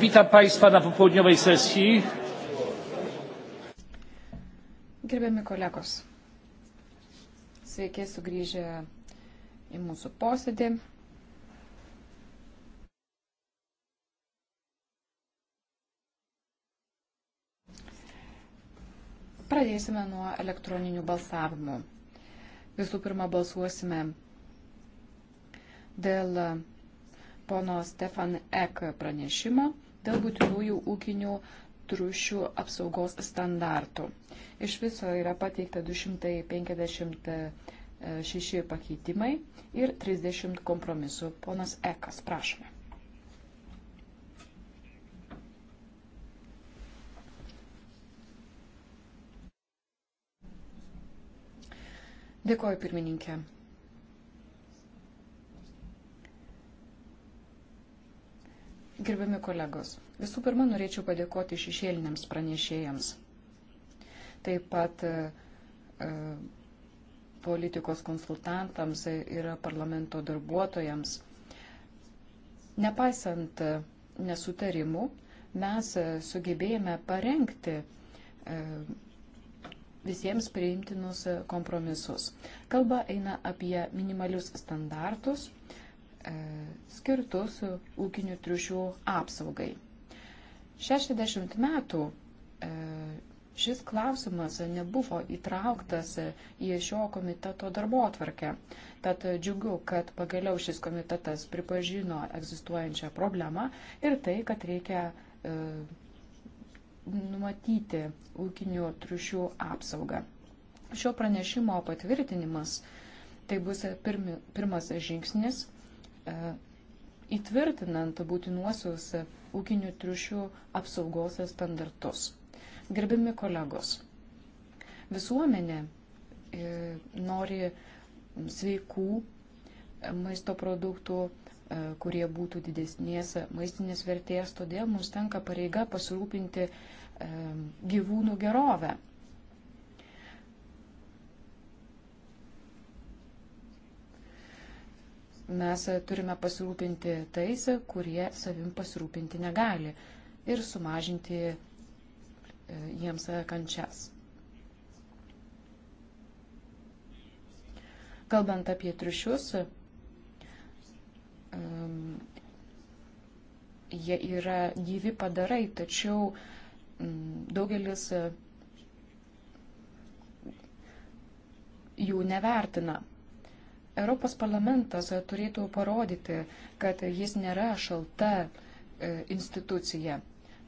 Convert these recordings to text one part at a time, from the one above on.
Witam Państwa na popołudniowej sesji. Gerbiami kolegos, sveiki sugrįžę į mūsų posėdį. Pradėsime nuo elektroninių balsavimų. Visų pirma, balsuosime dėl e, pono Stefan Ek pranešimo dėl būtinųjų ūkinių triušių apsaugos standartų. Iš viso yra pateikta 256 e, pakeitimai ir 30 kompromisų. Ponas Ekas, prašome. Dėkoju pirmininkė. Gerbiami kolegos, visų pirma, norėčiau padėkoti šešėliniams pranešėjams. Taip pat e, e politikos konsultantams ir parlamento darbuotojams. Nepaisant e, nesutarimų, mes e, sugebėjome parengti visiems priimtinus kompromisus. Kalba eina apie minimalius standartus E, skirtus ūkinių triušių apsaugai. 60 metų e, šis klausimas nebuvo įtrauktas į šio komiteto darbo atvarkę. Tad džiugu, kad pagaliau šis komitetas pripažino egzistuojančią problemą ir tai, kad reikia e, numatyti ūkinių triušių apsaugą. Šio pranešimo patvirtinimas tai bus pirmi, pirmas žingsnis E, įtvirtinant būtinuosius ūkinių triušių apsaugos standartus. Gerbiami kolegos, visuomenė e, nori sveikų maisto produktų, e, kurie būtų didesnės maistinės vertės, todėl mums tenka pareiga pasirūpinti gyvūnų gerovę. Mes turime pasirūpinti tais, kurie savim pasirūpinti negali ir sumažinti e, jiems kančias. Kalbant apie triušius, jie yra gyvi padarai, tačiau daugelis jų nevertina. Europos parlamentas turėtų parodyti, kad jis nėra šalta e, institucija.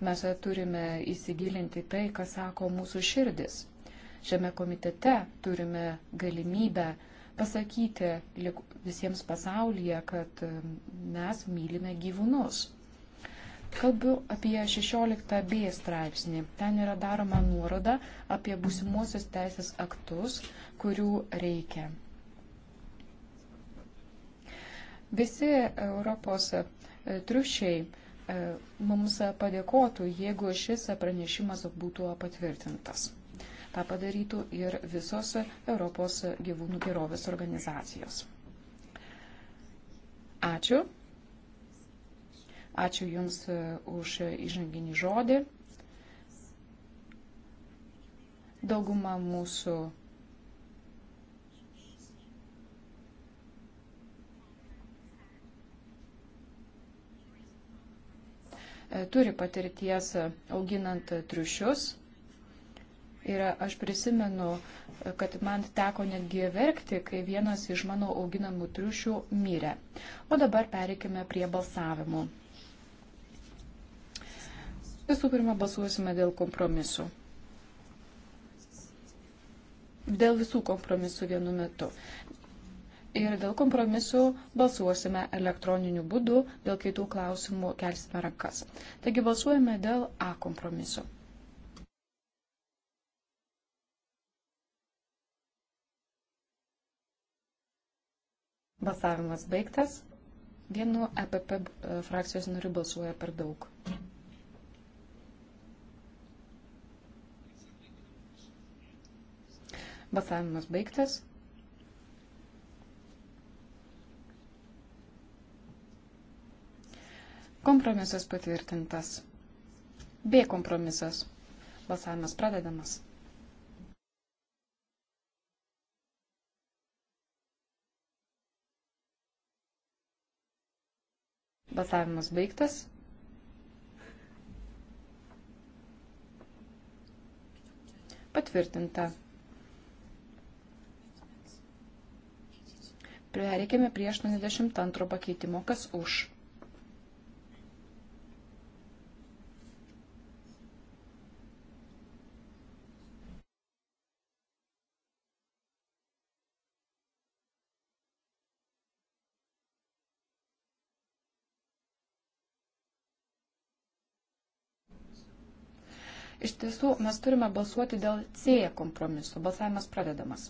Mes turime įsigilinti tai, ką sako mūsų širdis. Šiame komitete turime galimybę pasakyti visiems pasaulyje, kad e, mes mylime gyvūnus. Kalbu apie 16b straipsnį. Ten yra daroma nuoroda apie būsimuosius teisės aktus, kurių reikia Visi Europos e, triušiai e, mums padėkotų, jeigu šis pranešimas būtų patvirtintas. Ta padarytų ir visos Europos gyvūnų gerovės organizacijos. Ačiū. Ačiū Jums e, už įžanginį žodį. Dauguma mūsų turi patirties auginant triušius. Ir aš prisimenu, kad man teko netgi verkti, kai vienas iš mano auginamų triušių mirė. O dabar pereikime prie balsavimų. Visų pirma, balsuosime dėl kompromisų. Dėl visų kompromisų vienu metu ir dėl kompromisų balsuosime elektroniniu būdu, dėl kitų klausimų kelsime rankas. Taigi balsuojame dėl A kompromiso. Balsavimas baigtas. Vienu EPP e, frakcijos nariu balsuoja per daug. Balsavimas baigtas. Kompromisas patvirtintas. B kompromisas. Balsavimas pradedamas. Balsavimas baigtas. Patvirtinta. Prireikėme prie 82 pakeitimo, kas už. Iš tiesų, mes turime balsuoti dėl C kompromiso. Balsavimas pradedamas.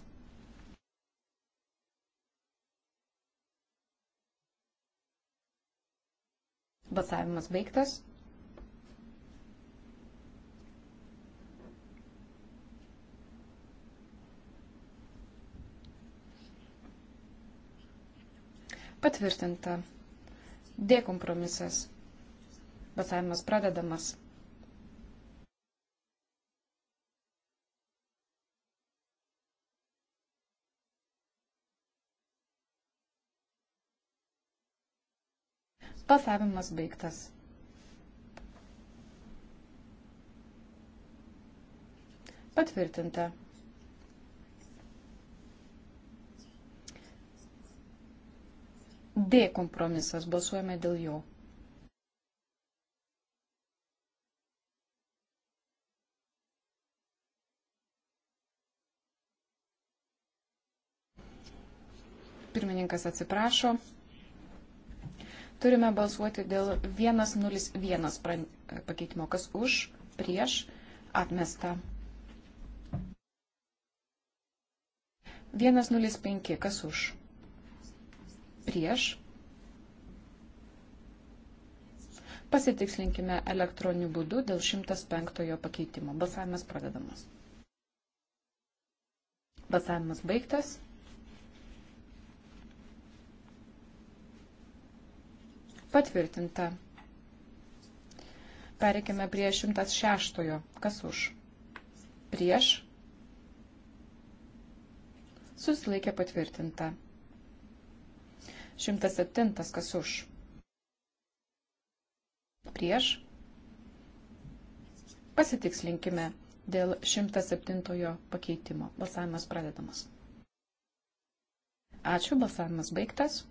Balsavimas baigtas. Patvirtinta. D kompromisas. Balsavimas pradedamas. Balsavimas baigtas. Patvirtinta. D kompromisas. Balsuojame dėl jo. Pirmininkas atsiprašo. Turime balsuoti dėl 101 pakeitimo. Kas už, prieš, atmesta. 105. Kas už? Prieš. Pasitikslinkime elektroniniu būdu dėl 105 pakeitimo. Balsavimas pradedamas. Balsavimas baigtas. Patvirtinta. Pereikime prie 106. Kas už? Prieš. Susilaikė patvirtinta. 107. Kas už? Prieš. Pasitikslinkime dėl 107 pakeitimo. Balsavimas pradedamas. Ačiū, balsavimas baigtas.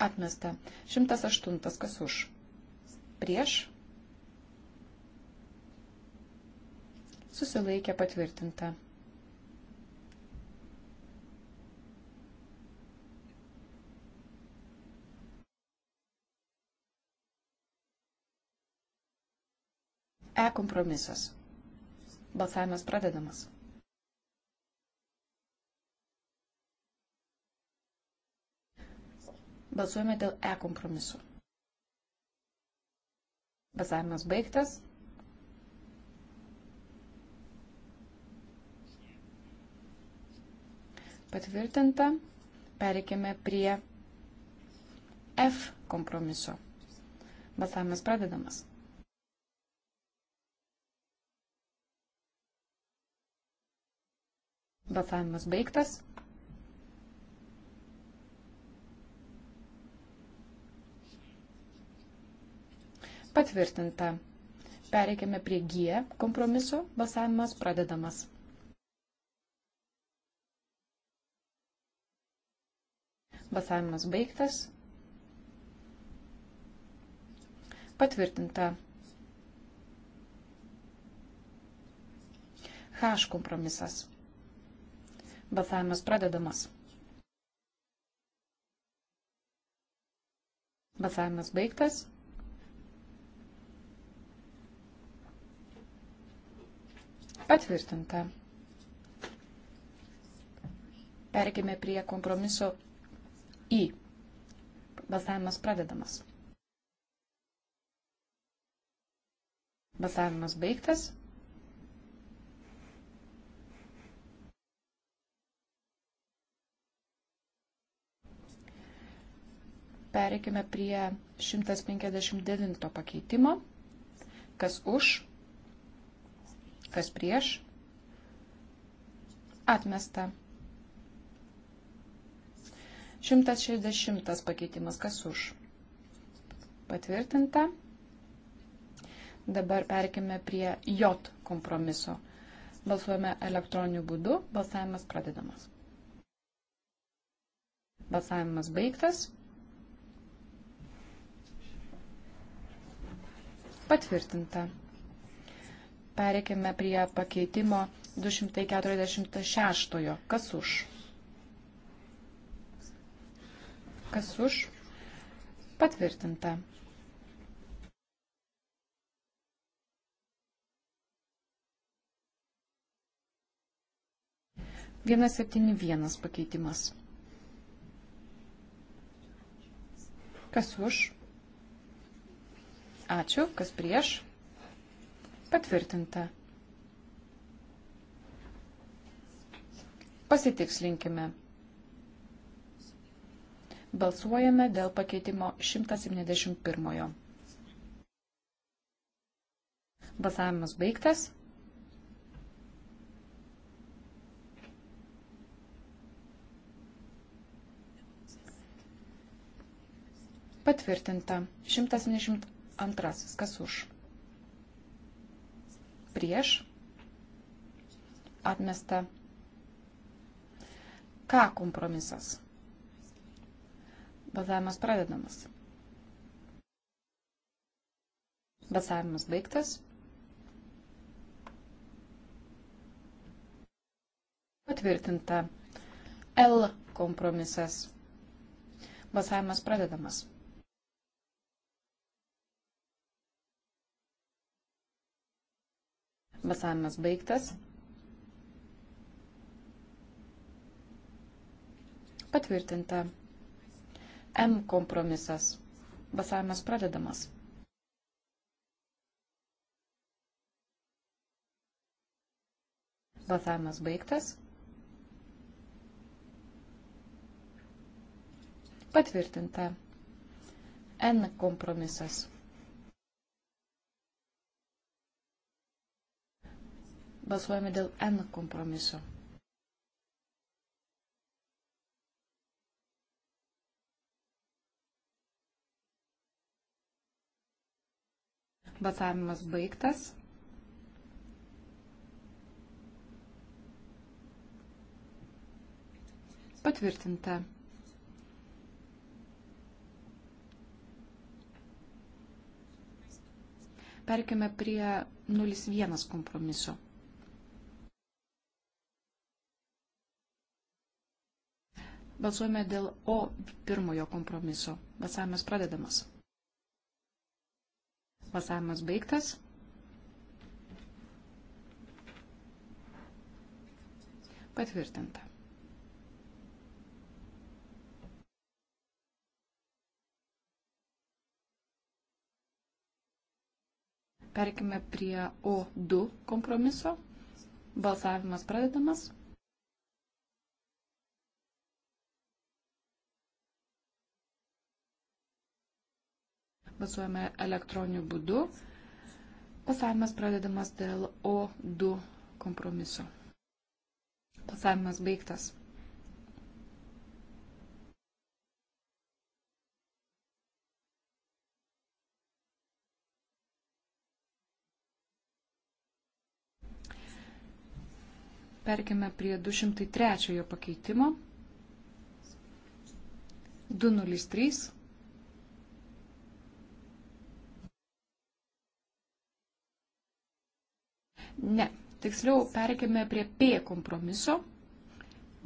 Atmesta. 108. Kas už? Prieš. Susilaikė patvirtinta. E kompromisas. Balsavimas pradedamas. Balsuojame dėl E kompromiso. Balsavimas baigtas. Patvirtinta. Pereikime prie F kompromiso. Balsavimas pradedamas. Balsavimas baigtas. Patvirtinta. Pereikime prie G kompromiso. Balsavimas pradedamas. Balsavimas baigtas. Patvirtinta. H kompromisas. Balsavimas pradedamas. Balsavimas baigtas. Patvirtinta. Perkime prie kompromiso į. Balsavimas pradedamas. Balsavimas baigtas. Pereikime prie 159 pakeitimo. Kas už? kas prieš, atmesta. 160 pakeitimas, kas už, patvirtinta. Dabar perkime prie J kompromiso. Balsuojame elektroniniu būdu, balsavimas pradedamas. Balsavimas baigtas. Patvirtinta. Pereikime prie pakeitimo 246. Kas už? Kas už? Patvirtinta. Vienas septyni vienas pakeitimas. Kas už? Ačiū. Kas prieš? Patvirtinta. Pasitikslinkime. Balsuojame dėl pakeitimo 171. Balsavimas baigtas. Patvirtinta. 172. Kas už? prieš, atmesta. Ką kompromisas? Balsavimas pradedamas. Balsavimas baigtas. Patvirtinta L kompromisas. Balsavimas pradedamas. Balsavimas baigtas. Patvirtinta. M kompromisas. Balsavimas pradedamas. Balsavimas baigtas. Patvirtinta. N kompromisas. Balsuojame dėl N kompromiso. Balsavimas baigtas. Patvirtinta. Perkime prie 01 kompromiso. Balsuojame dėl O pirmojo kompromiso. Balsavimas pradedamas. Balsavimas baigtas. Patvirtinta. Perkime prie O2 kompromiso. Balsavimas pradedamas. Balsuojame elektroniniu būdu. Balsavimas pradedamas dėl O2 kompromiso. Balsavimas baigtas. Perkime prie 203 pakeitimo. 203 Ne. Tiksliau, perkime prie P kompromiso.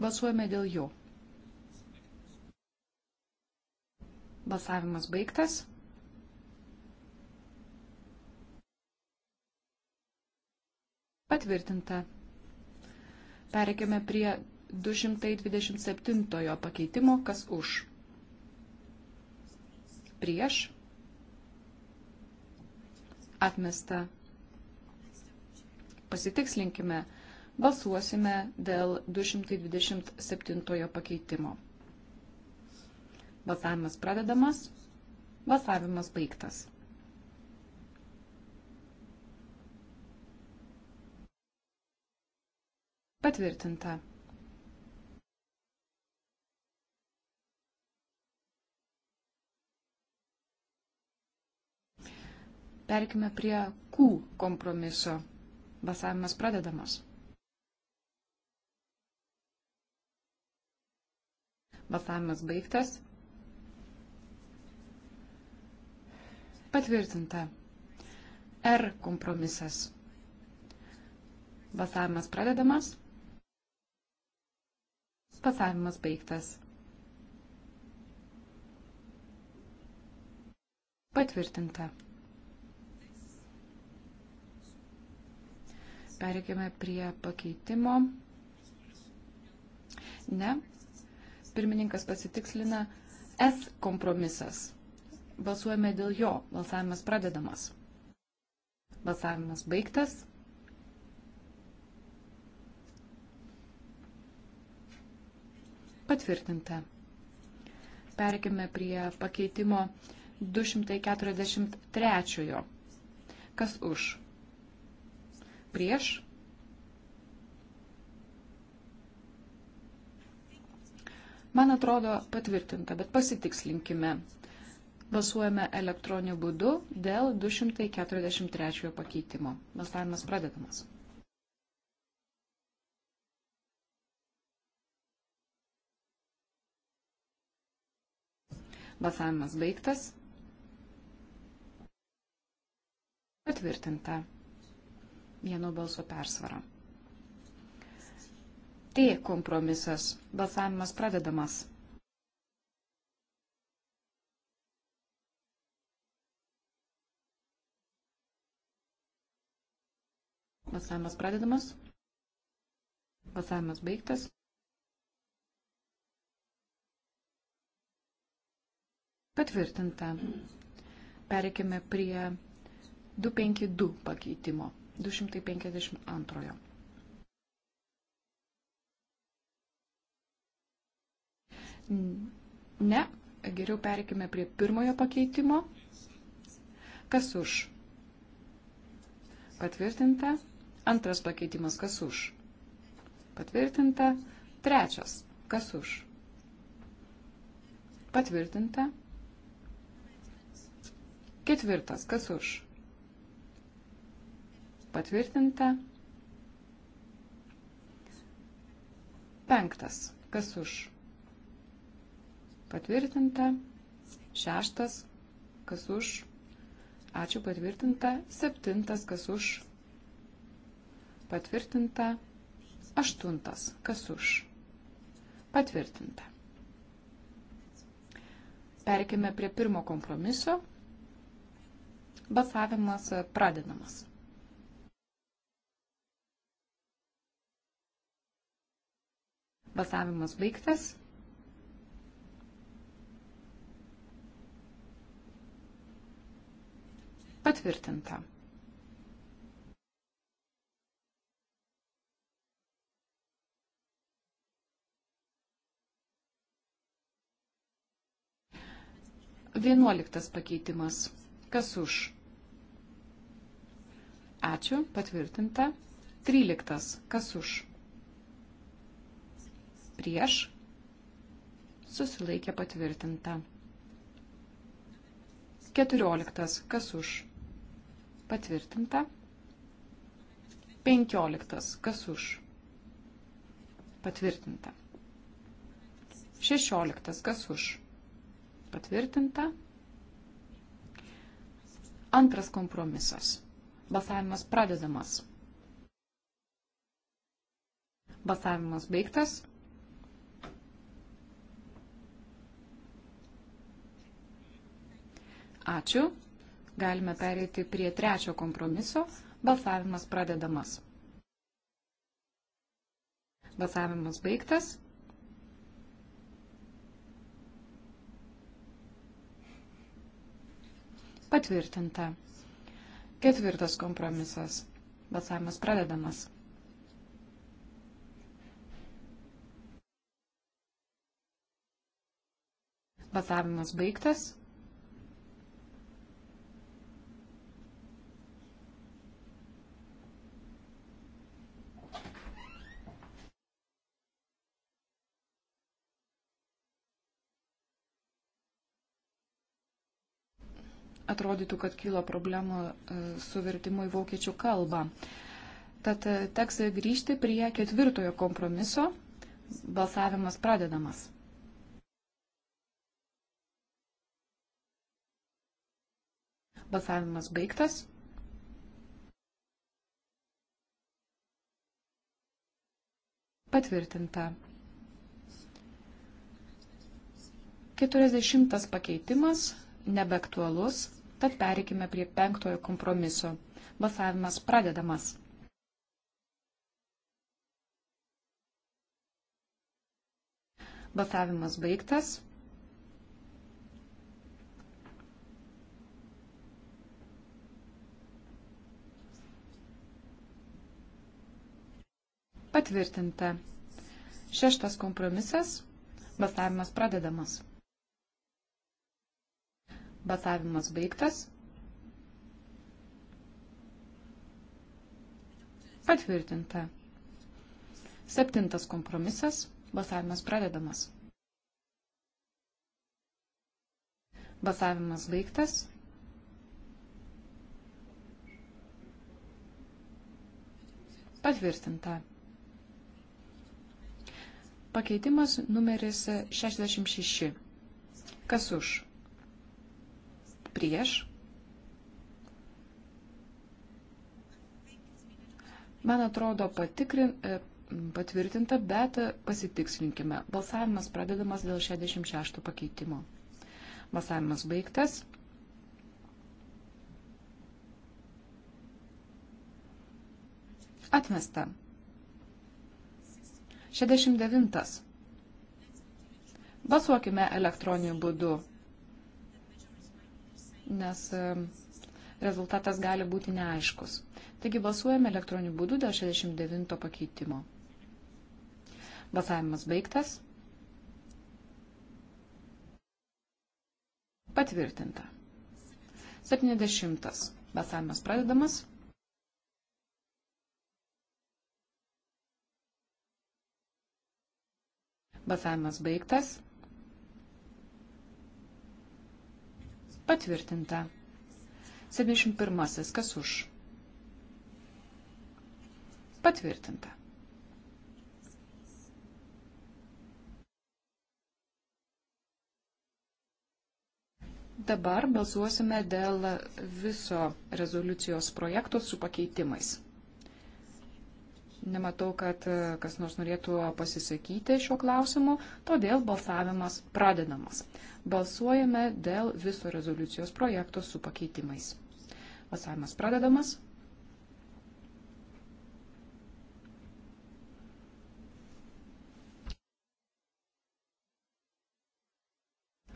Balsuojame dėl jo. Balsavimas baigtas. Patvirtinta. Perkime prie 227 pakeitimo, kas už. Prieš. Atmesta pasitikslinkime, balsuosime dėl 227 pakeitimo. Balsavimas pradedamas, balsavimas baigtas. Patvirtinta. Perkime prie Q kompromiso. Balsavimas pradedamas. Balsavimas baigtas. Patvirtinta. R kompromisas. Balsavimas pradedamas. Balsavimas baigtas. Patvirtinta. Pereikime prie pakeitimo. Ne. Pirmininkas pasitikslina S kompromisas. Balsuojame dėl jo. Balsavimas pradedamas. Balsavimas baigtas. Patvirtinta. Perkime prie pakeitimo 243. Kas už? prieš. Man atrodo patvirtinta, bet pasitikslinkime. Balsuojame elektroniniu būdu dėl 243 pakeitimo. Balsavimas pradedamas. Balsavimas baigtas. Patvirtinta vieno balso persvarą. T kompromisas. Balsavimas pradedamas. Balsavimas pradedamas. Balsavimas baigtas. Patvirtinta. Pereikime prie 252 pakeitimo. 252. Ne, geriau perikime prie pirmojo pakeitimo. Kas už? Patvirtinta. Antras pakeitimas. Kas už? Patvirtinta. Trečias. Kas už? Patvirtinta. Ketvirtas. Kas už? Patvirtinta. Penktas. Kas už? Patvirtinta. Šeštas. Kas už? Ačiū patvirtinta. Septintas. Kas už? Patvirtinta. Aštuntas. Kas už? Patvirtinta. Perkime prie pirmo kompromiso. Balsavimas pradedamas. Balsavimas baigtas. Patvirtinta. Vienuoliktas pakeitimas. Kas už? Ačiū, patvirtinta. Tryliktas. Kas už? prieš, susilaikė patvirtinta. 14. Kas už? Patvirtinta. 15. Kas už? Patvirtinta. 16. Kas už? Patvirtinta. Antras kompromisas. Balsavimas pradedamas. Balsavimas baigtas. Ačiū. Galime pereiti prie trečio kompromiso. Balsavimas pradedamas. Balsavimas baigtas. Patvirtinta. Ketvirtas kompromisas. Balsavimas pradedamas. Balsavimas baigtas. atrodytų, kad kyla problemų e, su vertimu į vokiečių kalbą. Tad e, teks grįžti prie ketvirtojo kompromiso. Balsavimas pradedamas. Balsavimas baigtas. Patvirtinta. 40 pakeitimas nebeaktualus. Tad pereikime prie penktojo kompromiso. Balsavimas pradedamas. Balsavimas baigtas. Patvirtinta. Šeštas kompromisas. Balsavimas pradedamas. Balsavimas baigtas. Patvirtinta. Septintas kompromisas. Balsavimas pradedamas. Balsavimas baigtas. Patvirtinta. Pakeitimas numeris 66. Kas už? prieš. Man atrodo patikrin, e, patvirtinta, bet pasitikslinkime. Balsavimas pradedamas dėl 66 pakeitimo. Balsavimas baigtas. Atmesta. 69. Balsuokime elektroniniu būdu nes e, rezultatas gali būti neaiškus. Taigi balsuojame elektroniniu būdu dėl 69 pakeitimo. Balsavimas baigtas. Patvirtinta. 70. Balsavimas pradedamas. Balsavimas baigtas. Patvirtinta. 71. Kas už? Patvirtinta. Dabar balsuosime dėl viso rezoliucijos projekto su pakeitimais. Nematau, kad e, kas nors norėtų pasisakyti šiuo klausimu, todėl balsavimas pradedamas. Balsuojame dėl viso rezoliucijos projekto su pakeitimais. Balsavimas pradedamas.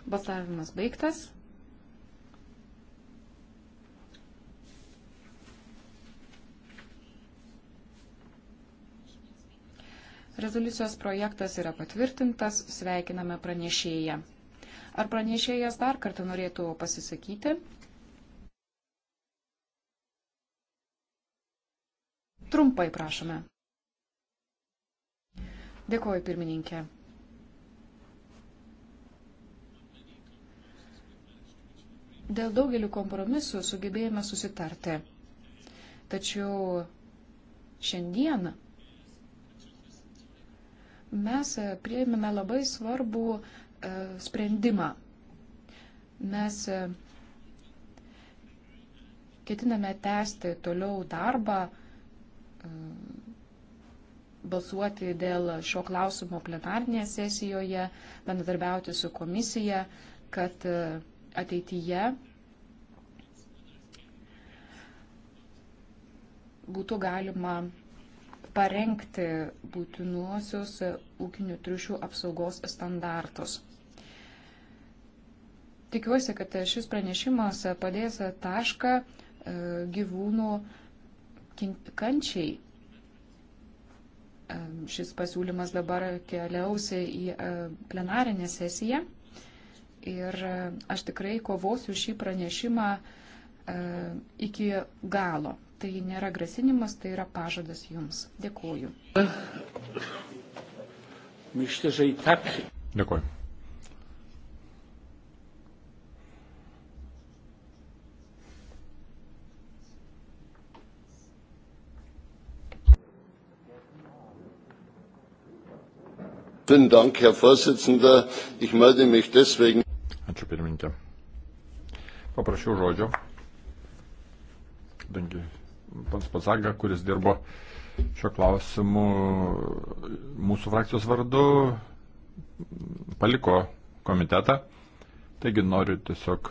Balsavimas baigtas. Rezoliucijos projektas yra patvirtintas, sveikiname pranešėją. Ar pranešėjas dar kartą norėtų pasisakyti? Trumpai prašome. Dėkuoju, pirmininkė. Dėl daugelių kompromisų sugebėjome susitarti. Tačiau šiandieną mes e, prieimėme labai svarbų e, sprendimą. Mes e, ketiname tęsti toliau darbą, balsuoti dėl šio klausimo plenarnėje sesijoje, bendradarbiauti su komisija, kad ateityje būtų galima parengti būtinuosius ūkinių triušių apsaugos standartus. Tikiuosi, kad šis pranešimas padės tašką e, gyvūnų kančiai. E, šis pasiūlymas dabar keliausi į e, plenarinę sesiją ir aš tikrai kovosiu šį pranešimą iki galo. Tai nėra grasinimas, tai yra pažadas jums. Dėkuoju. Dėkuoju. Vielen Dank, Herr Vorsitzender. Ich melde mich deswegen. Ačiū pirmininkė. Paprašiau žodžio, kadangi pans Pazaga, kuris dirbo šio klausimu mūsų frakcijos vardu, paliko komitetą. Taigi noriu tiesiog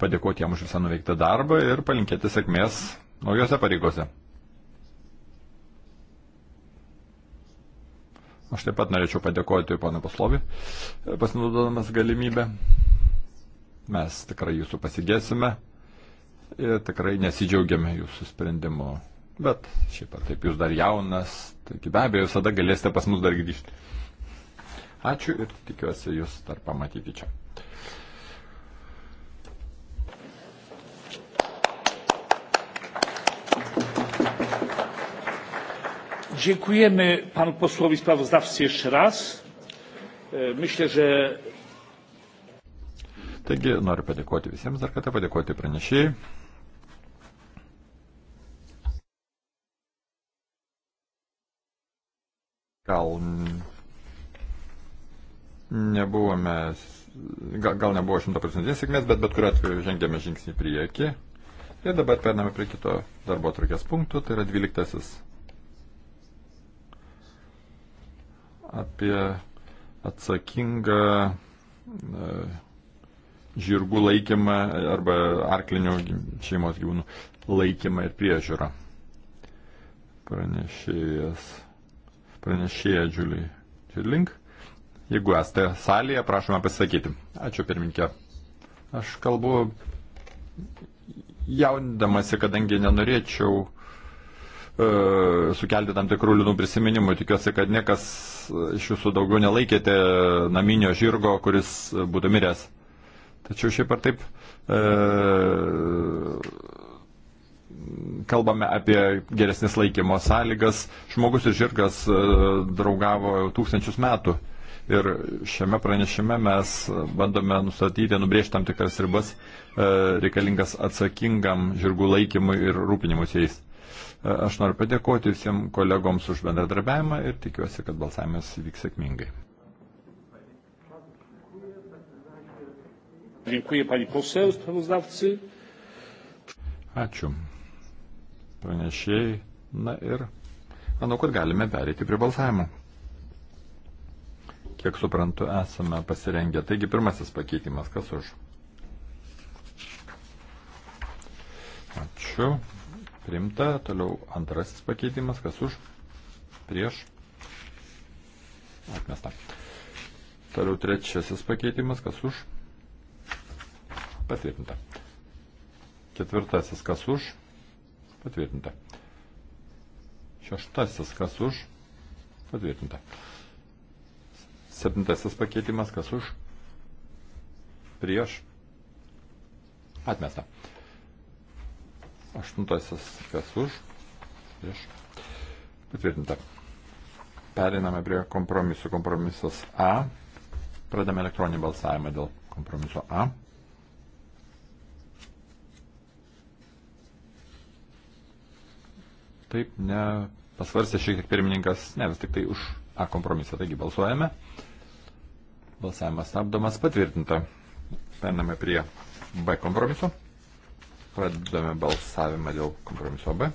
padėkoti jam už visą nuveiktą darbą ir palinkėti sėkmės naujose pareigose. Aš taip pat norėčiau padėkoti ponui Paslovi, pasinaudodamas galimybę. Mes tikrai jūsų pasigėsime ir tikrai nesidžiaugiame jūsų sprendimu. Bet šiaip ar taip jūs dar jaunas, taigi be abejo visada galėsite pas mus dar grįžti. Ačiū ir tikiuosi jūs dar pamatyti čia. dziękujemy panu posłowi sprawozdawcy jeszcze raz. E, myślę, że. Taigi noriu padėkoti visiems dar kartą, padėkoti pranešėjai. gal nebuvome, gal, gal nebuvo šimtaprocentinės sėkmės, bet bet kuriuo atveju žengėme žingsnį į priekį. Ir dabar pername prie kito darbo trukės punktų, tai yra dvyliktasis. Apie atsakingą e, žirgų laikymą arba arklinių šeimos gyvūnų laikymą ir priežiūrą. Pranešėjas pranešėją Džiulį Čirlink. Jeigu esate salėje, prašome pasisakyti. Ačiū pirminkė. Aš kalbu jaundamasi, kadangi nenorėčiau e, sukelti tam tikrų liūdnų prisiminimų. Tikiuosi, kad niekas iš jūsų daugiau nelaikėte naminio žirgo, kuris būtų miręs. Tačiau šiaip ar taip. E, kalbame apie geresnės laikymo sąlygas. Žmogus ir žirgas e, draugavo tūkstančius metų. Ir šiame pranešime mes bandome nustatyti, nubrėžti tam tikras ribas e, reikalingas atsakingam žirgų laikymui ir rūpinimus jais. E, aš noriu padėkoti visiems kolegoms už bendradarbiavimą ir tikiuosi, kad balsavimas vyks sėkmingai. Dziękuję pani poseł sprawozdawcy. Ačiū pranešėjai. Na ir manau, kad galime pereiti prie balsavimo. Kiek suprantu, esame pasirengę. Taigi pirmasis pakeitimas, kas už? Ačiū. Primta. Toliau antrasis pakeitimas, kas už? Prieš. Atmesta. Toliau trečiasis pakeitimas, kas už? Patvirtinta. Ketvirtasis, kas už? Patvirtinta. Šeštasis kas už? Patvirtinta. Septintasis pakeitimas kas už? Prieš. Atmesta. Aštuntasis kas už? Prieš. Patvirtinta. Periname prie kompromisų. Kompromisas A. Pradame elektroninį balsavimą dėl kompromiso A. taip nepasvarstė šiek tiek pirmininkas, ne, vis tik tai už A kompromisą. Taigi balsuojame. Balsavimas stabdomas patvirtinta. Pername prie B kompromiso. Pradedame balsavimą dėl kompromiso B.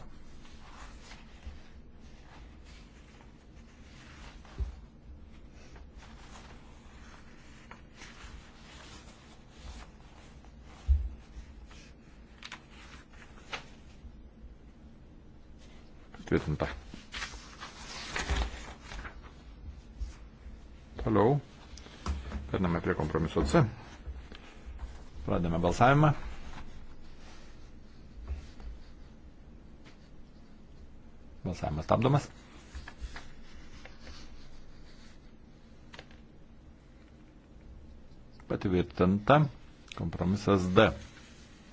Patvirtinta. Toliau. Pername prie kompromiso C. Pradame balsavimą. Balsavimas stabdomas. Patvirtinta kompromisas D.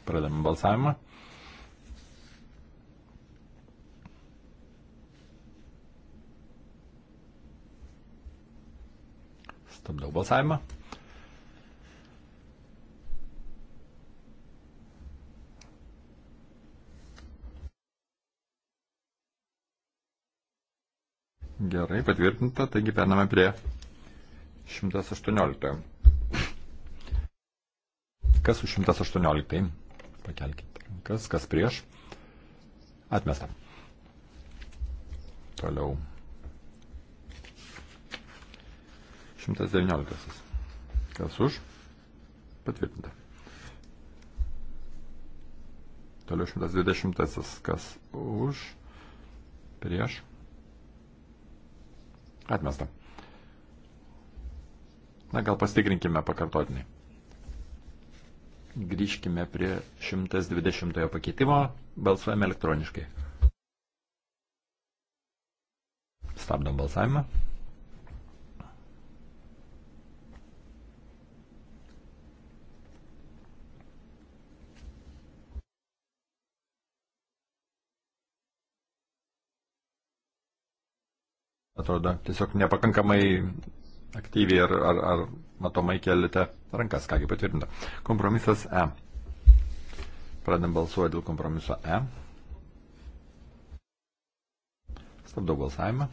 Pradame balsavimą. Stabdau balsavimą. Gerai, patvirtinta, taigi pername prie 118. Kas už 118? Pakelkite rankas, kas prieš? Atmesta. Toliau 119. Kas už? Patvirtinta. Toliau 120. Kas už? Prieš? Atmesta. Na gal pastikrinkime pakartotinai. Grįžkime prie 120 pakeitimo. Balsuojame elektroniškai. Stabdom balsavimą. atrodo, tiesiog nepakankamai aktyviai ar, ar, ar matomai keliate rankas, kągi patvirtinta. Kompromisas E. Pradedam balsuoti dėl kompromiso E. Stabdau balsavimą.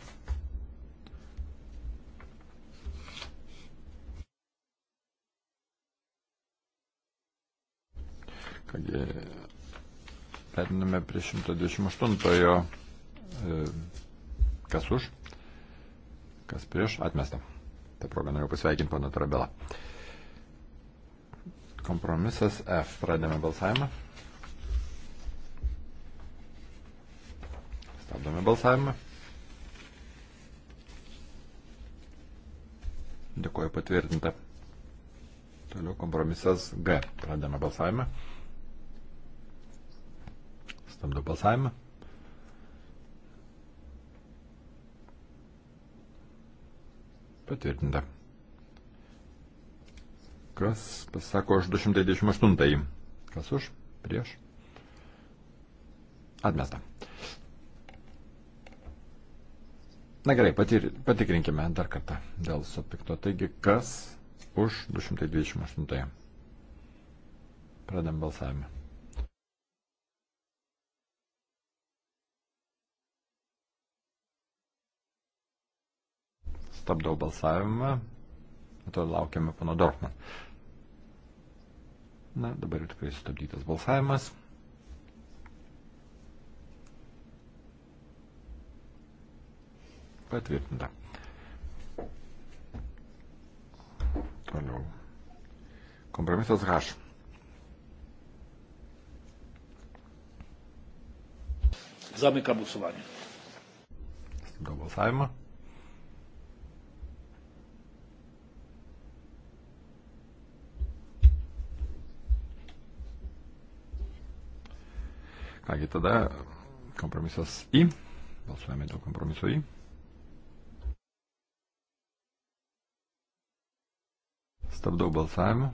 Kągi, periname prie 128. E, kas už? kas prieš, atmesta. Ta proga noriu pasveikinti pana Trabelą. Kompromisas F. Pradėme balsavimą. Stabdome balsavimą. Dėkuoju patvirtinta. Toliau kompromisas G. Pradėme balsavimą. Stabdo balsavimą. Patvirtinta. Kas pasako už 228? Kas už? Prieš? Atmesta. Na gerai, patir, patikrinkime dar kartą dėl supikto. Taigi, kas už 228? Pradėm balsavimą. stabdau balsavimą. Atrodo, laukiame pana Dorfman. Na, dabar jau tikrai sustabdytas balsavimas. Patvirtinta. Toliau. Kompromisas H. Zamykam głosowanie. Do głosowania. Kągi tada kompromisas į. Balsuojame dėl kompromiso į. Stabdau balsavimą.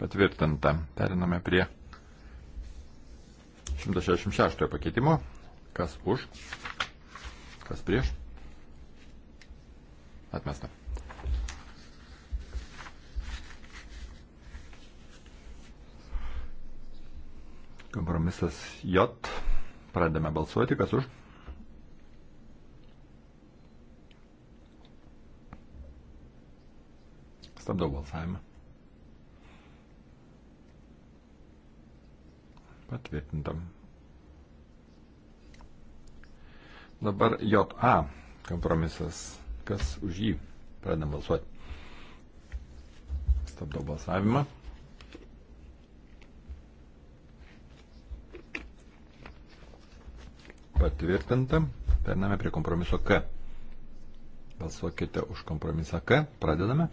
Patvirtinta. Periname prie 166 pakeitimo. Kas už, kas prieš. Atmesta. Kompromisas J. Pradame balsuoti, kas už. Stabdau balsavimą. Patvirtintam. Dabar JA kompromisas. Kas už jį? Pradedam balsuoti. Stabdau balsavimą. Patvirtinta. Pername prie kompromiso K. Balsuokite už kompromisą K. Pradedame.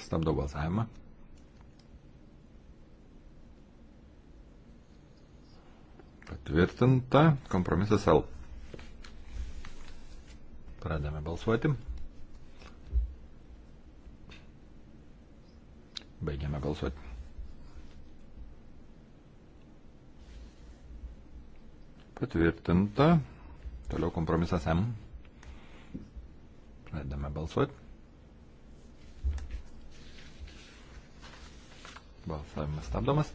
Stabdau balsavimą. Patvirtinta. Kompromisas L. Pradame balsuoti. Baigiame balsuoti. Patvirtinta. Toliau kompromisas M. Pradedame balsuoti. Balsavimas stabdomas.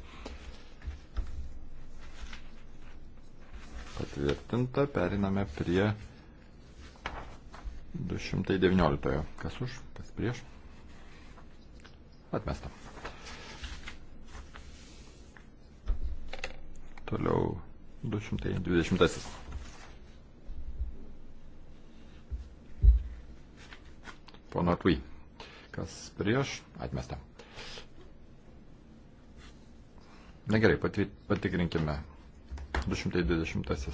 Patvirtinta, periname prie 219. Kas už, kas prieš? Atmesta. Toliau 220. Pono Tui. Kas prieš? Atmesta. Na gerai, patikrinkime. 220.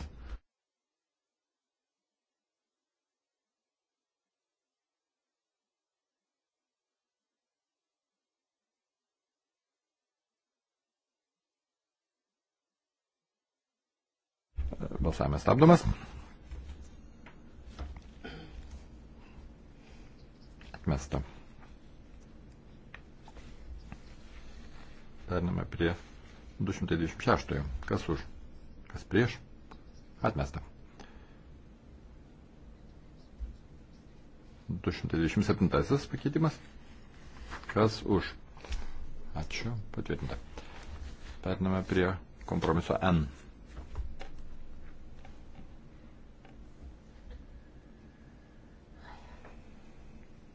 Balsavimas stabdomas. Atmesta. Pername prie 226. Kas už? Kas prieš? Atmesta. 227 pakeitimas. Kas už? Ačiū. Patvirtinta. Pername prie kompromiso N.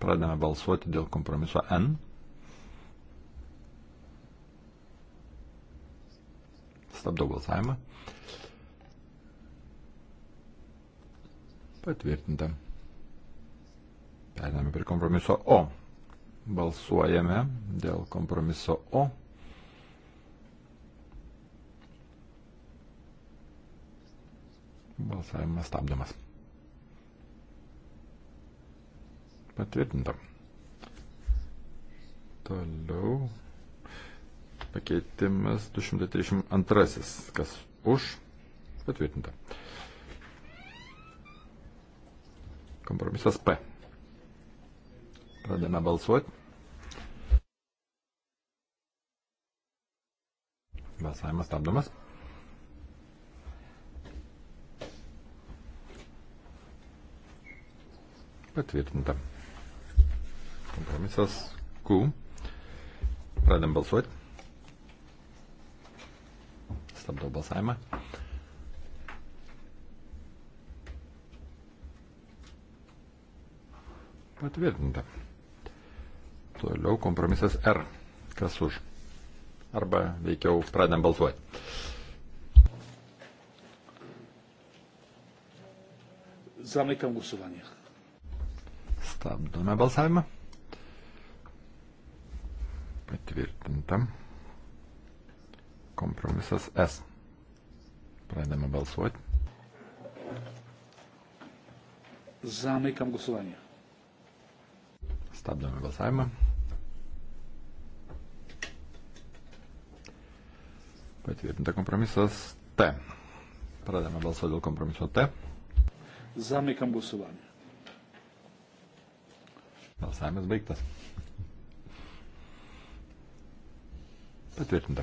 pradame balsuoti dėl kompromiso N. Stabdau balsavimą. Patvirtinta. Periname prie kompromiso O. Balsuojame dėl kompromiso O. Balsavimas stabdomas. Patvirtinta. Toliau. Pakeitimas 232. Kas už? Patvirtinta. Kompromisas P. Pradame balsuoti. Balsavimas stabdomas. Patvirtinta. Kompromisas Q. Pradėm balsuoti. Stabdau balsavimą. Patvirtinta. Toliau kompromisas R. Kas už? Arba veikiau pradėm balsuoti. Zamykam głosowanie. Stabdome balsavimą. Priimta. Kompromisas S. Pradedame balsuoti. Zamykam głosowanie. Stabdome balsavimą. Patvirtinta kompromisas T. Pradedame balsuoti dėl kompromiso T. Zamykam głosowanie. Balsavimas baigtas. Patvirtinta.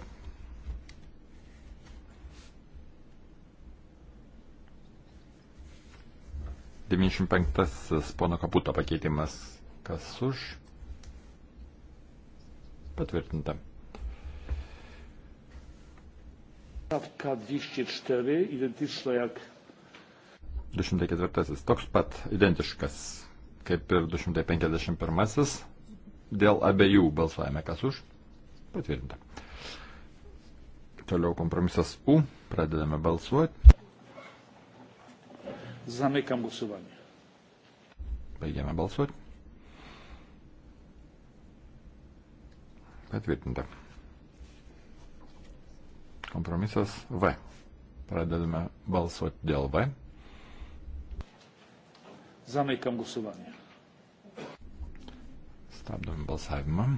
Devyniasdešimt penktasis pono kaputo pakeitimas. Kas už? Patvirtinta. Stawka 204, identyczna jak. 204. Toks pat identiškas kaip ir 251. Dėl abiejų balsuojame, kas už. Patvirtinta. Toliau kompromisas U. Pradedame balsuoti. Zamykam głosowanie. Baigiame balsuoti. Patvirtinta. Kompromisas V. Pradedame balsuoti dėl V. Zamykam głosowanie. Stabdom balsavimą.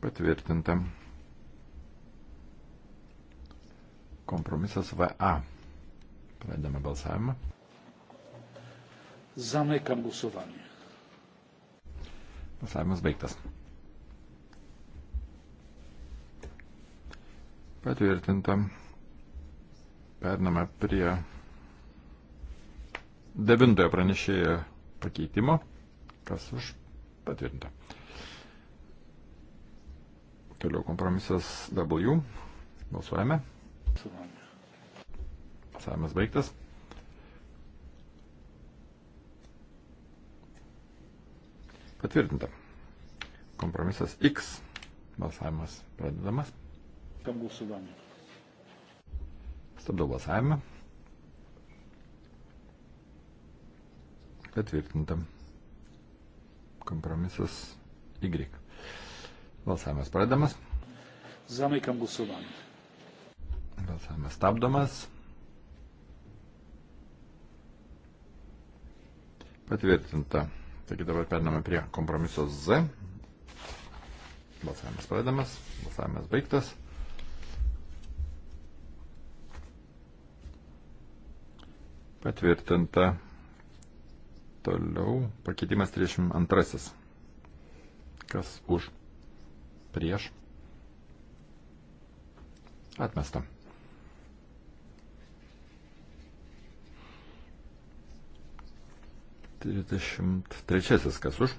Patvirtinta. Kompromisas VA. Pradedame balsavimą. Zamykam głosowanie. Balsavimas baigtas. Patvirtinta. Pername prie devintojo pranešėjo pakeitimo. Kas už patvirtinta. Toliau kompromisas W. Balsuojame. Balsavimas baigtas. Patvirtinta. Kompromisas X. Balsavimas pradedamas. Stabdau balsavimą. Patvirtinta. Kompromisas Y. Balsavimas pradedamas. Zamykam balsavimą. Balsavimas stabdomas. Patvirtinta. Taigi dabar periname prie kompromiso Z. Balsavimas pradedamas, balsavimas baigtas. Patvirtinta. Toliau pakeitimas 32. Kas už? prieš, atmesta. Trisdešimt trečiasis kas už,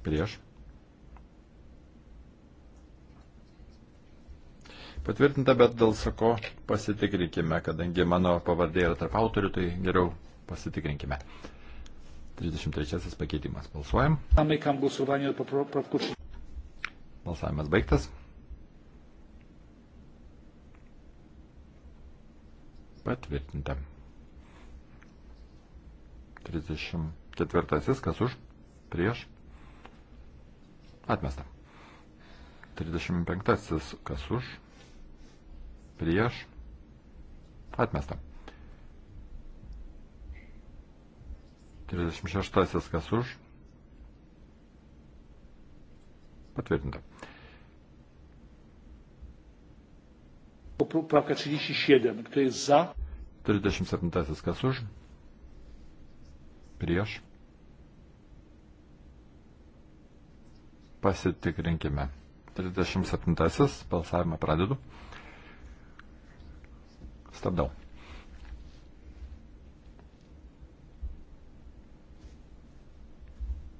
prieš. Patvirtinta, bet dėl sako pasitikrinkime, kadangi mano pavardė yra tarp autorių, tai geriau pasitikrinkime. 33 pakeitimas. Balsuojam. Balsavimas baigtas. Patvirtinta. 34. Kas už? Prieš. Atmesta. 35. Kas už? Prieš. Atmesta. 36 kas už. Patvirtinta. Poprawka 37. Kto jest za? 37. Kas už? Prieš. Pasitikrinkime. 37. Balsavimą pradedu. Stabdau.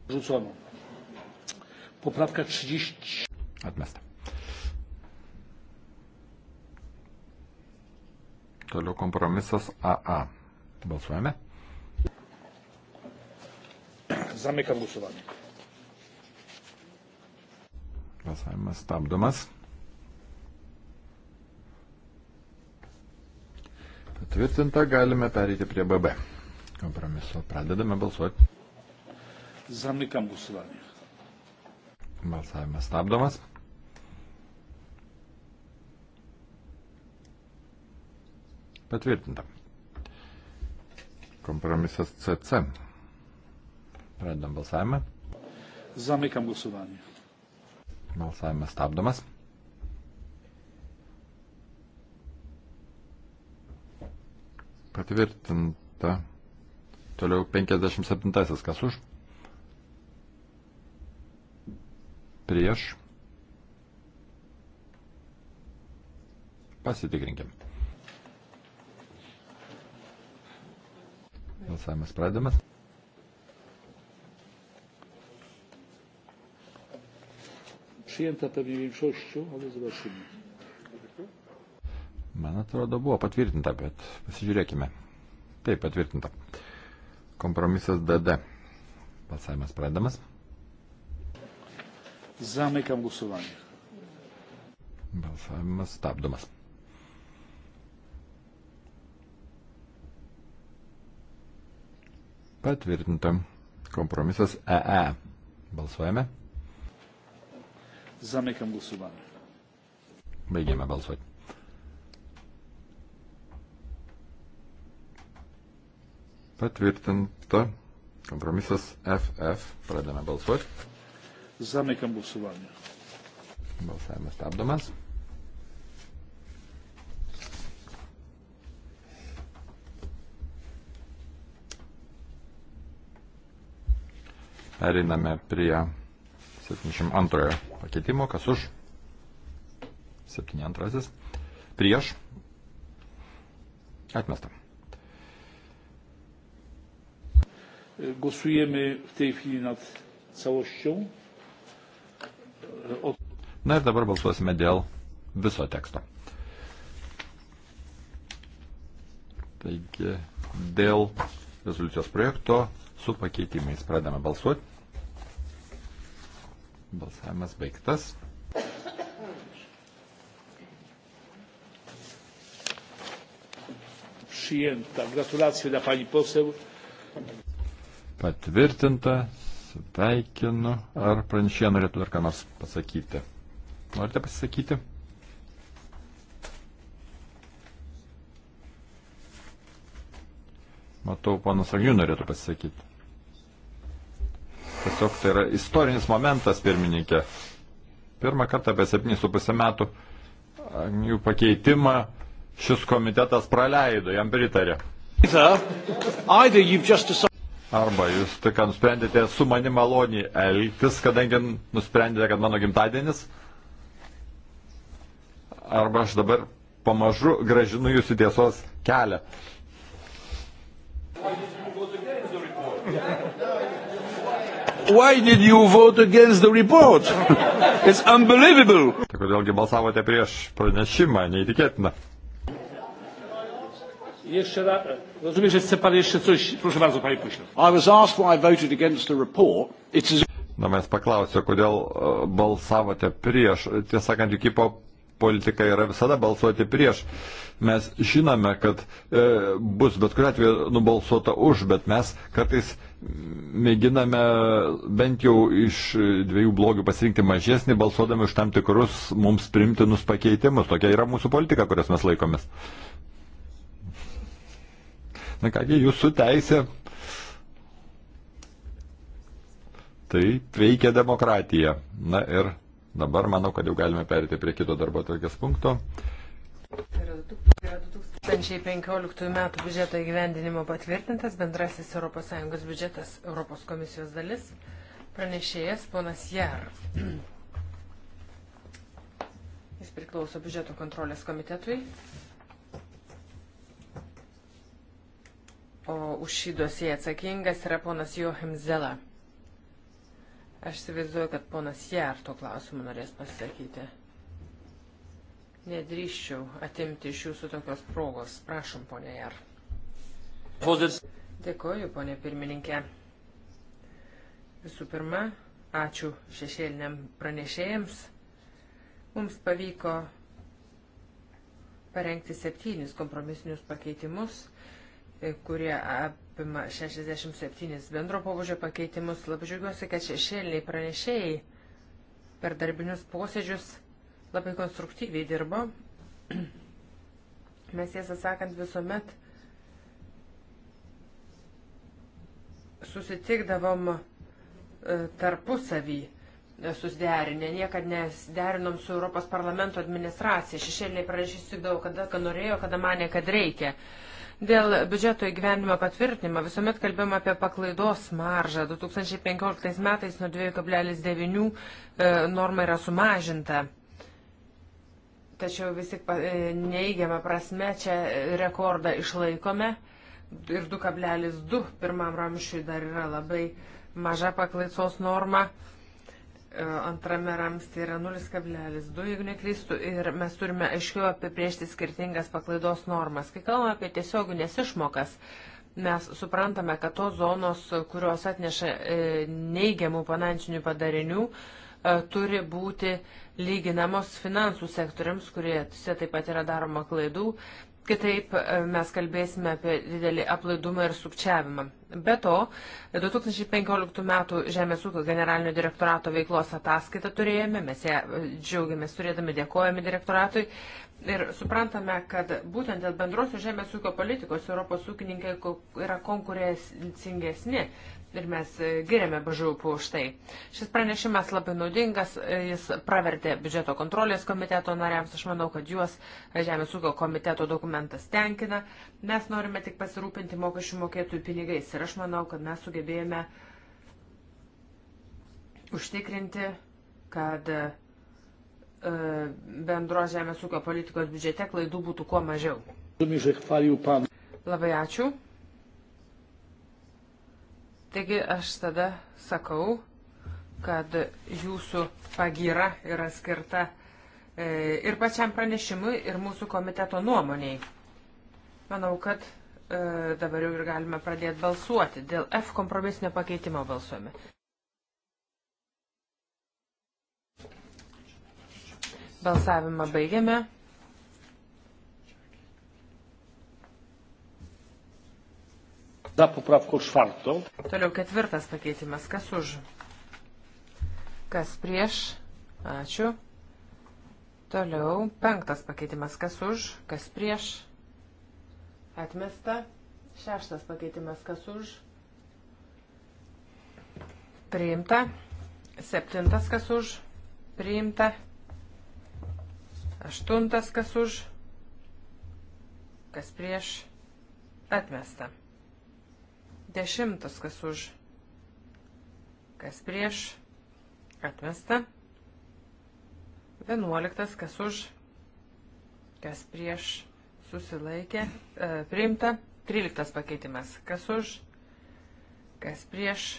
Rzucono. Poprawka 30. Atmesta. Toliau kompromisas AA. Balsuojame. Zamykam głosowanie. Balsavimas stabdomas. Patvirtinta, galime pereiti prie BB. Kompromiso pradedame balsuoti. Zamykam głosowanie. Balsavimas stabdomas. Patvirtinta. Kompromisas CC. Pradedam balsavimą. Zamykam głosowanie. Balsavimas stabdomas. Patvirtinta. Toliau 57. Kas už? prieš. Pasitikrinkim. Balsavimas pradedamas. Przyjęta pewnie większością, ale zobaczymy. Man atrodo, buvo patvirtinta, bet pasižiūrėkime. Taip, patvirtinta. Kompromisas DD. Balsavimas pradedamas. Zamykam głosowanie. Balsavimas stabdomas. Patvirtinta. Kompromisas EE. E. Balsuojame. Zamykam głosowanie. Baigėme balsuoti. Patvirtinta. Kompromisas FF. Pradame balsuoti. Zamykam głosowanie. Balsavimas stabdomas. Pereiname prie 72 pakeitimo, kas už 72 prieš atmestą. Głosujemy w tej chwili nad całością. Na ir dabar balsuosime dėl viso teksto. Taigi, dėl rezoliucijos projekto su pakeitimais pradame balsuoti. Balsavimas baigtas. Przyjęta. Gratulacje dla pani poseł. Patvirtinta. Sveikinu. Ar pranešė norėtų dar ką nors pasakyti? Norite pasisakyti? Matau, ponas Agnių norėtų pasisakyti. Tiesiog tai yra istorinis momentas, pirmininkė. Pirmą kartą apie 7,5 metų Agnių pakeitimą šis komitetas praleido, jam pritarė. Either, either Arba jūs tik nusprendėte su mani maloniai elgtis, kadangi nusprendėte, kad mano gimtadienis. Arba aš dabar pamažu gražinu jūsų tiesos kelią. Why did you vote against the report? It's unbelievable. Tai kodėlgi balsavote prieš pranešimą, neįtikėtina. Jeszcze raz. Rozumiem, że chce pan jeszcze coś. Proszę bardzo, panie pośle. I was asked why I voted against the report. It's as... Na mes paklausė, kodėl e, balsavote prieš. Tiesąkant, iki po politika yra visada balsuoti prieš. Mes žinome, kad e, bus bet kuriu atveju nubalsuota už, bet mes kartais mėginame bent jau iš dviejų blogių pasirinkti mažesnį, balsuodami už tam tikrus mums primtinus pakeitimus. Tokia yra mūsų politika, kurios mes laikomės. Na kągi, jūsų teisė. Tai veikia demokratija. Na ir dabar manau, kad jau galime perėti prie kito darbo tokias punkto. Tai yra 2015 tai m. biudžeto įgyvendinimo patvirtintas bendrasis ES biudžetas Europos komisijos dalis. Pranešėjas ponas Jar. Jis priklauso biudžeto kontrolės komitetui. o už šį dosiją atsakingas yra ponas Johim Zela. Aš įsivaizduoju, kad ponas Jar to klausimu norės pasakyti. Nedrįščiau atimti iš jūsų tokios progos. Prašom, ponė Jar. Dėkoju, ponė pirmininkė. Visų pirma, ačiū šešėliniam pranešėjams. Mums pavyko parengti septynis kompromisinius pakeitimus E, kurie apima 67 bendro pobūdžio pakeitimus. Labai žiūriuosi, kad šešėliniai pranešėjai per darbinius posėdžius labai konstruktyviai dirbo. Mes tiesą sakant visuomet susitikdavom e, tarpusavį susiderinę, niekad nesderinom su Europos parlamento administracija. Šešėliniai pranešys tik daug, kada, kada norėjo, kada manė, kad reikia. Uh, Dėl biudžeto įgyvenimo patvirtinimo visuomet kalbėjom apie paklaidos maržą. 2015 metais nuo 2,9 e, norma yra sumažinta. Tačiau vis tik e, neįgiamą prasme čia rekordą išlaikome ir 2,2 pirmam ramšiui dar yra labai maža paklaisos norma. E, antrame ramstė yra 0,2, jeigu neklystu, ir mes turime aiškiau apibriežti skirtingas paklaidos normas. Kai kalbame apie tiesioginės išmokas, mes suprantame, kad tos zonos, kurios atneša e, neigiamų finansinių padarinių, e, turi būti lyginamos finansų sektoriams, kurie taip pat yra daroma klaidų Kitaip e, mes kalbėsime apie didelį aplaidumą ir sukčiavimą. Be to, 2015 m. Žemės ūkio generalinio direktorato veiklos ataskaitą turėjome, mes ją e, džiaugiamės turėdami, dėkojame direktoratui ir suprantame, kad būtent dėl bendrosios žemės ūkio politikos Europos ūkininkai yra konkurencingesni, ir mes e, giriame BŽUP už tai. Šis pranešimas labai naudingas, e, jis pravertė biudžeto kontrolės komiteto nariams, aš manau, kad juos e, Žemės ūkio komiteto dokumentas tenkina. Mes norime tik pasirūpinti mokesčių mokėtojų pinigais ir aš manau, kad mes sugebėjome užtikrinti, kad bendro Žemės ūkio politikos biudžete klaidų būtų kuo mažiau. Labai ačiū. Taigi aš tada sakau, kad jūsų pagyra yra skirta e, ir pačiam pranešimui, ir mūsų komiteto nuomoniai. Manau, kad e, dabar jau ir galime pradėti balsuoti. Dėl F kompromisinio pakeitimo balsuojame. Balsavimą baigiame. Za poprawką czwartą. Toliau ketvirtas pakeitimas. Kas už? Kas prieš? Ačiū. Toliau penktas pakeitimas. Kas už? Kas prieš? Atmesta. Šeštas pakeitimas. Kas už? Priimta. Septintas kas už? Priimta. Aštuntas kas už? Kas prieš? Atmesta. Dešimtas, kas už, kas prieš, atmesta. Vienuoliktas, kas už, kas prieš, susilaikė, e, priimta. Tryliktas pakeitimas, kas už, kas prieš,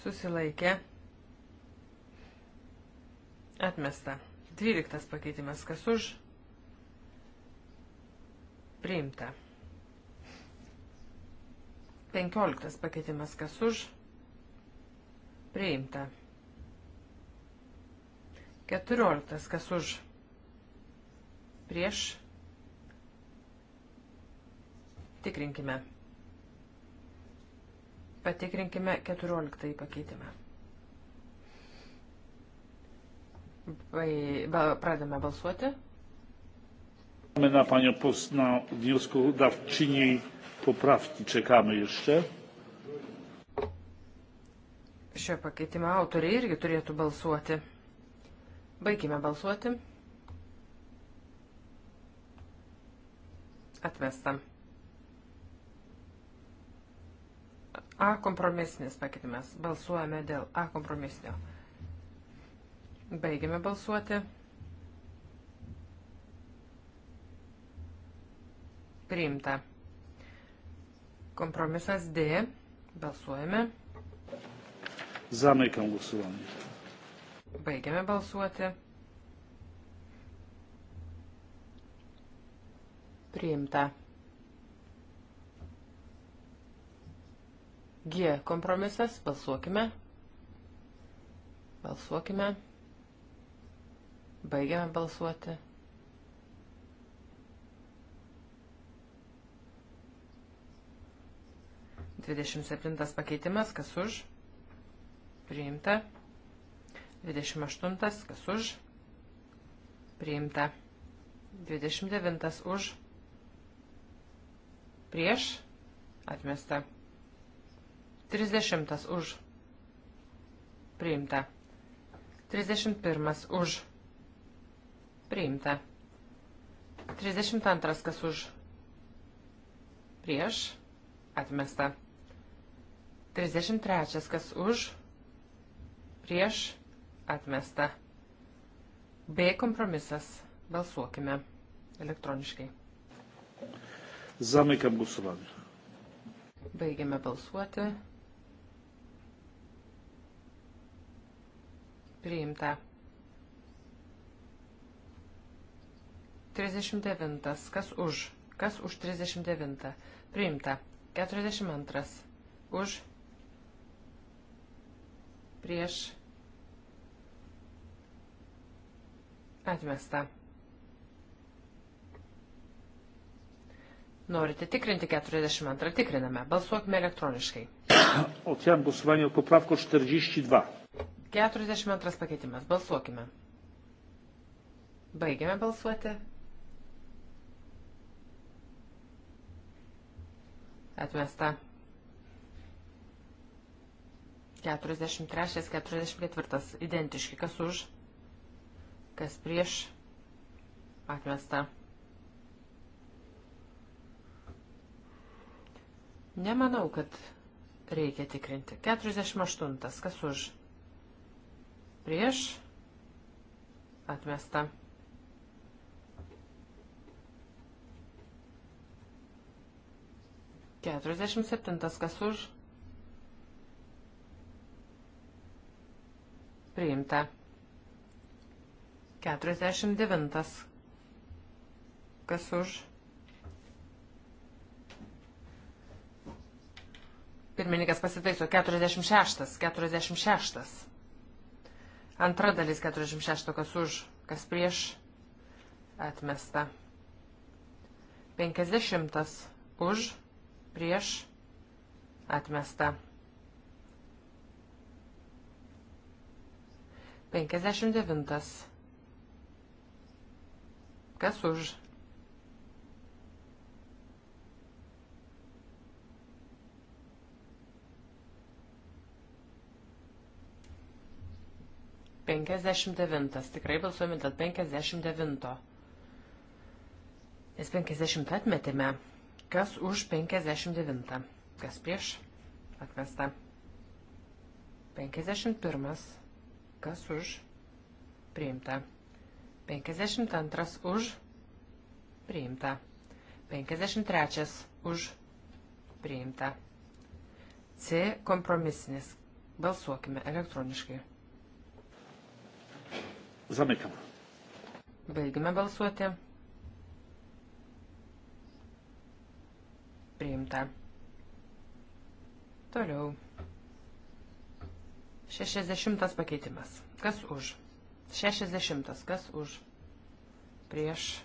susilaikė, atmesta. Dvyliktas pakeitimas, kas už, priimta. 15 pakeitimas kas už. Priimta. 14 kas už. Prieš. Tikrinkime. Patikrinkime 14 pakeitimą. Pradame balsuoti. Mamy na panią posną wnioskodawczyni poprawki, czekamy jeszcze. Šio pakeitimo autoriai irgi turėtų balsuoti. Baigime balsuoti. Atvestam. A kompromisinis pakeitimas. Balsuojame dėl A kompromisinio. Baigime balsuoti. priimta. Kompromisas D. Balsuojame. Zamykam głosowanie. Baigiame balsuoti. Priimta. G. Kompromisas. Balsuokime. Balsuokime. Baigiame balsuoti. 27 pakeitimas, kas už, priimta. 28, kas už, priimta. 29 už, prieš, atmesta. 30 už, priimta. 31 už, priimta. 32 kas už, prieš, atmesta. 33. Kas už? Prieš? Atmesta. B kompromisas. Balsuokime elektroniškai. Zamykam głosowanie. Baigiame balsuoti. Priimta. 39. Kas už? Kas už 39? Priimta. 42. Už prieš atmestą. Norite tikrinti 42. Tikriname. Balsuokime elektroniškai. Otwieram głosowanie o poprawko 42. 42 pakeitimas. Balsuokime. Baigiame balsuoti. Atmesta. 43, 44 identiški, kas už, kas prieš, atmesta. Nemanau, kad reikia tikrinti. 48, kas už, prieš, atmesta. Keturiasdešimt septintas, kas už, priimta. 49. Kas už? Pirmininkas pasitaiso. 46. 46. Antra dalis 46. Kas už? Kas prieš? Atmesta. 50. Už? Prieš? Atmesta. 59. Kas už? Penkiasdešimt devintas. Tikrai balsuojame dėl penkiasdešimt devinto. Nes penkiasdešimt atmetėme. Kas už penkiasdešimt devintą? Kas prieš? Atmesta. Penkiasdešimt pirmas. Kas už? Priimta. 52 už? Priimta. 53 už? Priimta. C kompromisinis. Balsuokime elektroniškai. Zamykam. Baigime balsuoti. Priimta. Toliau. 60 pakeitimas. Kas už? 60. Kas už? Prieš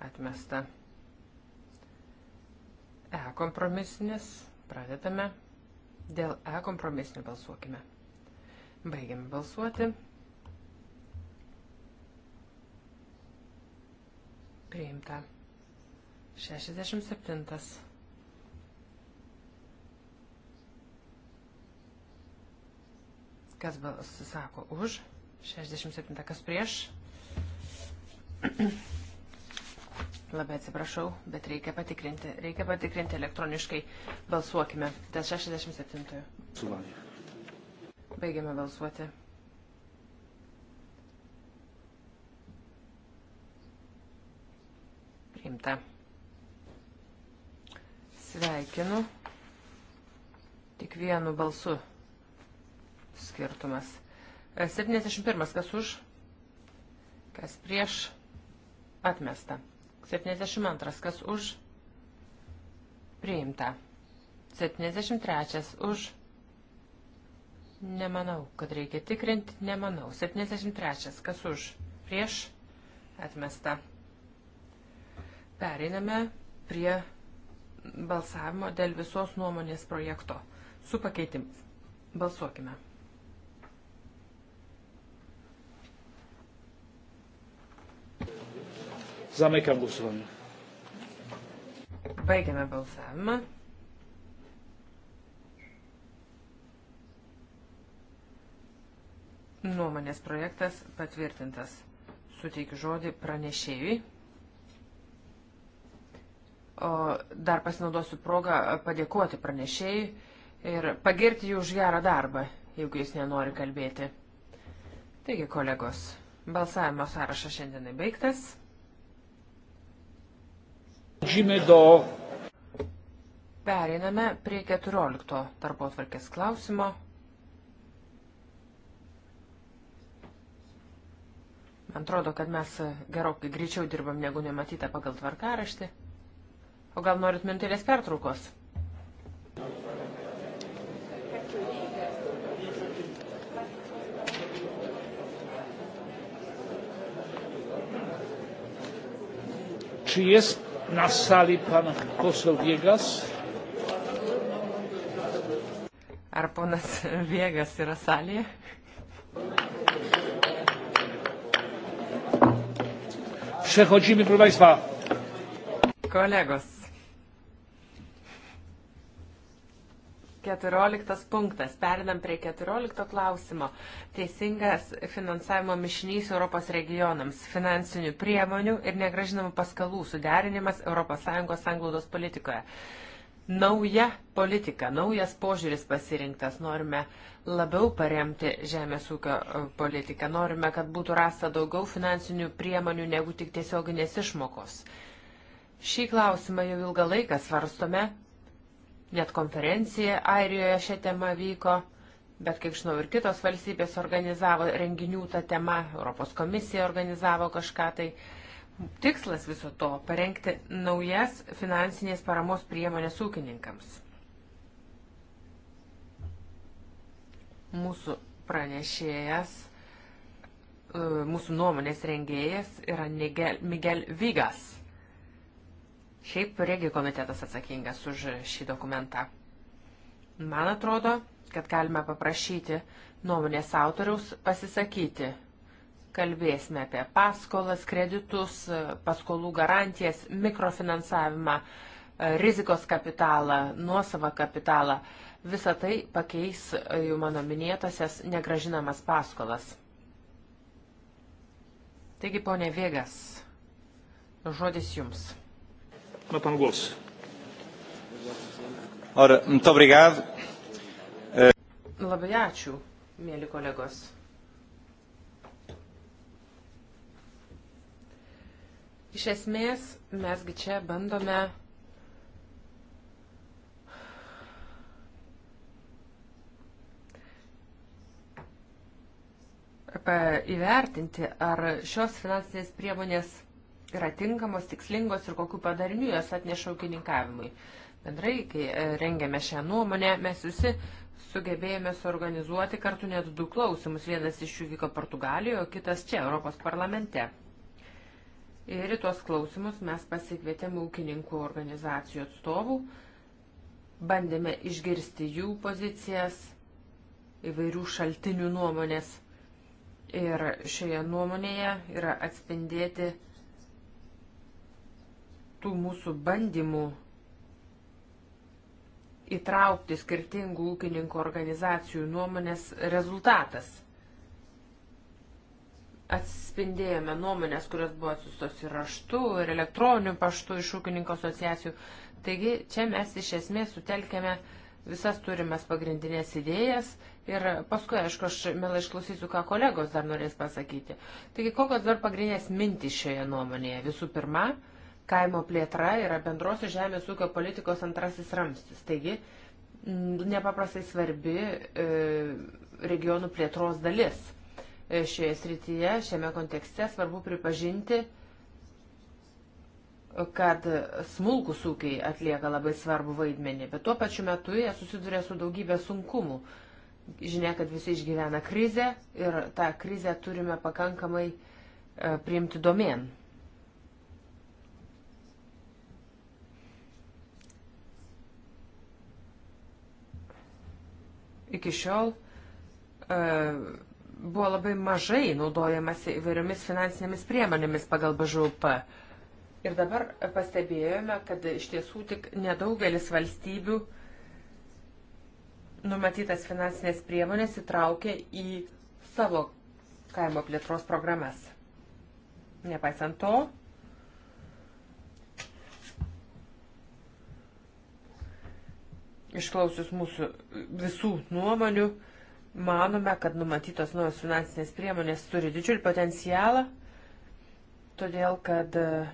atmesta. E kompromisinis. Pradedame. Dėl E kompromisinio balsuokime. Baigiam balsuoti. Priimta. 67. Kas sako už? 67. Kas prieš? Labai atsiprašau, bet reikia patikrinti. Reikia patikrinti elektroniškai. Balsuokime. Dėl 67. Suvalgė. Baigiame balsuoti. Priimta. Sveikinu. Tik vienu balsu skirtumas. 71. E, kas už? Kas prieš? Atmesta. 72. Kas už? Priimta. 73. Už? Nemanau, kad reikia tikrinti. Nemanau. 73. Kas už? Prieš? Atmesta. Pereiname prie balsavimo dėl visos nuomonės projekto. Su pakeitimis. Balsuokime. Zamykam głosowanie. Baigiame balsavimą. Nuomonės projektas patvirtintas. Suteikiu žodį pranešėjui. O dar pasinaudosiu progą padėkoti pranešėjui ir pagirti jų už gerą darbą, jeigu jis nenori kalbėti. Taigi, kolegos, balsavimo sąrašas šiandienai baigtas. Pereiname prie 14 darbo tvarkės klausimo. Man atrodo, kad mes gerokai greičiau dirbam negu nematyta pagal tvarkaraštį. O gal norit mintelės pertraukos? Czy jest na sali pan poseł Viegas? Ar ponas Viegas yra salėje? Przechodzimy, proszę Państwa. Kolegos, 14 punktas. Perinam prie 14 klausimo. Teisingas finansavimo mišinys Europos regionams, finansinių priemonių ir negražinamų paskalų suderinimas ES sanglaudos politikoje. Nauja politika, naujas požiūris pasirinktas. Norime labiau paremti žemės ūkio e, politiką. Norime, kad būtų rasta daugiau finansinių priemonių negu tik tiesioginės išmokos. Šį klausimą jau ilgą laiką svarstome Net konferencija Airijoje šią temą vyko, bet kaip žinau ir kitos valstybės organizavo renginių tą temą, Europos komisija organizavo kažką tai. Tikslas viso to - parengti naujas finansinės paramos priemonės ūkininkams. Mūsų pranešėjas, e, mūsų nuomonės rengėjas yra Miguel Vigas Šiaip regi komitetas atsakingas už šį dokumentą. Man atrodo, kad galime paprašyti nuomonės autoriaus pasisakyti. Kalbėsime apie paskolas, kreditus, paskolų garantijas, mikrofinansavimą, rizikos kapitalą, nuosavą kapitalą. Visą tai pakeis jau mano minėtasias negražinamas paskolas. Taigi, ponė Vėgas, žodis jums. Ma pan głos. Ora, muito obrigado. E, labai ačiū, mėly kolegos. Iš esmės, mesgi čia bandome įvertinti, ar šios finansinės priemonės yra tinkamos, tikslingos ir kokiu padariniu jos atneša ūkininkavimui. Bendrai, kai e, rengėme šią nuomonę, mes visi sugebėjome suorganizuoti kartu net du klausimus. Vienas iš jų vyko Portugalijoje, o kitas čia, Europos parlamente. Ir į tuos klausimus mes pasikvietėme ūkininkų organizacijų atstovų, bandėme išgirsti jų pozicijas, įvairių šaltinių nuomonės. Ir šioje nuomonėje yra atspindėti tų mūsų bandymų įtraukti skirtingų ūkininkų organizacijų nuomonės rezultatas. Atsispindėjome nuomonės, kurios buvo atsiustos ir raštu, ir elektroniniu paštu iš ūkininkų asociacijų. Taigi čia mes iš esmės sutelkėme visas turimas pagrindinės idėjas ir paskui, aišku, aš mielai išklausysiu, ką kolegos dar norės pasakyti. Taigi, kokios dar pagrindinės mintys šioje nuomonėje? Visų pirma, Kaimo plėtra yra bendrosios žemės ūkio politikos antrasis ramstis. Taigi, nepaprastai svarbi e, regionų plėtros dalis. E, šioje srityje, šiame kontekste svarbu pripažinti, kad smulkus ūkiai atlieka labai svarbų vaidmenį, bet tuo pačiu metu jie susiduria su daugybė sunkumų. Žinia, kad visi išgyvena krizę ir tą krizę turime pakankamai e, priimti domen. Iki šiol e, buvo labai mažai naudojamasi įvairiomis finansinėmis priemonėmis pagal BŽUP. Ir dabar pastebėjome, kad iš tiesų tik nedaugelis valstybių numatytas finansinės priemonės įtraukė į savo kaimo plėtros programas. Nepaisant to, Išklausius mūsų visų nuomonių, manome, kad numatytos naujos finansinės priemonės turi didžiulį potencialą, todėl kad e,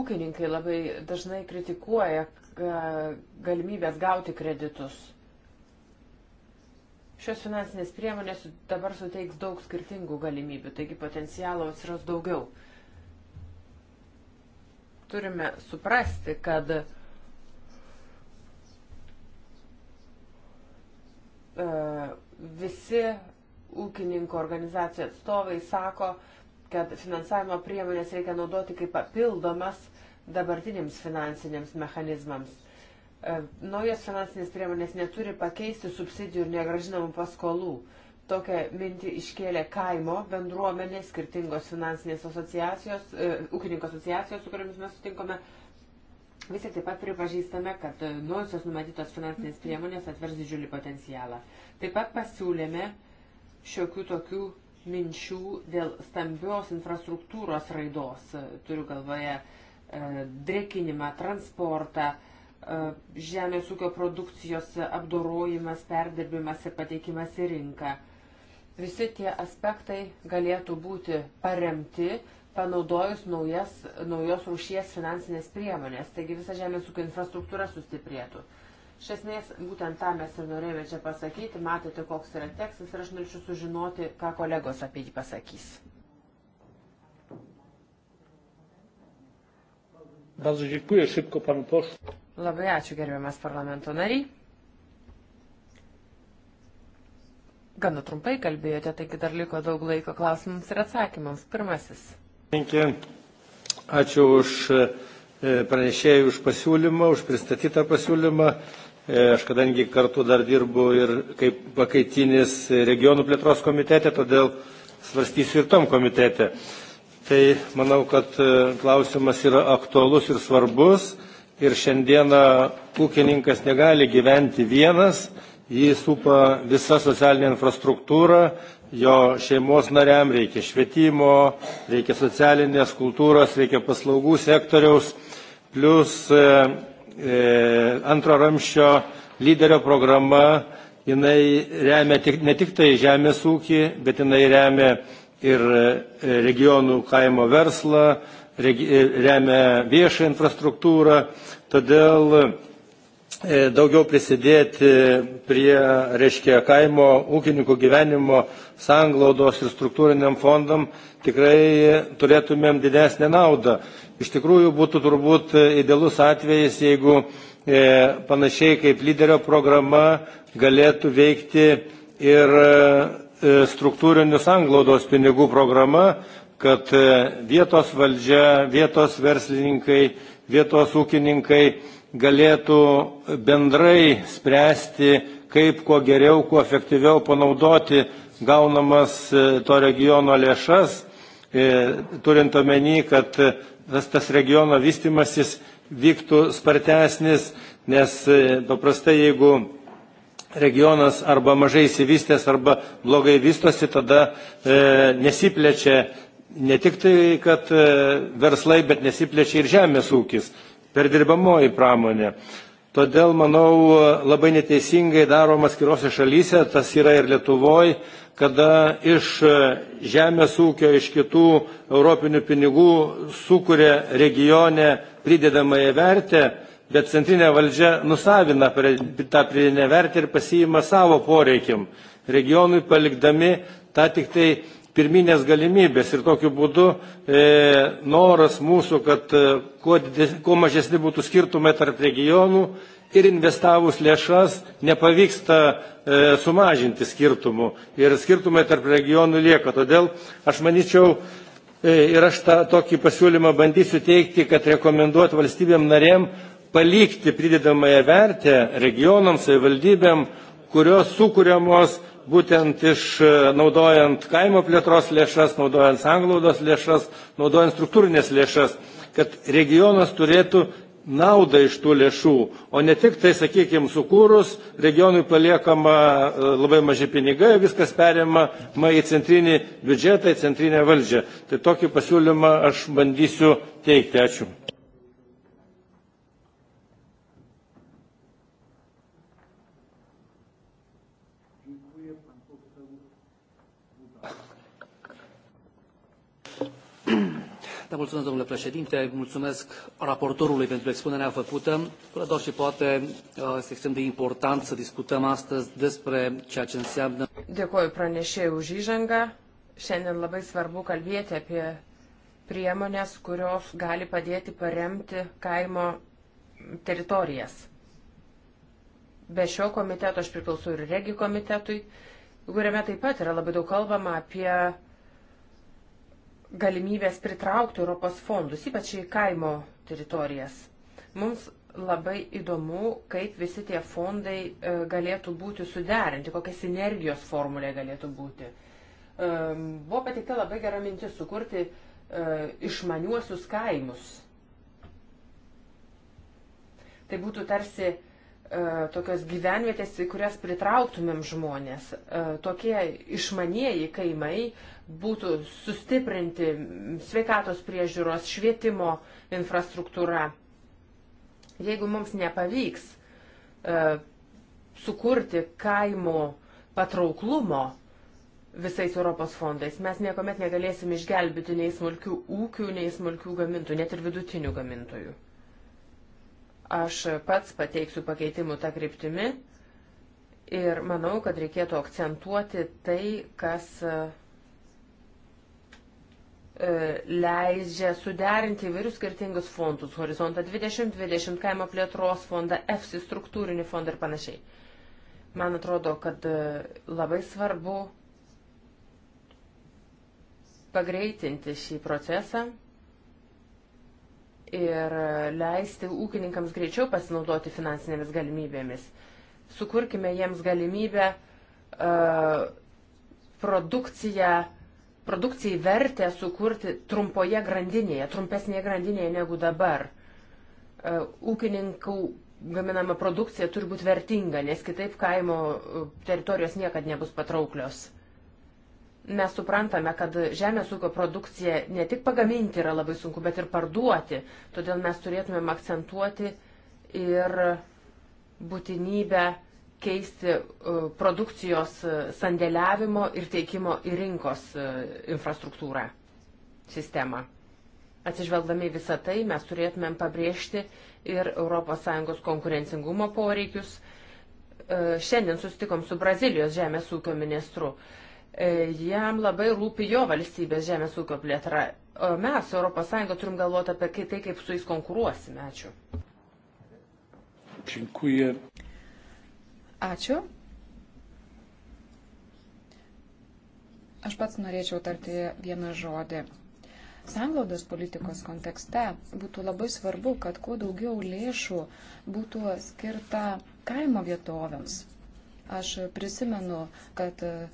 ūkininkai labai dažnai kritikuoja e, galimybės gauti kreditus. Šios finansinės priemonės dabar suteiks daug skirtingų galimybių, taigi potencialo atsiras daugiau turime suprasti, kad e, visi ūkininko organizacijų atstovai sako, kad finansavimo priemonės reikia naudoti kaip papildomas dabartiniams finansiniams mechanizmams. E, naujos finansinės priemonės neturi pakeisti subsidijų ir negražinamų paskolų. Tokią mintį iškėlė kaimo bendruomenė, skirtingos finansinės asociacijos, e, ūkininko asociacijos, su kuriamis mes sutinkome. Visi taip pat pripažįstame, kad e, nuosios numatytos finansinės priemonės atvers didžiulį potencialą. Taip pat pasiūlėme šiokių tokių minčių dėl stambios infrastruktūros raidos. E, turiu galvoje e, drekinimą, transportą, e, žemės ūkio produkcijos apdorojimas, perdirbimas ir pateikimas į rinką. Visi tie aspektai galėtų būti paremti panaudojus naujas, naujos rūšies finansinės priemonės, taigi visa žemės ūkio infrastruktūra sustiprėtų. Iš esmės, būtent tą mes ir norėjome čia pasakyti, matote, koks yra tekstas ir aš norėčiau sužinoti, ką kolegos apie jį pasakys. Labai ačiū gerbiamas parlamento nariai. Gana trumpai kalbėjote, taigi dar liko daug laiko klausimams ir atsakymams. Pirmasis. Ačiū už e, pranešėjų už pasiūlymą, už pristatytą pasiūlymą. E, aš kadangi kartu dar dirbu ir kaip pakaitinis regionų plėtros komitete, todėl svarstysiu ir tom komitete. Tai manau, kad e, klausimas yra aktualus ir svarbus ir šiandieną ūkininkas negali gyventi vienas, jį supa visa socialinė infrastruktūra, jo šeimos nariam reikia švietimo, reikia socialinės kultūros, reikia paslaugų sektoriaus, plus e, e antro ramščio lyderio programa, jinai remia tik, ne tik tai žemės ūkį, bet jinai remia ir e, regionų kaimo verslą, regi, e, remia viešą infrastruktūrą, todėl E, daugiau prisidėti prie, reiškia, kaimo ūkininkų gyvenimo sanglaudos ir struktūriniam fondam, tikrai turėtumėm didesnę naudą. Iš tikrųjų būtų turbūt idealus atvejis, jeigu e, panašiai kaip lyderio programa galėtų veikti ir e, struktūrinių sanglaudos pinigų programa, kad vietos valdžia, vietos verslininkai, vietos ūkininkai galėtų bendrai spręsti, kaip kuo geriau, kuo efektyviau panaudoti gaunamas e, to regiono lėšas, e, turint omeny, kad e, tas, tas regiono vystimasis vyktų spartesnis, nes paprastai jeigu regionas arba mažai įsivystęs arba blogai vystosi, tada e, nesiplečia ne tik tai, kad e, verslai, bet nesiplečia ir žemės ūkis perdirbamoji pramonė. Todėl, manau, labai neteisingai daromas skiriose šalyse, tas yra ir Lietuvoje, kada iš žemės ūkio, iš kitų europinių pinigų sukuria regione pridedamąją vertę, bet centrinė valdžia nusavina tą pridedamąją vertę ir pasiima savo poreikim, regionui palikdami tą tik tai pirminės galimybės ir tokiu būdu e, noras mūsų, kad e, kuo, didės, kuo mažesni būtų skirtumai tarp regionų ir investavus lėšas nepavyksta e, sumažinti skirtumų ir skirtumai tarp regionų lieka. Todėl aš manyčiau e, ir aš tą tokį pasiūlymą bandysiu teikti, kad rekomenduoti valstybėm narėm palikti pridedamąją vertę regionams, savivaldybėm, kurios sukūriamos būtent iš e, naudojant kaimo plėtros lėšas, naudojant sanglaudos lėšas, naudojant struktūrinės lėšas, kad regionas turėtų naudą iš tų lėšų, o ne tik tai, sakykime, sukūrus, regionui paliekama e, labai maži pinigai, viskas perima į centrinį biudžetą, į centrinę valdžią. Tai tokį pasiūlymą aš bandysiu teikti. Ačiū. Da, mulțumesc, domnule președinte, mulțumesc raportorului pentru expunerea făcută. Fără doar și poate uh, este extrem de important să discutăm astăzi despre ceea ce înseamnă. Dėkuoju pranešėjai už įžangą. Šiandien labai svarbu kalbėti apie priemonės, kurios gali padėti paremti kaimo teritorijas. Be šio komiteto aš priklausau ir regi komitetui, kuriame taip pat yra labai daug kalbama apie galimybės pritraukti Europos fondus, ypač į kaimo teritorijas. Mums labai įdomu, kaip visi tie fondai e, galėtų būti suderinti, kokia sinergijos formulė galėtų būti. Buvo pateikta labai gera mintis sukurti e, išmaniuosius kaimus. Tai būtų tarsi E, tokios gyvenvietės, į kurias pritrauktumėm žmonės. E, tokie išmanieji kaimai būtų sustiprinti sveikatos priežiūros, švietimo infrastruktūra. Jeigu mums nepavyks e, sukurti kaimo patrauklumo visais Europos fondais, mes niekuomet negalėsim išgelbėti nei smulkių ūkių, nei smulkių gamintojų, net ir vidutinių gamintojų. Aš pats pateiksiu pakeitimų tą kryptimį ir manau, kad reikėtų akcentuoti tai, kas e, leidžia suderinti įvairius skirtingus fondus - Horizontą 2020, kaimo plėtros fondą, EFSI struktūrinį fondą ir panašiai. Man atrodo, kad e, labai svarbu pagreitinti šį procesą ir leisti ūkininkams greičiau pasinaudoti finansinėmis galimybėmis. Sukurkime jiems galimybę uh, produkciją, produkcijai vertę sukurti trumpoje grandinėje, trumpesnėje grandinėje negu dabar. Uh, ūkininkų gaminama produkcija turi būti vertinga, nes kitaip kaimo e, teritorijos niekad nebus patrauklios mes suprantame, kad žemės ūkio produkciją ne tik pagaminti yra labai sunku, bet ir parduoti. Todėl mes turėtumėm akcentuoti ir būtinybę keisti e, produkcijos e, sandėliavimo ir teikimo į rinkos e, infrastruktūrą, sistemą. Atsižvelgdami visą tai, mes turėtumėm pabrėžti ir ES konkurencingumo poreikius. Šiandien sustikom su Brazilijos žemės ūkio ministru. E, jam labai rūpi jo valstybės žemės ūkio plėtra. O mes, ES, turim galvoti apie tai, kaip su jais konkuruosime. Ačiū. Dziękuję. Ačiū. Aš pats norėčiau tarti vieną žodį. Sanglaudos politikos kontekste būtų labai svarbu, kad kuo daugiau lėšų būtų skirta kaimo vietovėms Aš prisimenu, kad e,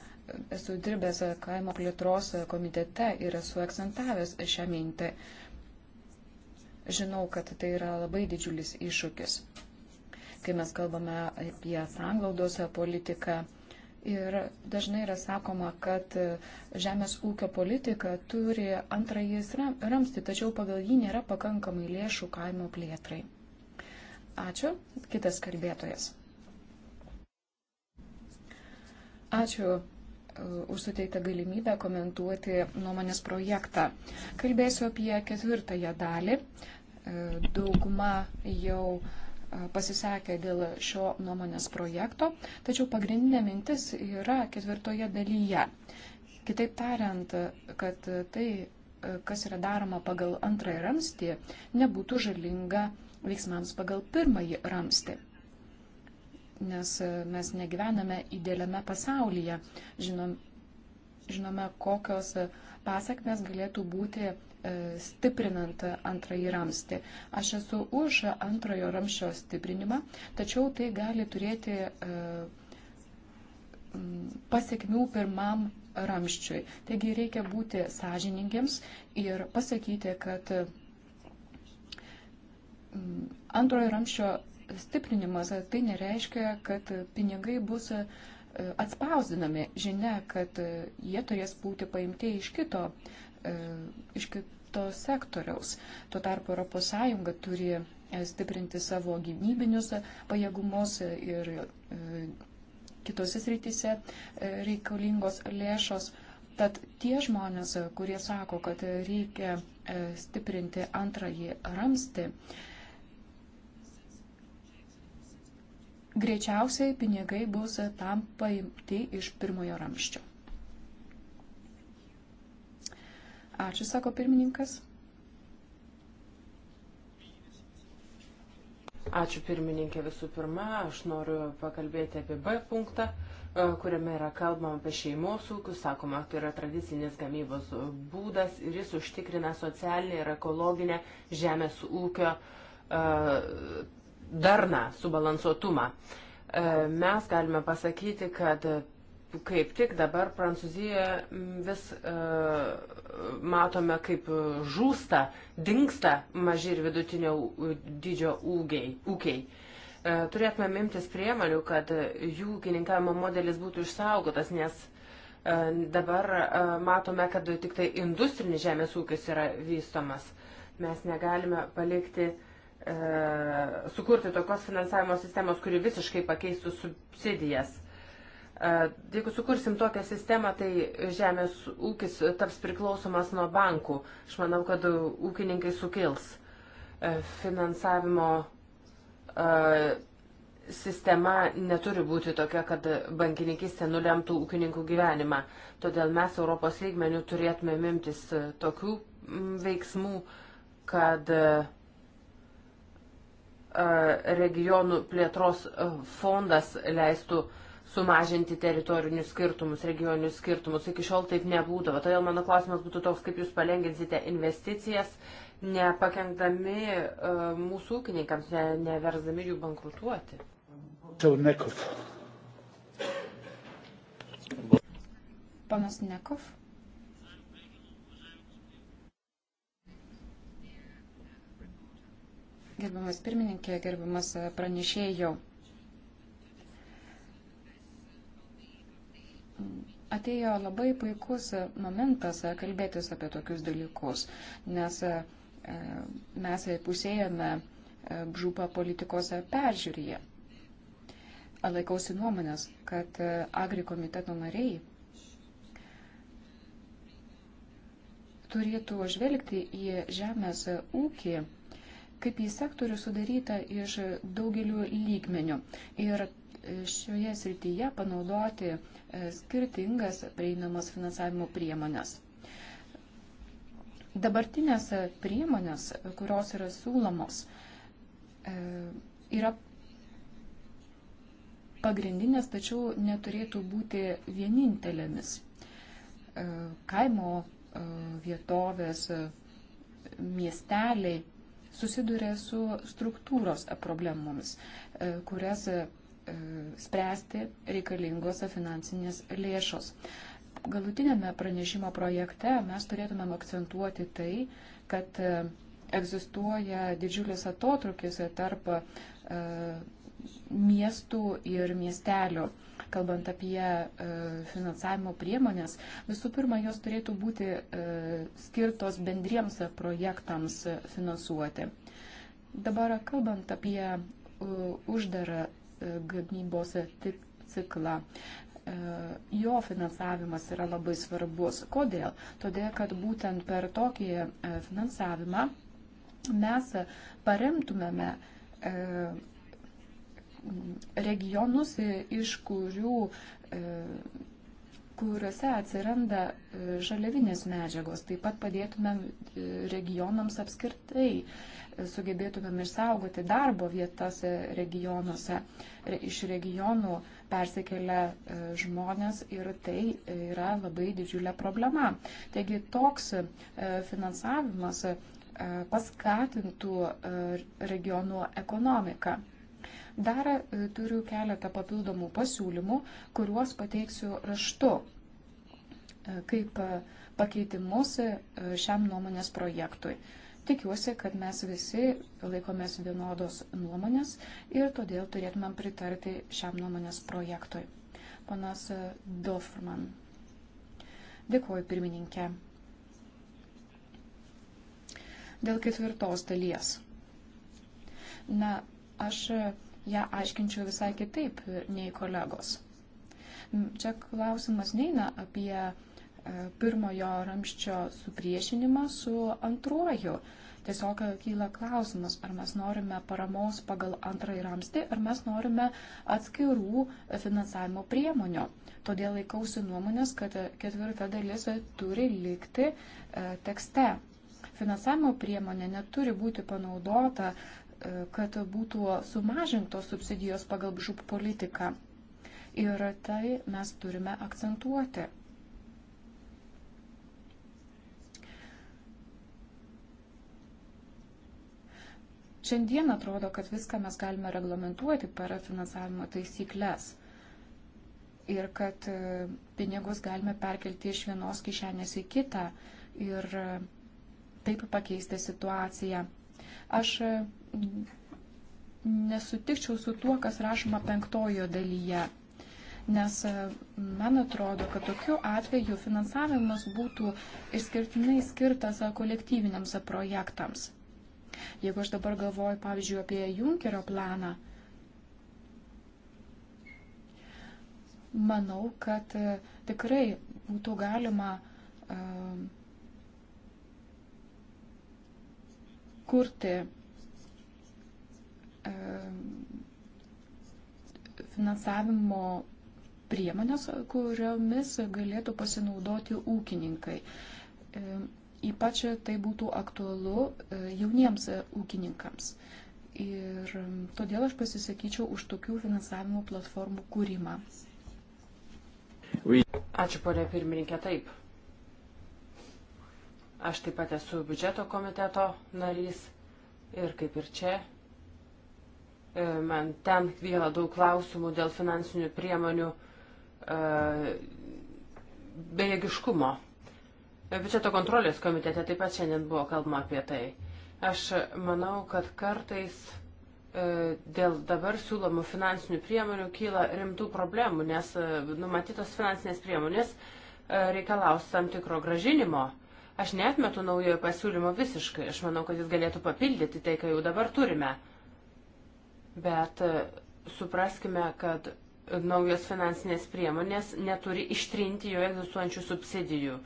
esu dirbęs kaimo plėtros komitete ir esu akcentavęs šią mintį. Žinau, kad tai yra labai didžiulis iššūkis, kai mes kalbame apie sanglaudos politiką. Ir dažnai yra sakoma, kad e, žemės ūkio politika turi antrąjį ramstį, tačiau pagal jį nėra pakankamai lėšų kaimo plėtrai. Ačiū. Kitas kalbėtojas. Ačiū e, už suteiktą galimybę komentuoti nuomonės projektą. Kalbėsiu apie ketvirtąją dalį. E, dauguma jau e, pasisakė dėl šio nuomonės projekto, tačiau pagrindinė mintis yra ketvirtoje dalyje. Kitaip tariant, kad tai, kas yra daroma pagal antrąjį ramstį, nebūtų žalinga veiksmams pagal pirmąjį ramstį nes e, mes negyvename idealiame pasaulyje. Žinom, žinome, kokios e, pasakmes galėtų būti e, stiprinant antrąjį ramstį. Aš esu už antrojo ramščio stiprinimą, tačiau tai gali turėti pasiekmių pirmam ramščiui. Taigi reikia būti sąžiningiems ir pasakyti, kad antrojo ramščio stiprinimas, tai nereiškia, kad pinigai bus e, atspausdinami. Žinia, kad e, jie turės būti paimti iš kito, e, iš kito sektoriaus. Tuo tarpu ES turi stiprinti savo gynybinius pajėgumus ir kitose srityse reikalingos lėšos. Tad tie žmonės, kurie sako, kad reikia stiprinti antrąjį ramstį, greičiausiai pinigai bus tam paimti iš pirmojo ramščio. Ačiū, sako pirmininkas. Ačiū pirmininkė visų pirma. Aš noriu pakalbėti apie B punktą, e, kuriame yra kalbama apie šeimos ūkius. Sakoma, tai yra tradicinis gamybos būdas ir jis užtikrina socialinę ir ekologinę žemės ūkio e, darną, subalansuotumą. E, mes galime pasakyti, kad kaip tik dabar Prancūzijoje vis e, matome, kaip žūsta, dinksta maži ir vidutinio dydžio ūgiai, ūkiai e, turėtumėm imtis priemonių, kad jų ūkininkavimo modelis būtų išsaugotas, nes dabar matome, kad tik tai industrinis žemės ūkis yra vystomas. Mes negalime palikti uh, E, sukurti tokios finansavimo sistemos, kuri visiškai pakeistų subsidijas. E, jeigu sukursim tokią sistemą, tai žemės ūkis taps priklausomas nuo bankų. Aš manau, kad ūkininkai sukils. E, finansavimo sistema neturi būti tokia, kad bankininkistė nulemtų ūkininkų gyvenimą. Todėl mes Europos lygmenių turėtume imtis tokių veiksmų, kad uh, regionų plėtros fondas leistų sumažinti teritorinius skirtumus, regioninius skirtumus. Iki šiol taip nebūdavo. Todėl mano klausimas būtų toks, kaip jūs palenginsite investicijas, nepakengdami uh, mūsų ūkininkams, ne, neversdami jų bankrutuoti. Panas Nekov. Gerbiamas pirmininkė, gerbiamas pranešėjau. atėjo labai puikus momentas kalbėtis apie tokius dalykus, nes e, mes pusėjame e, žūpą politikos peržiūrėje. Laikausi nuomonės, kad e, agri komiteto nariai turėtų žvelgti į žemės ūkį kaip į sektorių sudaryta iš daugelių lygmenių. Ir e, šioje srityje panaudoti e, skirtingas prieinamos finansavimo priemonės. Dabartinės e, priemonės, kurios yra siūlomos, yra pagrindinės, tačiau neturėtų būti vienintelėmis. Kaimo vietovės, miesteliai susiduria su struktūros problemomis, e, kurias e, spręsti reikalingos finansinės lėšos. Galutinėme pranešimo projekte mes turėtumėm akcentuoti tai, kad e, egzistuoja didžiulis atotrukis tarp miestų ir miestelių kalbant apie e, finansavimo priemonės, visų pirma, jos turėtų būti e, skirtos bendriems projektams finansuoti. Dabar kalbant apie uždarą e, gamybos ciklą, jo finansavimas yra labai svarbus. Kodėl? Todėl, kad būtent per tokį finansavimą mes paremtumėme regionus, e, iš kurių, e, kuriuose atsiranda e, žaliavinės medžiagos. Taip pat padėtumėm regionams apskirtai, sugebėtumėm išsaugoti darbo vietas regionuose. Iš regionų persikelia žmonės ir tai yra labai didžiulė problema. Taigi toks finansavimas paskatintų regionų ekonomiką. Dar e, turiu keletą papildomų pasiūlymų, kuriuos pateiksiu raštu e, kaip e, pakeitimus šiam nuomonės projektui. Tikiuosi, kad mes visi laikomės vienodos nuomonės ir todėl turėtumėm pritarti šiam nuomonės projektui. Panas Dofman. Dėkuoju, pirmininkė. Dėl ketvirtos dalies. Na, aš ją aiškinčiau visai kitaip nei kolegos. Čia klausimas neina apie e, pirmojo ramščio supriešinimą su antruoju. Tiesiog kyla klausimas, ar mes norime paramos pagal antrąjį ramstį, ar mes norime atskirų finansavimo priemonių. Todėl laikausi nuomonės, kad ketvirta dalis turi likti e, tekste. Finansavimo priemonė neturi būti panaudota kad būtų sumažintos subsidijos pagal žūp politiką. Ir tai mes turime akcentuoti. Šiandien atrodo, kad viską mes galime reglamentuoti per finansavimo taisyklės ir kad e, pinigus galime perkelti iš vienos kišenės į kitą ir e, taip pakeisti situaciją. Aš e, nesutikčiau su tuo, kas rašoma penktojo dalyje. Nes e, man atrodo, kad tokiu atveju finansavimas būtų išskirtinai skirtas e, kolektyviniams e, projektams. Jeigu aš dabar galvoju, pavyzdžiui, apie Junkerio planą, manau, kad tikrai būtų galima uh, kurti E, finansavimo priemonės, kuriomis galėtų pasinaudoti ūkininkai. E, ypač tai būtų aktualu e, jauniems ūkininkams. Ir todėl aš pasisakyčiau už tokių finansavimo platformų kūrimą. Ačiū, ponė pirmininkė, taip. Aš taip pat esu biudžeto komiteto narys ir kaip ir čia E, man ten kyla daug klausimų dėl finansinių priemonių e, bejėgiškumo. E, biudžeto kontrolės komitete taip pat šiandien buvo kalbama apie tai. Aš manau, kad kartais dėl dabar siūlomų finansinių priemonių kyla rimtų problemų, nes numatytos finansinės priemonės reikalaus tam tikro gražinimo. Aš netmetu naujojo pasiūlymo visiškai. Aš manau, kad jis galėtų papildyti tai, ką jau dabar turime. Bet e, supraskime, kad naujos finansinės priemonės neturi ištrinti jo egzistuojančių subsidijų.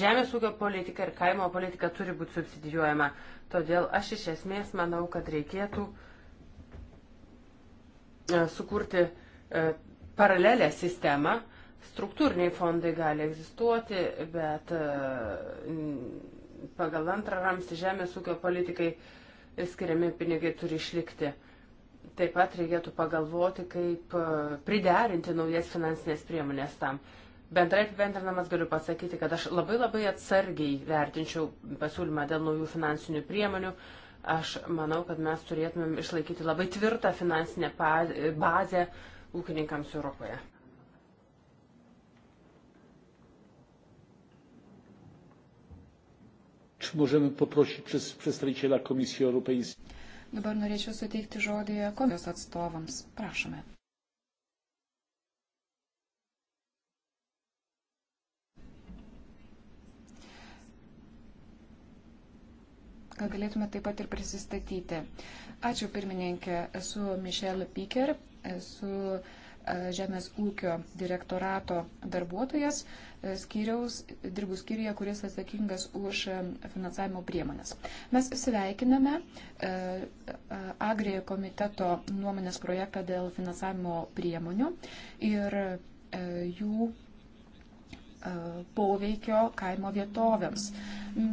Žemės ūkio politika ir kaimo politika turi būti subsidijuojama. Todėl aš iš esmės manau, kad reikėtų e, sukurti e, paralelę sistemą. Struktūriniai fondai gali egzistuoti, bet pagal antrą ramstį žemės ūkio politikai skiriami pinigai turi išlikti. Taip pat reikėtų pagalvoti, kaip e, priderinti naujas finansinės priemonės tam. Bendrai apibendrinamas galiu pasakyti, kad aš labai labai atsargiai vertinčiau pasiūlymą dėl naujų finansinių priemonių. Aš manau, kad mes turėtumėm išlaikyti labai tvirtą finansinę bazę ūkininkams Europoje. Czy możemy poprosić przez przedstawiciela Komisji Europejskiej? Dabar norėčiau suteikti žodį komisijos atstovams. Prašome. Gal galėtume taip pat ir prisistatyti. Ačiū pirmininkė, esu Mišel Piker, esu uh, E, Žemės ūkio direktorato darbuotojas e, skyriaus, dirbų skyriuje, kuris atsakingas už e, finansavimo priemonės. Mes sveikiname Agri komiteto nuomonės projektą dėl finansavimo priemonių ir jų poveikio kaimo vietovėms.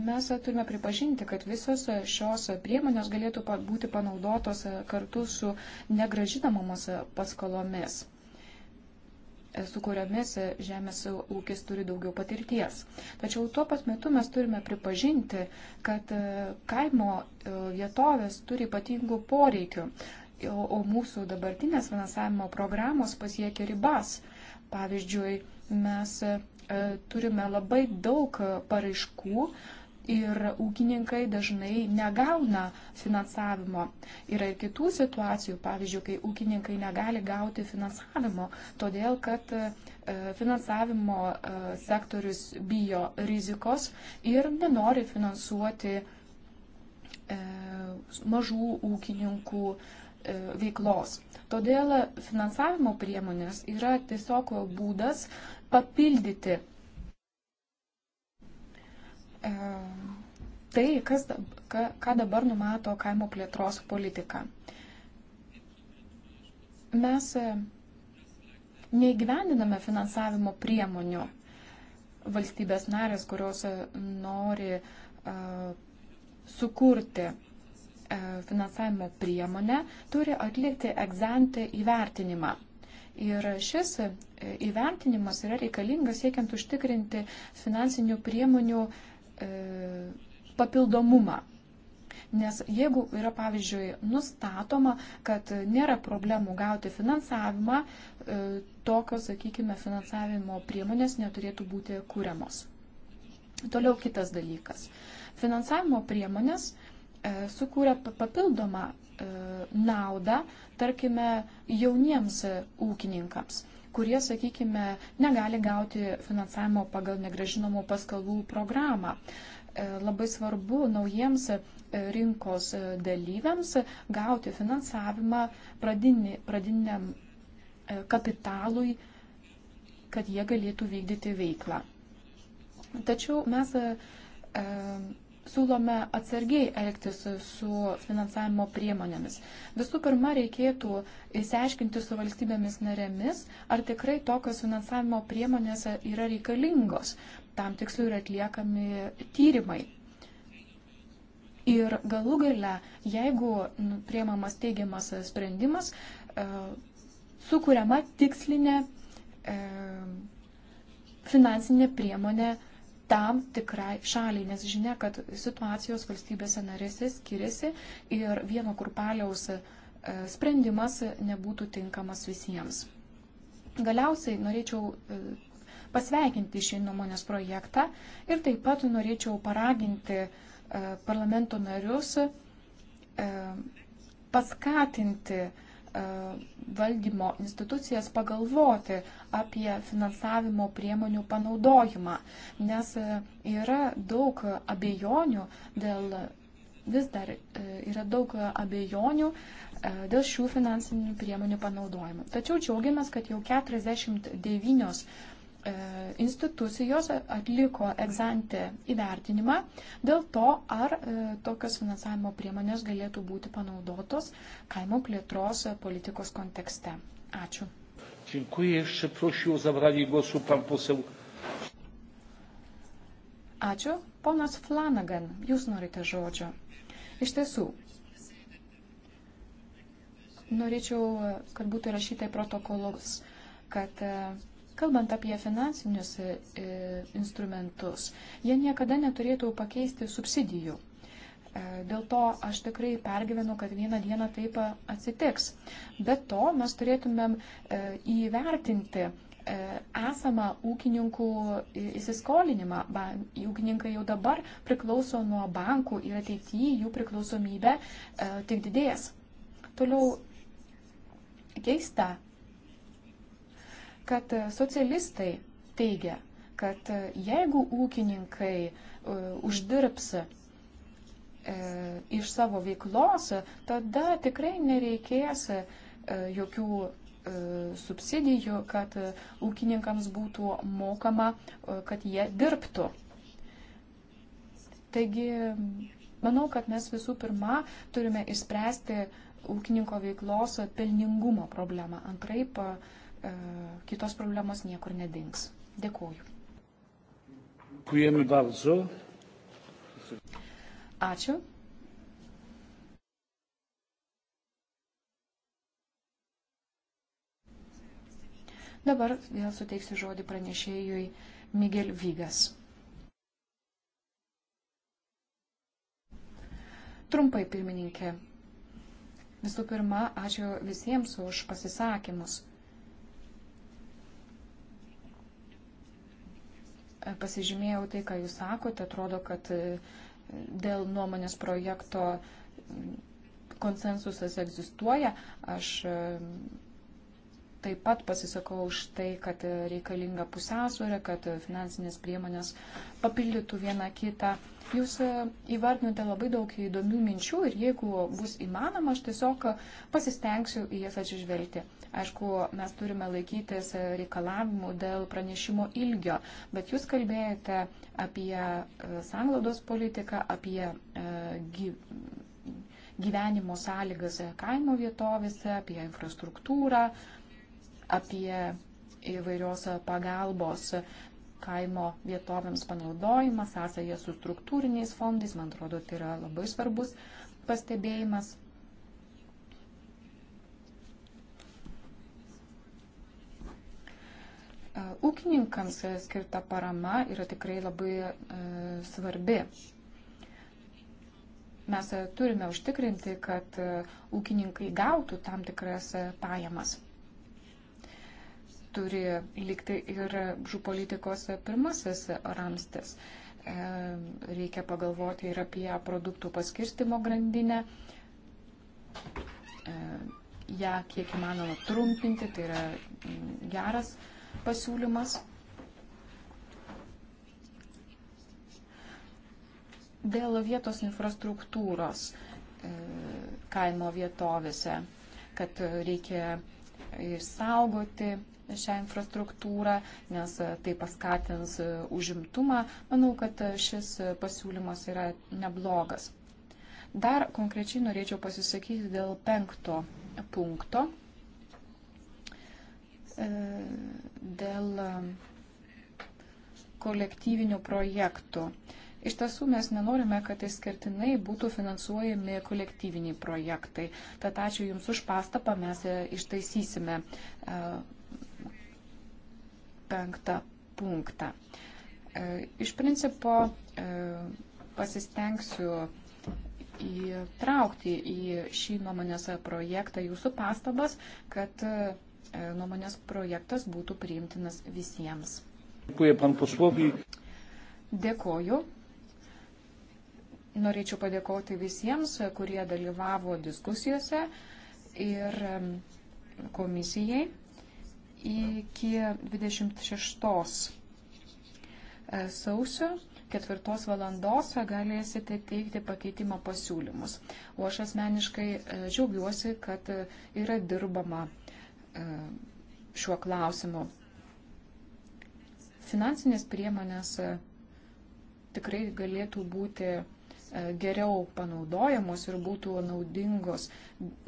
Mes turime pripažinti, kad visos šios priemonės galėtų būti panaudotos kartu su negražinamomos paskolomis su kuriomis žemės ūkis turi daugiau patirties. Tačiau tuo pat metu mes turime pripažinti, kad e, kaimo e, vietovės turi ypatingų poreikių, o mūsų dabartinės finansavimo programos pasiekia ribas. Pavyzdžiui, mes e, turime labai daug paraiškų, ir ūkininkai dažnai negauna finansavimo. Yra ir kitų situacijų, pavyzdžiui, kai ūkininkai negali gauti finansavimo, todėl kad e, finansavimo e, sektorius bijo rizikos ir nenori finansuoti e, mažų ūkininkų veiklos. Todėl finansavimo priemonės yra tiesiog būdas papildyti tai, kas, ka, ką dabar numato kaimo plėtros politika. Mes neįgyvendiname finansavimo priemonių. Valstybės narės, kurios nori uh, sukurti uh, finansavimo priemonę, turi atlikti egzantį įvertinimą. Ir šis e, įvertinimas yra reikalingas siekiant užtikrinti finansinių priemonių uh, E, papildomumą. Nes jeigu yra, pavyzdžiui, nustatoma, kad nėra problemų gauti finansavimą, e, tokios, sakykime, finansavimo priemonės neturėtų būti kūriamos. Toliau kitas dalykas. Finansavimo priemonės e, sukūrė papildomą naudą, tarkime, jauniems ūkininkams kurie, sakykime, negali gauti finansavimo pagal negražinamų paskalų programą. E, labai svarbu naujiems e, rinkos e, dalyviams gauti finansavimą pradinį, pradiniam kapitalui, kad jie galėtų vykdyti veiklą. Tačiau mes siūlome atsargiai elgtis su finansavimo priemonėmis. Visų pirma, reikėtų įsiaiškinti su valstybėmis narėmis, ar tikrai tokios finansavimo priemonės yra reikalingos. Tam tikslu yra atliekami tyrimai. Ir galų gale, jeigu priemamas teigiamas sprendimas, e, sukūriama tikslinė e, finansinė priemonė tam tikrai šaliai, nes žinia, kad situacijos valstybėse narėse skiriasi ir vieno kurpaliaus e, sprendimas nebūtų tinkamas visiems. Galiausiai norėčiau e, pasveikinti šį nuomonės projektą ir taip pat norėčiau paraginti e, parlamento narius paskatinti E, valdymo institucijas pagalvoti apie finansavimo priemonių panaudojimą, nes e, yra daug abejonių dėl, vis dar e, yra daug abejonių dėl šių finansinių priemonių panaudojimo. Tačiau džiaugiamės, kad jau 49 E, institucijos atliko egzantę įvertinimą dėl to, ar e, tokios finansavimo priemonės galėtų būti panaudotos kaimo plėtros politikos kontekste. Ačiū. Ačiū. Ponas Flanagan, jūs norite žodžio. Iš tiesų, norėčiau, kad būtų rašyta į protokolus, kad e, Kalbant apie finansinius e, e, instrumentus, jie niekada neturėtų pakeisti subsidijų. E, dėl to aš tikrai pergyvenu, kad vieną dieną taip atsitiks. Be to mes turėtumėm įvertinti esamą ūkininkų įsiskolinimą. Ūkininkai jau dabar priklauso nuo bankų ir ateityje jų priklausomybė tik didės. Toliau keista, kad socialistai teigia, kad e, jeigu ūkininkai e, uždirbs e, iš savo veiklos, tada tikrai nereikės jokių subsidijų, kad ūkininkams būtų mokama, kad jie dirbtų. Taigi, manau, kad mes visų pirma turime išspręsti ūkininko veiklos pelningumo problemą. Antraip, uh, E, kitos problemos niekur nedings. Dėkuoju. Dziękujemy bardzo. Ačiū. Dabar vėl suteiksiu žodį pranešėjui Miguel Vygas. Trumpai, pirmininkė. Visų pirma, ačiū visiems už pasisakymus. Pasižymėjau tai, ką Jūs sakote. Atrodo, kad e, dėl nuomonės projekto konsensusas egzistuoja. Aš e, taip pat pasisakau už tai, kad reikalinga pusiausvėra, kad finansinės priemonės papildytų vieną kitą. Jūs e, įvardinote labai daug įdomių minčių ir jeigu bus įmanoma, aš tiesiog pasistengsiu į jas atsižvelgti. Aišku, mes turime laikytis reikalavimų dėl pranešimo ilgio, bet jūs kalbėjote apie e, sanglaudos politiką, apie e, gyvenimo sąlygas kaimo vietovėse, apie infrastruktūrą, apie įvairios pagalbos kaimo vietovėms panaudojimą, sąsąją su struktūriniais fondais. Man atrodo, tai yra labai svarbus pastebėjimas. Ūkininkams skirta parama yra tikrai labai e, svarbi. Mes turime užtikrinti, kad e, ūkininkai gautų tam tikras e, pajamas turi likti ir žų politikos pirmasis ramstis. E, reikia pagalvoti ir apie produktų paskirstimo grandinę, e, ją ja, kiek įmanoma trumpinti, tai yra geras pasiūlymas. Dėl vietos infrastruktūros e, kaimo vietovėse, kad reikia išsaugoti šią infrastruktūrą, nes tai paskatins užimtumą. Manau, kad šis pasiūlymas yra neblogas. Dar konkrečiai norėčiau pasisakyti dėl penkto punkto. E, dėl kolektyvinių projektų. Iš tiesų mes nenorime, kad įskirtinai būtų finansuojami kolektyviniai projektai. Tad ačiū Jums už pastabą, mes ištaisysime e, penktą punktą. E, iš principo e, pasistengsiu įtraukti į šį nuomonės projektą jūsų pastabas, kad e, nuomonės projektas būtų priimtinas visiems. Dėkoju. Norėčiau padėkoti visiems, kurie dalyvavo diskusijose ir komisijai iki 26 e, sausio 4 valandos galėsite teikti pakeitimo pasiūlymus. O aš asmeniškai e, džiaugiuosi, kad yra dirbama e, šiuo klausimu. Finansinės priemonės tikrai galėtų būti E, geriau panaudojamos ir būtų naudingos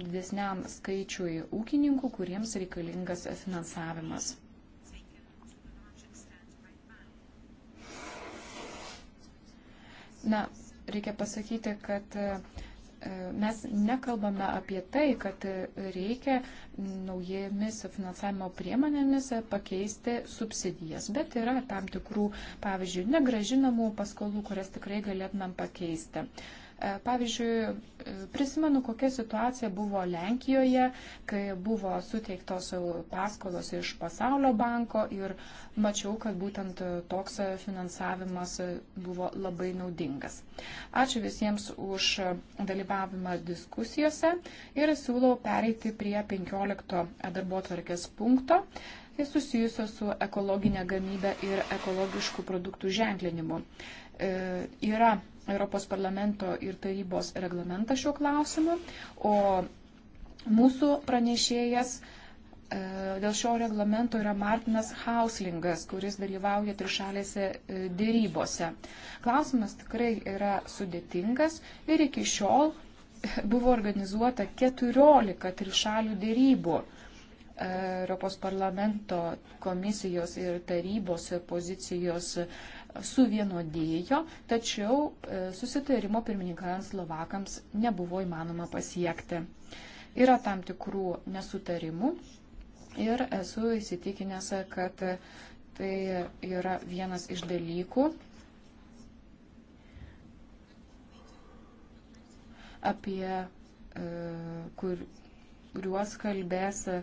didesniam skaičiui ūkininkų, kuriems reikalingas finansavimas. Na, reikia pasakyti, kad E, mes nekalbame apie tai, kad reikia naujomis finansavimo priemonėmis pakeisti subsidijas, bet yra tam tikrų, pavyzdžiui, negražinamų paskolų, kurias tikrai galėtumėm pakeisti. E, pavyzdžiui, e, prisimenu, kokia situacija buvo Lenkijoje, kai buvo suteiktos e, paskolos iš pasaulio banko ir mačiau, kad būtent toks finansavimas buvo labai naudingas. Ačiū visiems už dalyvavimą diskusijose ir siūlau pereiti prie 15 darbo tvarkės punkto tai susijusio su ekologinė gamybe ir ekologiškų produktų ženklinimu. E, yra Europos parlamento ir tarybos reglamentą šiuo klausimu, o mūsų pranešėjas e, dėl šio reglamento yra Martinas Hauslingas, kuris dalyvauja trišalėse e, dėrybose. Klausimas tikrai yra sudėtingas ir iki šiol buvo organizuota 14 trišalių dėrybų. E, Europos parlamento komisijos ir tarybos pozicijos suvienodėjo, tačiau e, susitarimo pirmininkavant Slovakams nebuvo įmanoma pasiekti. Yra tam tikrų nesutarimų ir esu įsitikinęs, kad tai yra vienas iš dalykų, apie e, kur, kuriuos kalbės e,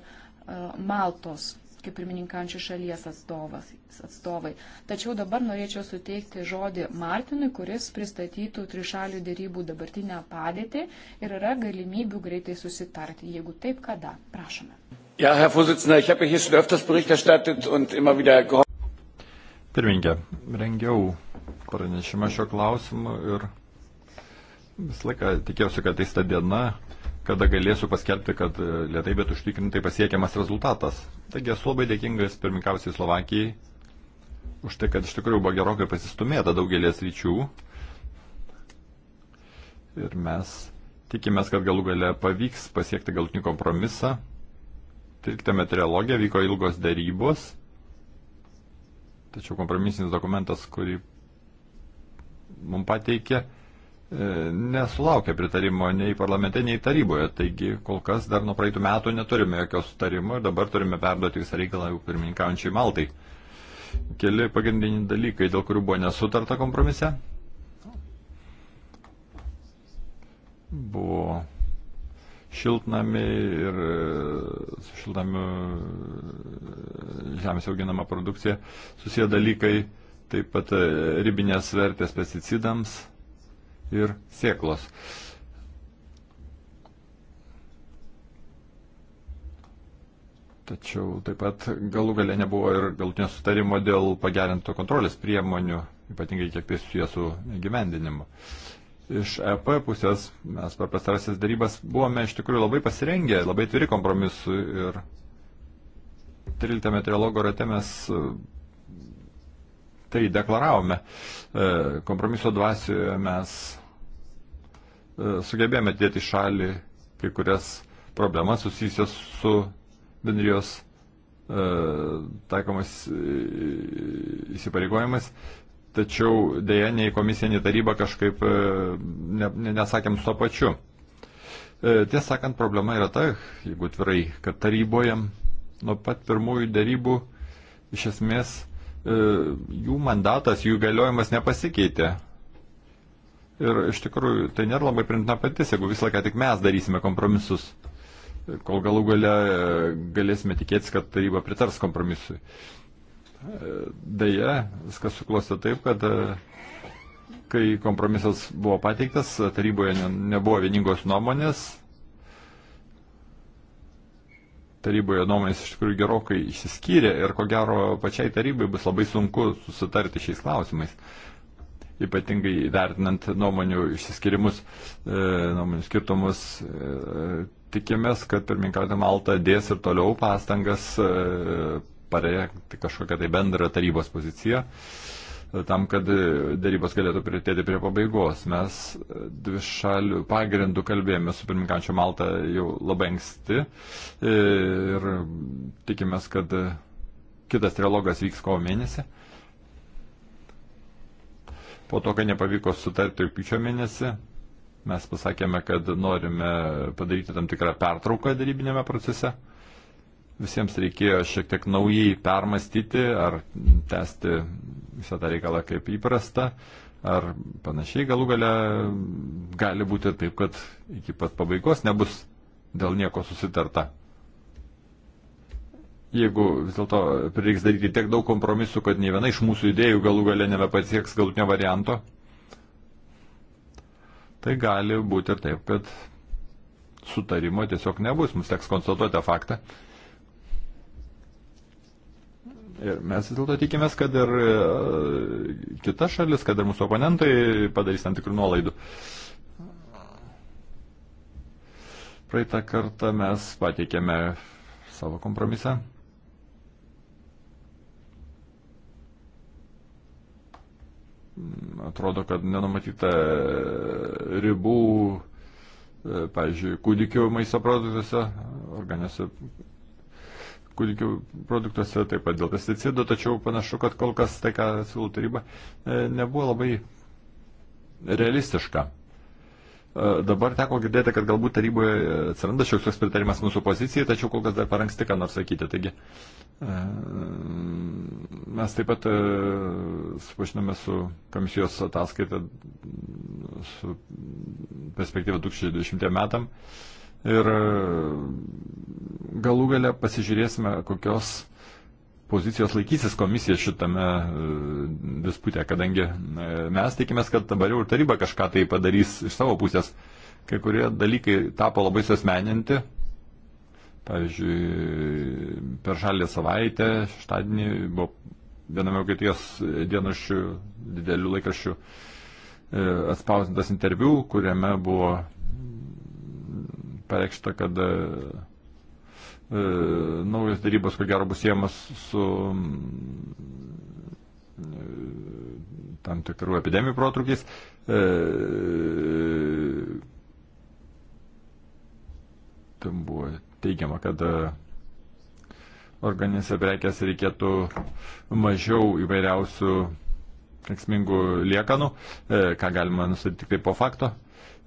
Maltos kaip pirmininkančių šalies atstovas, atstovai. Tačiau dabar norėčiau suteikti žodį Martinui, kuris pristatytų trišalių dėrybų dabartinę padėtį ir yra galimybių greitai susitarti. Jeigu taip, kada? Prašome. Ja, Herr Vorsitzender, ich habe hier schon öfters Bericht erstattet und immer wieder gehofft. Pirmininkė, rengiau pranešimą šio klausimu ir visą laiką tikėjausi, kad tai ta diena, kada galėsiu paskelbti, kad e, lietai, bet užtikrintai pasiekiamas rezultatas. Taigi esu labai dėkingas pirminkausiai Slovakijai už tai, kad iš tikrųjų buvo gerokai pasistumėta daugelės ryčių. Ir mes tikimės, kad galų gale pavyks pasiekti galutinį kompromisą. 13 trilogija vyko ilgos darybos, tačiau kompromisinis dokumentas, kurį mums pateikė, E, nesulaukia pritarimo nei parlamente, nei taryboje. Taigi kol kas dar nuo praeitų metų neturime jokio sutarimo ir dabar turime perduoti visą reikalą jau pirmininkaujančiai Maltai. Keli pagrindiniai dalykai, dėl kurių buvo nesutarta kompromise. Buvo šiltnami ir e, su šiltnamiu e, žemės auginama produkcija susiję dalykai, taip pat ribinės vertės pesticidams ir sėklos. Tačiau taip pat galų galę nebuvo ir galutinio sutarimo dėl pagerinto kontrolės priemonių, ypatingai kiek tai susiję su gyvendinimu. Iš EP pusės mes per pastarasias darybas buvome iš tikrųjų labai pasirengę, labai tviri kompromisu ir 13 trilogo rate mes e, tai deklaravome. E, kompromiso dvasioje mes E, sugebėjome dėti šalį kai kurias problemas susijusias su bendrijos e, taikomas e, įsipareigojimas, tačiau dėja nei komisija, nei taryba kažkaip ne, ne, nesakėm su to pačiu. Tiesą sakant, problema yra ta, jeigu tvirai, kad taryboje nuo pat pirmųjų darybų iš esmės jų mandatas, jų galiojimas nepasikeitė. Ir iš tikrųjų tai nėra labai primtina patys, jeigu visą laiką tik mes darysime kompromisus, kol galų gale e, galėsime tikėtis, kad taryba pritars kompromisui. E, deja, viskas suklostė taip, kad e, kai kompromisas buvo pateiktas, taryboje ne, nebuvo vieningos nuomonės. Taryboje nuomonės iš tikrųjų gerokai išsiskyrė ir ko gero pačiai tarybai bus labai sunku susitarti šiais klausimais ypatingai įvertinant nuomonių išsiskirimus, e, nuomonių skirtumus. E, tikimės, kad pirmininkautė Malta dės ir toliau pastangas e, parengti kažkokią tai bendrą tarybos poziciją tam, kad darybos galėtų prieartėti prie pabaigos. Mes dvi šalių pagrindų kalbėjome su pirmininkančio Malta jau labai anksti ir tikimės, kad kitas trilogas vyks kovo mėnesį. Po to, kai nepavyko sutarti rūpiučio mėnesį, mes pasakėme, kad norime padaryti tam tikrą pertrauką darybinėme procese. Visiems reikėjo šiek tiek naujai permastyti ar tęsti visą tą reikalą kaip įprasta ar panašiai. Galų gale gali būti taip, kad iki pat pabaigos nebus dėl nieko susitarta jeigu vis dėlto prireiks daryti tiek daug kompromisų, kad nei viena iš mūsų idėjų galų gale nebepasieks galutinio varianto, tai gali būti ir taip, kad sutarimo tiesiog nebus, mums teks konstatuoti tą faktą. Ir mes vis dėlto tikimės, kad ir e, kita šalis, kad ir mūsų oponentai padarys tam tikrų nuolaidų. Praeitą kartą mes pateikėme savo kompromisą. atrodo, kad nenumatyta ribų, e, pavyzdžiui, kūdikių maisto produktuose, organiuose kūdikių produktuose, taip pat dėl pesticidų, tačiau panašu, kad kol kas tai, ką siūlo taryba, e, nebuvo labai realistiška. E, dabar teko girdėti, kad galbūt taryboje atsiranda šioks toks pritarimas mūsų pozicijai, tačiau kol kas dar per anksti ką nors sakyti. Taigi e, mes taip pat e, supažinome su komisijos ataskaita su perspektyva 2020 metam ir galų gale pasižiūrėsime, kokios pozicijos laikysis komisija šitame e, dispute, kadangi e, mes tikimės, kad dabar jau ir taryba kažką tai padarys iš savo pusės. Kai kurie dalykai tapo labai susmeninti. Pavyzdžiui, per žalį savaitę, šeštadienį, buvo viename Vokietijos dienraščių, didelių laikraščių e, atspausintas interviu, kuriame buvo pareikšta, kad E, naujas darybos, ko gero, bus siejamas su mm, e, tam tikrų epidemijų protrukiais. E, tam buvo teigiama, kad organinėse prekėse reikėtų mažiau įvairiausių kenksmingų liekanų, ką galima nustatyti tik tai po fakto.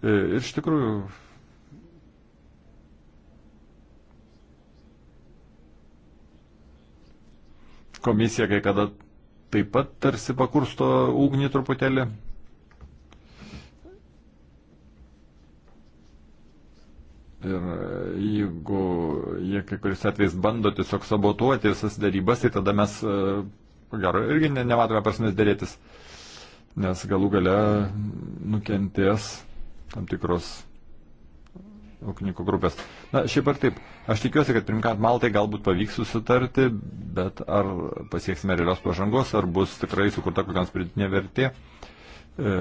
Ir iš tikrųjų komisija kai kada taip pat tarsi pakursto ugnį truputėlį. Ir jeigu jie kai kuris atvejais bando tiesiog sabotuoti visas darybas, tai tada mes, e, ko gero, irgi ne, nematome prasmės dėrėtis, nes galų gale nukentės tam tikros ūkininkų grupės. Na, šiaip ar taip, aš tikiuosi, kad primkant Maltai galbūt pavyks susitarti, bet ar pasieksime realios pažangos, ar bus tikrai sukurta kokia nors pridėtinė vertė, e,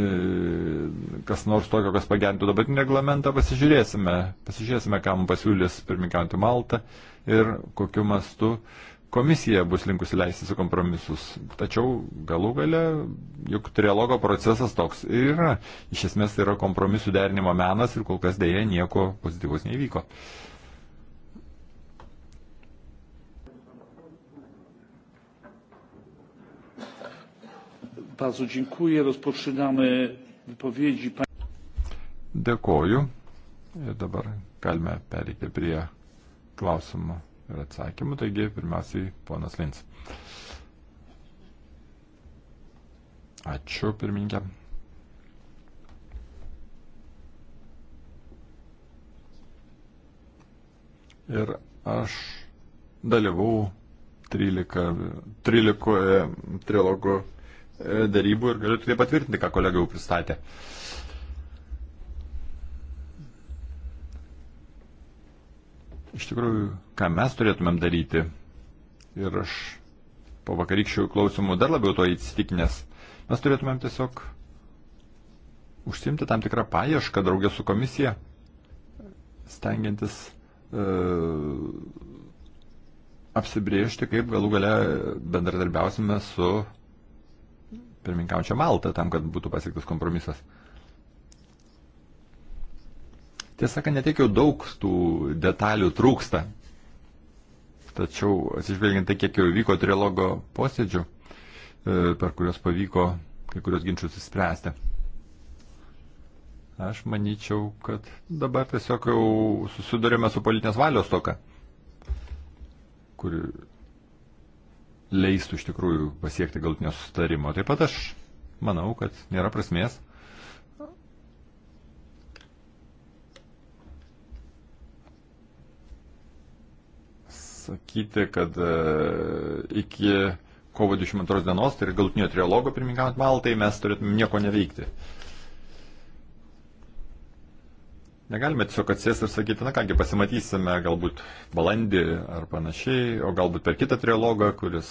e kas nors tokio, kas pagerintų dabartinį reglamentą, pasižiūrėsime, pasižiūrėsime, ką mums pasiūlys pirmininkantį Maltą ir kokiu mastu komisija bus linkusi leisti su kompromisus. Tačiau galų gale, juk trialogo procesas toks ir yra. Iš esmės tai yra kompromisų derinimo menas ir kol kas dėja nieko pozityvus nevyko. Bardzo dziękuję. Rozpoczynamy wypowiedzi. Dėkoju. Ir dabar galime pereiti prie klausimų ir atsakymų. Taigi, pirmiausiai, ponas Lins. Ačiū, pirmininkė. Ir aš dalyvau 13, 13 trilogų darybų ir galiu tik tai patvirtinti, ką kolega jau pristatė. Iš tikrųjų, ką mes turėtumėm daryti. Ir aš po vakarykščių klausimų dar labiau to įsitikinęs. Mes turėtumėm tiesiog užsimti tam tikrą paiešką draugės su komisija, stengiantis e, apsibriežti, kaip galų gale bendradarbiausime su pirminkaučia Malta, tam, kad būtų pasiektas kompromisas. Tiesą sakant, netiek jau daug tų detalių trūksta. Tačiau atsižvelgiant tai, kiek jau vyko trilogo posėdžių, e, per kurios pavyko kai kurios ginčius įspręsti. Aš manyčiau, kad dabar tiesiog jau susidurėme su politinės valios toka, kuri leistų iš tikrųjų pasiekti galtinio sustarimo. Taip pat aš manau, kad nėra prasmės pasakyti, kad e, iki kovo 22 dienos, tai yra galutinio trialogo pirmininkant Maltai, mes turėtume nieko neveikti. Negalime tiesiog atsės ir sakyti, na kągi, pasimatysime galbūt balandį ar panašiai, o galbūt per kitą trilogą, kuris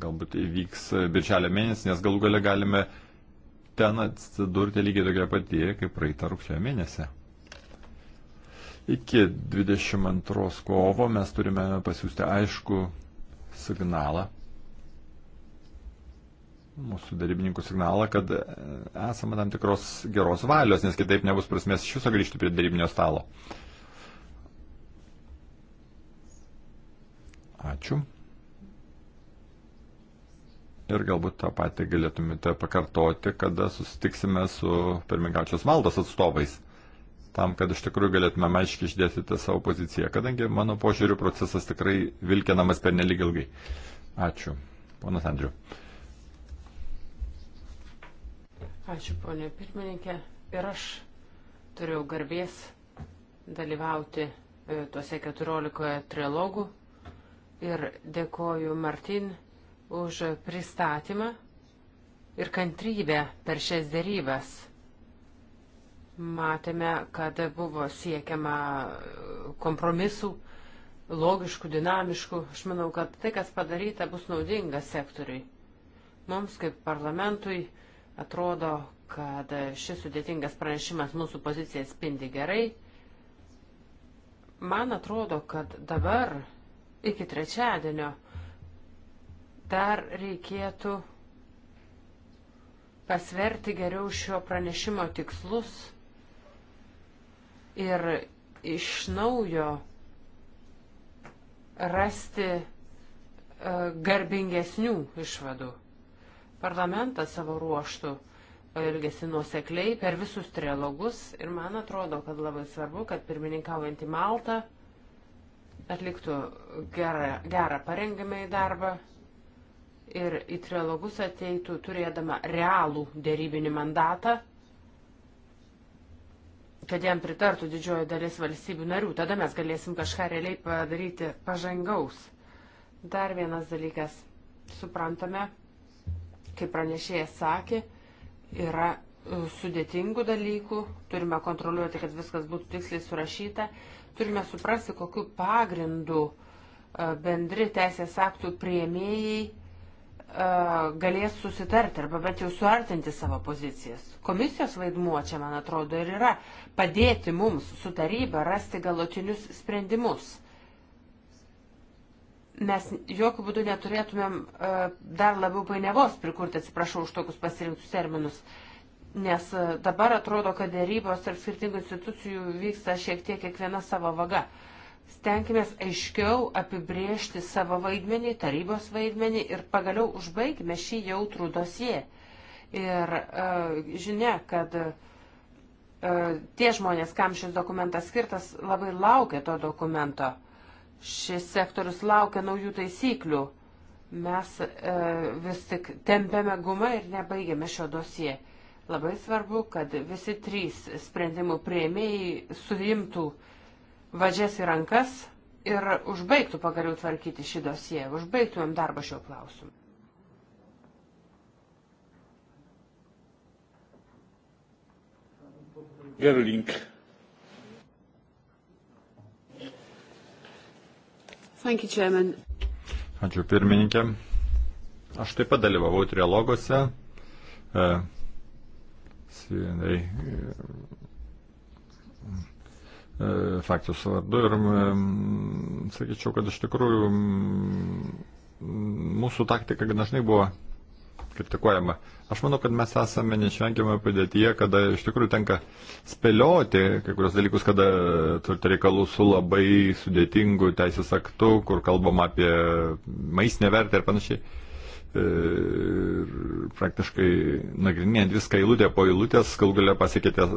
galbūt įvyks birželio mėnesį, nes galų gale galime ten atsidurti lygiai tokia pati, kaip praeitą rugsėjo mėnesį. Iki 22 kovo mes turime pasiūsti aišku signalą, mūsų darybininkų signalą, kad esame tam tikros geros valios, nes kitaip nebus prasmės iš viso grįžti prie darybinio stalo. Ačiū. Ir galbūt tą patį galėtumėte pakartoti, kada susitiksime su pirmingaučios valdos atstovais tam, kad iš tikrųjų galėtume aiškiai išdėstyti savo poziciją, kadangi mano požiūriu procesas tikrai vilkinamas per nelik ilgai. Ačiū. Ponas Andriu. Ačiū, ponė pirmininkė. Ir aš turėjau garbės dalyvauti e, tuose 14 trilogų ir dėkoju Martin už pristatymą ir kantrybę per šias dėrybas. Matėme, kad buvo siekiama kompromisų, logiškų, dinamiškų. Aš manau, kad tai, kas padaryta, bus naudinga sektoriui. Mums kaip parlamentui atrodo, kad šis sudėtingas pranešimas mūsų poziciją spindi gerai. Man atrodo, kad dabar iki trečiadienio dar reikėtų pasverti geriau šio pranešimo tikslus ir iš naujo rasti e, garbingesnių išvadų. Parlamentas savo ruoštų e, elgesi nuosekliai per visus trialogus ir man atrodo, kad labai svarbu, kad pirmininkaujantį Maltą atliktų gerą, gerą parengiamąjį darbą ir į trialogus ateitų turėdama realų dėrybinį mandatą kad jam pritartų didžioji dalis valstybių narių. Tada mes galėsim kažką realiai padaryti pažangaus. Dar vienas dalykas. Suprantame, kaip pranešėjas sakė, yra e, sudėtingų dalykų, turime kontroliuoti, kad viskas būtų tiksliai surašyta, turime suprasti, kokiu pagrindu e, bendri teisės aktų prieimėjai E, galės susitarti arba bent jau suartinti savo pozicijas. Komisijos vaidmuo čia, man atrodo, ir yra padėti mums su taryba rasti galutinius sprendimus. Mes jokių būdų neturėtumėm e, dar labiau painiavos prikurti, atsiprašau už tokius pasirinktus terminus, nes e, dabar atrodo, kad dėrybos tarp skirtingų institucijų vyksta šiek tiek kiekviena savo vaga. Uh, Stenkime aiškiau apibriežti savo vaidmenį, tarybos vaidmenį ir pagaliau užbaigime šį jautrų dosiją. Ir uh, žinia, kad uh, tie žmonės, kam šis dokumentas skirtas, labai laukia to dokumento. Šis sektorius laukia naujų taisyklių. Mes uh, vis tik tempiame gumą ir nebaigiame šio dosiją. Labai svarbu, kad visi trys sprendimų prieimėjai suimtų uh, vadžias į rankas ir užbaigtų pagaliau tvarkyti šį dosiją, užbaigtumėm darbą šio klausimu. Gerling. Thank you, Chairman. Ačiū pirmininkė. Aš taip pat dalyvavau trialoguose. E, E, frakcijos vardu ir sakyčiau, kad iš tikrųjų mūsų taktika dažnai buvo kritikuojama. Aš manau, kad mes esame neišvengiamai padėtyje, kada iš tikrųjų tenka spėlioti kai kurios dalykus, kada turite reikalų su labai sudėtingu teisės aktu, kur kalbam apie maistinę vertę ir panašiai. E, ir praktiškai nagrinėjant viską eilutę po eilutės, kol galia pasiekėte e,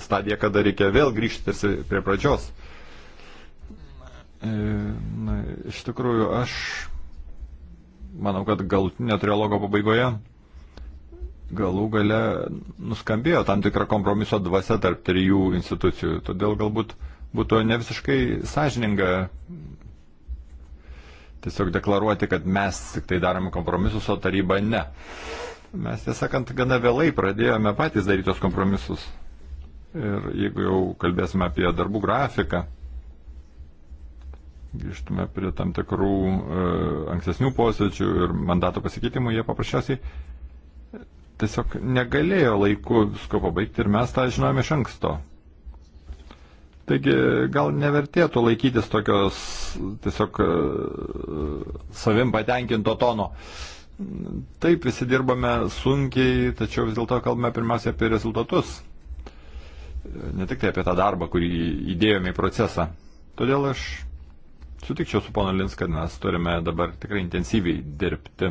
stadiją, kada reikia vėl grįžti tarsi prie pradžios. E, na, iš tikrųjų, aš manau, kad galutinio trialogo pabaigoje galų gale nuskambėjo tam tikra kompromiso dvasia tarp trijų institucijų. Todėl galbūt būtų ne visiškai sąžininga tiesiog deklaruoti, kad mes tik tai darome kompromisus, o taryba ne. Mes, tiesąkant, gana vėlai pradėjome patys daryti tos kompromisus. Ir jeigu jau kalbėsime apie darbų grafiką, grįžtume prie tam tikrų e, ankstesnių posėdžių ir mandato pasikeitimų, jie paprasčiausiai e, tiesiog negalėjo laiku visko pabaigti ir mes tą žinojame iš anksto. Taigi gal nevertėtų laikytis tokios tiesiog e, savim patenkinto tono. Taip, visi dirbame sunkiai, tačiau vis dėlto kalbame pirmiausia apie rezultatus. Ne tik tai apie tą darbą, kurį įdėjome į procesą. Todėl aš sutikčiau su pono Lins, kad mes turime dabar tikrai intensyviai dirbti,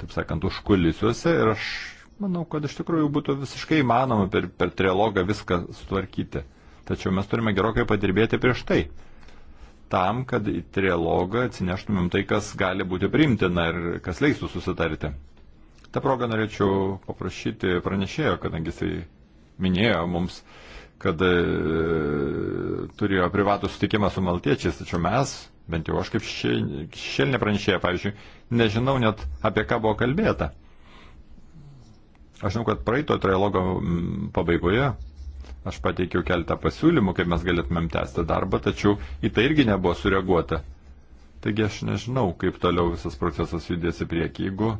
taip sakant, užkulisiuose ir aš manau, kad iš tikrųjų būtų visiškai įmanoma per, per trilogą viską sutvarkyti. Tačiau mes turime gerokai padirbėti prieš tai tam, kad į trilogą atsineštumėm tai, kas gali būti priimtina ir kas leistų susitarti. Ta proga norėčiau paprašyti pranešėjo, kadangi jisai minėjo mums, kad e, turėjo privatų sutikimą su maltiečiais, tačiau mes, bent jau aš kaip šelnė pranešėja, pavyzdžiui, nežinau net apie ką buvo kalbėta. Aš žinau, kad praeito trilogo pabaigoje Aš pateikiau keltą pasiūlymų, kaip mes galėtumėm tęsti darbą, tačiau į tai irgi nebuvo sureaguota. Taigi aš nežinau, kaip toliau visas procesas judės į priekį, jeigu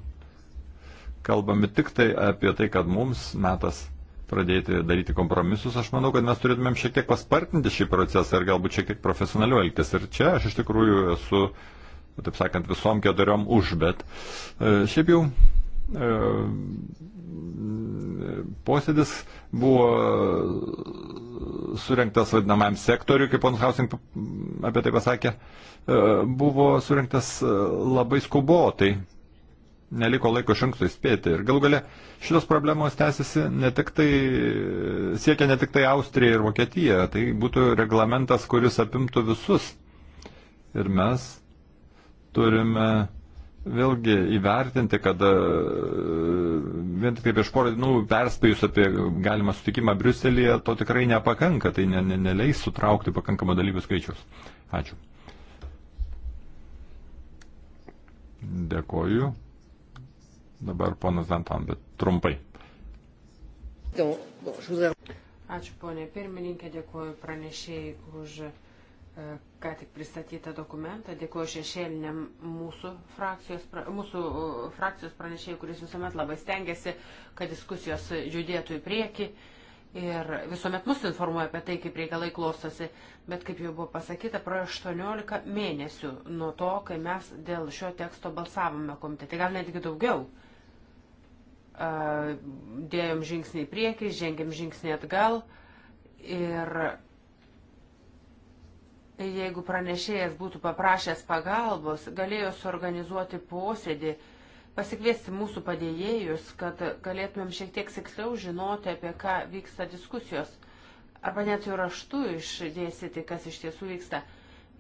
kalbame tik tai apie tai, kad mums metas pradėti daryti kompromisus, aš manau, kad mes turėtumėm šiek tiek paspartinti šį procesą ir galbūt šiek tiek profesionaliu elgtis. Ir čia aš iš tikrųjų esu, taip sakant, visom keturiom už, bet e, šiaip jau E, posėdis buvo surinktas vadinamajam sektoriui, kaip ponas Hausing apie tai pasakė, e, buvo surinktas labai skubotai. Neliko laiko šanksto įspėti. Ir galų gale šitos problemos tęsiasi ne tik tai, siekia ne tik tai Austrija ir Vokietija. Tai būtų reglamentas, kuris apimtų visus. Ir mes turime vėlgi įvertinti, kad e, vien tik tai prieš porą dienų nu, perspėjus apie galimą sutikimą Briuselėje, to tikrai nepakanka, tai ne, ne, neleis sutraukti pakankamą dalyvių skaičius. Ačiū. Dėkoju. Dabar ponas Dantan, bet trumpai. Ačiū ponė pirmininkė, dėkoju pranešėjai už. Už E, ką tik pristatytą dokumentą. Dėkuoju šešėliniam mūsų frakcijos, mūsų e, frakcijos pranešėjai, kuris visuomet labai stengiasi, kad diskusijos judėtų į priekį. Ir visuomet mus informuoja apie tai, kaip reikalai klostosi. Bet kaip jau buvo pasakyta, praėjo 18 mėnesių nuo to, kai mes dėl šio teksto balsavome komitete. Gal netgi daugiau. E, dėjom žingsnį į priekį, žengėm žingsnį atgal. Ir jeigu pranešėjas būtų paprašęs pagalbos, galėjo suorganizuoti posėdį, pasikviesti mūsų padėjėjus, kad galėtumėm šiek tiek tiksliau žinoti, apie ką vyksta diskusijos, arba net jau raštu išdėsyti, kas iš tiesų vyksta.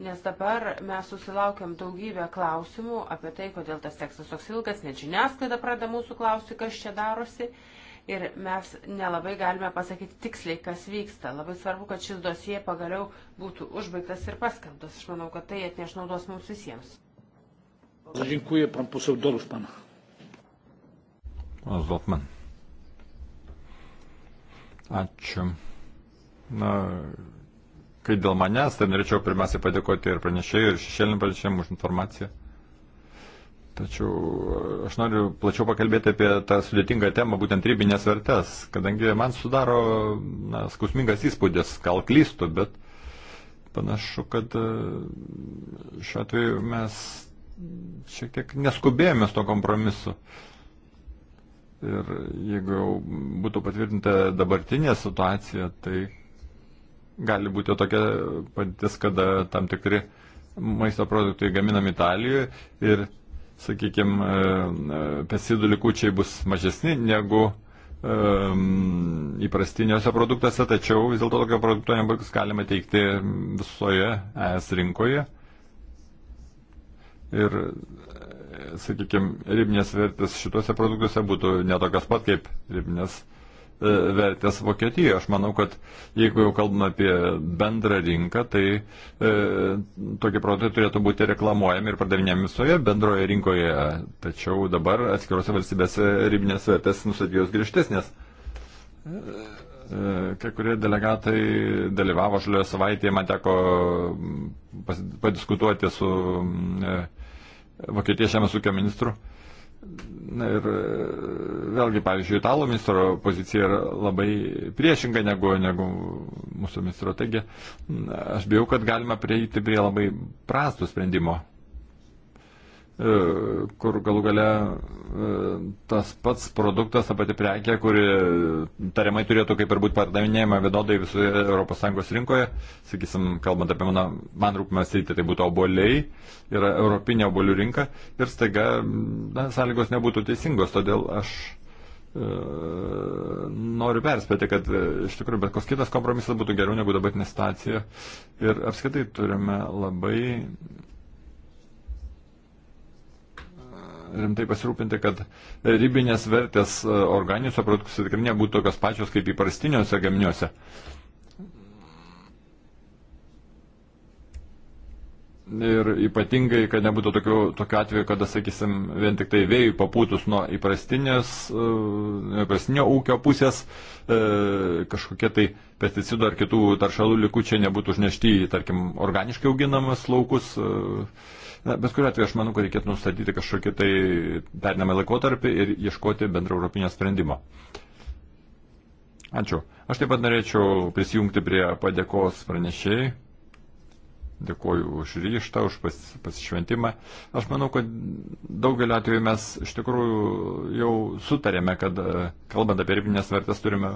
Nes dabar mes susilaukiam daugybę klausimų apie tai, kodėl tas tekstas toks ilgas, net žiniasklaida pradeda mūsų klausyti, kas čia darosi ir mes nelabai galime pasakyti tiksliai, kas vyksta. Labai svarbu, kad šis dosie pagaliau būtų užbaigtas ir paskelbtas. Aš manau, kad tai atneš naudos mums visiems. Dziękuję pan poseł Dorfman. Ponas Dorfman. Ačiū. Na, kai dėl manęs, tai norėčiau pirmiausia padėkoti ir pranešėjai, ir šešėlinim pranešėjim už informaciją. Tačiau e, aš noriu plačiau pakalbėti apie tą sudėtingą temą, būtent ribinės vertes, kadangi man sudaro na, skausmingas įspūdis, gal klystu, bet panašu, kad e, šiuo atveju mes šiek tiek neskubėjome to kompromisu. Ir jeigu jau būtų patvirtinta dabartinė situacija, tai gali būti tokia patys, kada tam tikri maisto produktai gaminami Italijoje ir sakykime, e, e, pesticidų likučiai bus mažesni negu um, įprastiniuose produktuose, tačiau vis dėlto tokio produkto nebus galima teikti visoje ES rinkoje. Ir, sakykime, ribinės vertės šituose produktuose būtų netokios pat kaip ribinės uh, E, vertės Vokietijoje. Aš manau, kad jeigu jau kalbame apie bendrą rinką, tai e, tokie produktai turėtų būti reklamuojami ir pardavinėjami visoje bendroje rinkoje. Tačiau dabar atskirose valstybėse ribinės vertės nusadėjos griežtesnės. E, e, kai kurie delegatai dalyvavo žalioje savaitėje, man teko pas, padiskutuoti su mm, e, Vokietijos žemės ūkio ministru. E, Na ir e, vėlgi, pavyzdžiui, italo ministro pozicija yra labai priešinga negu, negu mūsų ministro. Taigi, aš bijau, kad galima prieiti prie labai prastų sprendimo. E, kur galų gale e, tas pats produktas, ta pati prekė, kuri tariamai turėtų kaip ir būti pardavinėjama vienodai visoje ES rinkoje, sakysim, kalbant apie mano, man rūpimą sritį, tai būtų oboliai, yra europinė obolių rinka ir staiga na, sąlygos nebūtų teisingos, todėl aš e, noriu perspėti, kad e, iš tikrųjų bet koks kitas kompromisas būtų geriau negu dabartinė situacija ir apskritai turime labai rimtai pasirūpinti, kad ribinės vertės e, organiniuose produktuose tikrai nebūtų tokios pačios kaip įprastiniuose gaminiuose. Ir ypatingai, kad nebūtų tokių, tokių atvejų, kada, sakysim, vien tik tai vėjui papūtus nuo įprastinės, e, įprastinio ūkio pusės e, kažkokie tai pesticidų ar kitų taršalų likučiai nebūtų užnešti į, tarkim, organiškai auginamas laukus. E, Na, bet kuriuo atveju aš manau, kad reikėtų nustatyti kažkokį tai perinamą laikotarpį ir ieškoti bendro europinio sprendimo. Ačiū. Aš taip pat norėčiau prisijungti prie padėkos pranešėjai. Dėkuoju už ryštą, už pas, pasišventimą. Aš manau, kad daugelį atvejų mes iš tikrųjų jau sutarėme, kad e, kalbant apie ribinės vertės turime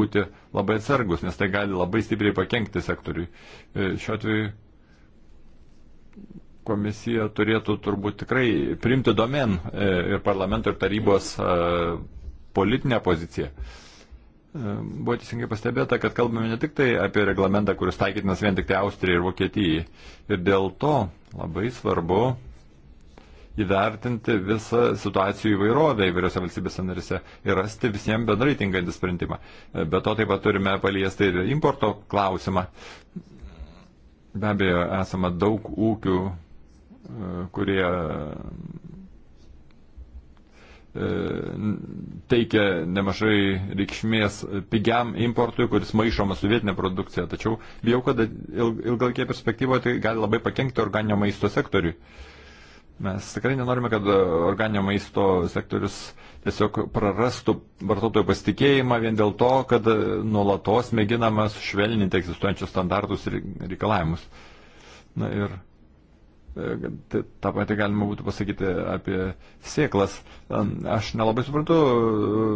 būti labai atsargus, nes tai gali labai stipriai pakengti sektoriui. E, šiuo atveju komisija turėtų turbūt tikrai primti domen e, ir parlamento ir tarybos e, politinę poziciją. E, buvo teisingai pastebėta, kad kalbame ne tik tai apie reglamentą, kuris taikytinas vien tik tai Austrijai ir Vokietijai. Ir dėl to labai svarbu įvertinti visą situacijų įvairovę įvairiose valstybėse narise ir rasti visiems bendrai tinkantį sprendimą. Be to taip pat turime paliesti ir importo klausimą. Be abejo, esama daug ūkių, kurie e, teikia nemažai reikšmės pigiam importui, kuris maišomas su vietinė produkcija. Tačiau bijau, kad ilgalaikėje perspektyvoje tai gali labai pakengti organinio maisto sektoriui. Mes tikrai nenorime, kad organinio maisto sektorius tiesiog prarastų vartotojų pasitikėjimą vien dėl to, kad nuolatos mėginama sušvelninti egzistuojančius standartus ir reikalavimus. Na ir tą patį galima būtų pasakyti apie sėklas. Aš nelabai suprantu e,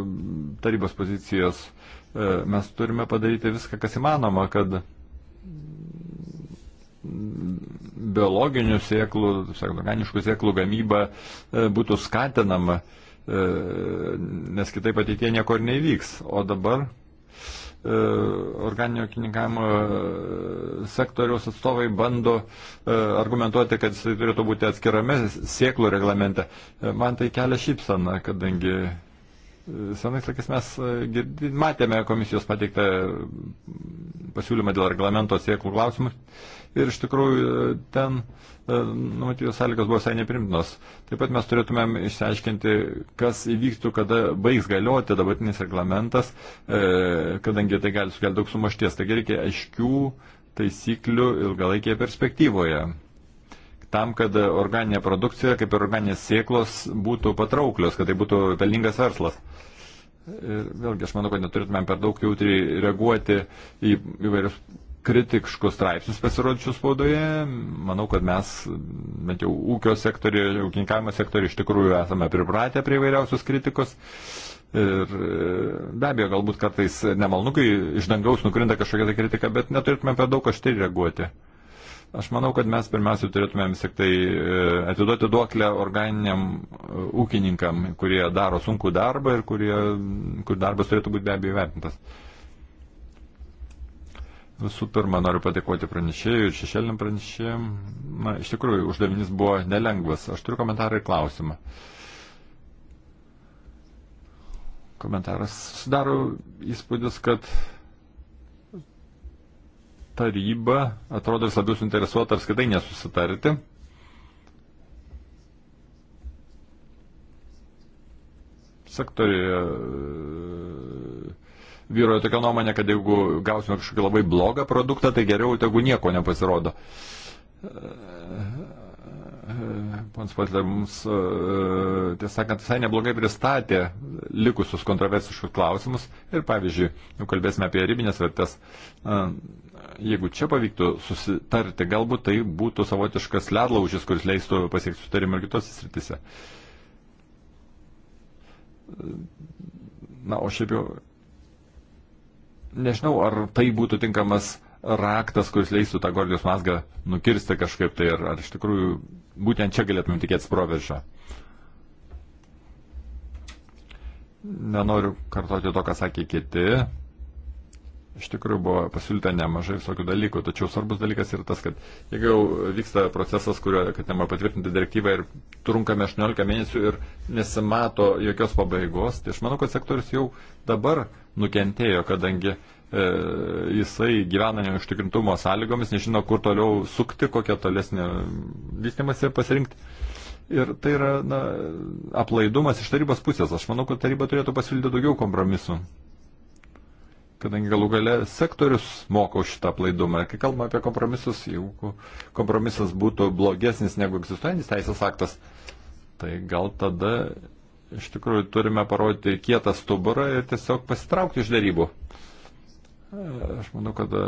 tarybos pozicijos. E, mes turime padaryti viską, kas įmanoma, kad biologinių sėklų, sakant, organiškų sėklų gamyba e, būtų skatinama, nes kitaip ateitie nieko ir nevyks. O dabar E, organinio kininkavimo e, sektoriaus atstovai bando e, argumentuoti, kad jis turėtų būti atskirame sieklų reglamente. Man tai kelia šypsana, kadangi senais laikais mes matėme komisijos pateiktą pasiūlymą dėl reglamento sieklų klausimus ir iš tikrųjų e, ten e, numatytos sąlygos buvo visai neprimtinos. Taip pat mes turėtumėm išsiaiškinti, kas įvyktų, kada baigs galioti dabartinis reglamentas, e, kadangi tai gali sukelti daug sumašties. Taigi reikia aiškių taisyklių ilgalaikėje perspektyvoje tam, kad organinė produkcija, kaip ir organinės sėklos, būtų patrauklios, kad tai būtų pelningas verslas. Ir vėlgi, aš manau, kad neturėtumėm per daug jautriai reaguoti į įvairius kritiškus straipsnius pasirodžius spaudoje. Manau, kad mes, bent jau ūkio sektoriuje, ūkininkavimo sektoriuje iš tikrųjų esame pripratę prie vairiausios kritikos. Ir e, be abejo, galbūt kartais nemalnu, kai iš dangaus nukrinta kažkokia tai kritika, bet neturėtume per daug aštri reaguoti. Aš manau, kad mes pirmiausia turėtume vis tik tai e, atiduoti duoklę organiniam e, ūkininkam, kurie daro sunkų darbą ir kurie, kur darbas turėtų būti be abejo vertintas. Visų pirma, noriu padėkoti pranešėjui ir šešėliniam pranešėjim. Na, iš tikrųjų, uždavinys buvo nelengvas. Aš turiu komentarą ir klausimą. Komentaras sudaro įspūdis, kad taryba atrodo vis labiau suinteresuota apskaitai nesusitarti. Sektoriuje vyroja tokia nuomonė, kad jeigu gausime kažkokį labai blogą produktą, tai geriau tegu nieko nepasirodo. Pons Patler mums, e, tiesą sakant, visai neblogai pristatė likusius kontroversiškus klausimus ir, pavyzdžiui, jau kalbėsime apie ribinės vertės. E, jeigu čia pavyktų susitarti, galbūt tai būtų savotiškas ledlaužis, kuris leistų pasiekti sutarimą ir kitose sritise. Na, o šiaip jau nežinau, ar tai būtų tinkamas raktas, kuris leistų tą Gordijos mazgą nukirsti kažkaip tai, ar, ar iš tikrųjų būtent čia galėtumėm tikėtis proveržio. Nenoriu kartoti to, ką sakė kiti. Iš tikrųjų buvo pasiūlyta nemažai visokių dalykų, tačiau svarbus dalykas yra tas, kad jeigu jau vyksta procesas, kurio, kad tema patvirtinti direktyvą ir trunkame 18 mėnesių ir nesimato jokios pabaigos, tai aš manau, kad sektorius jau dabar uh, nukentėjo, kadangi e, jisai gyvena neužtikrintumo sąlygomis, nežino, kur toliau sukti, kokią tolesnį vystimąsi pasirinkti. Ir tai yra na, aplaidumas iš tarybos pusės. Aš manau, kad taryba turėtų pasiūlyti daugiau kompromisų. Kadangi galų gale sektorius moko šitą aplaidumą. Kai kalbame apie kompromisus, jeigu kompromisas būtų blogesnis negu egzistuojantis teisės aktas, tai gal tada iš tikrųjų turime parodyti kietą stuburą ir tiesiog pasitraukti iš darybų. Aš manau, kad e,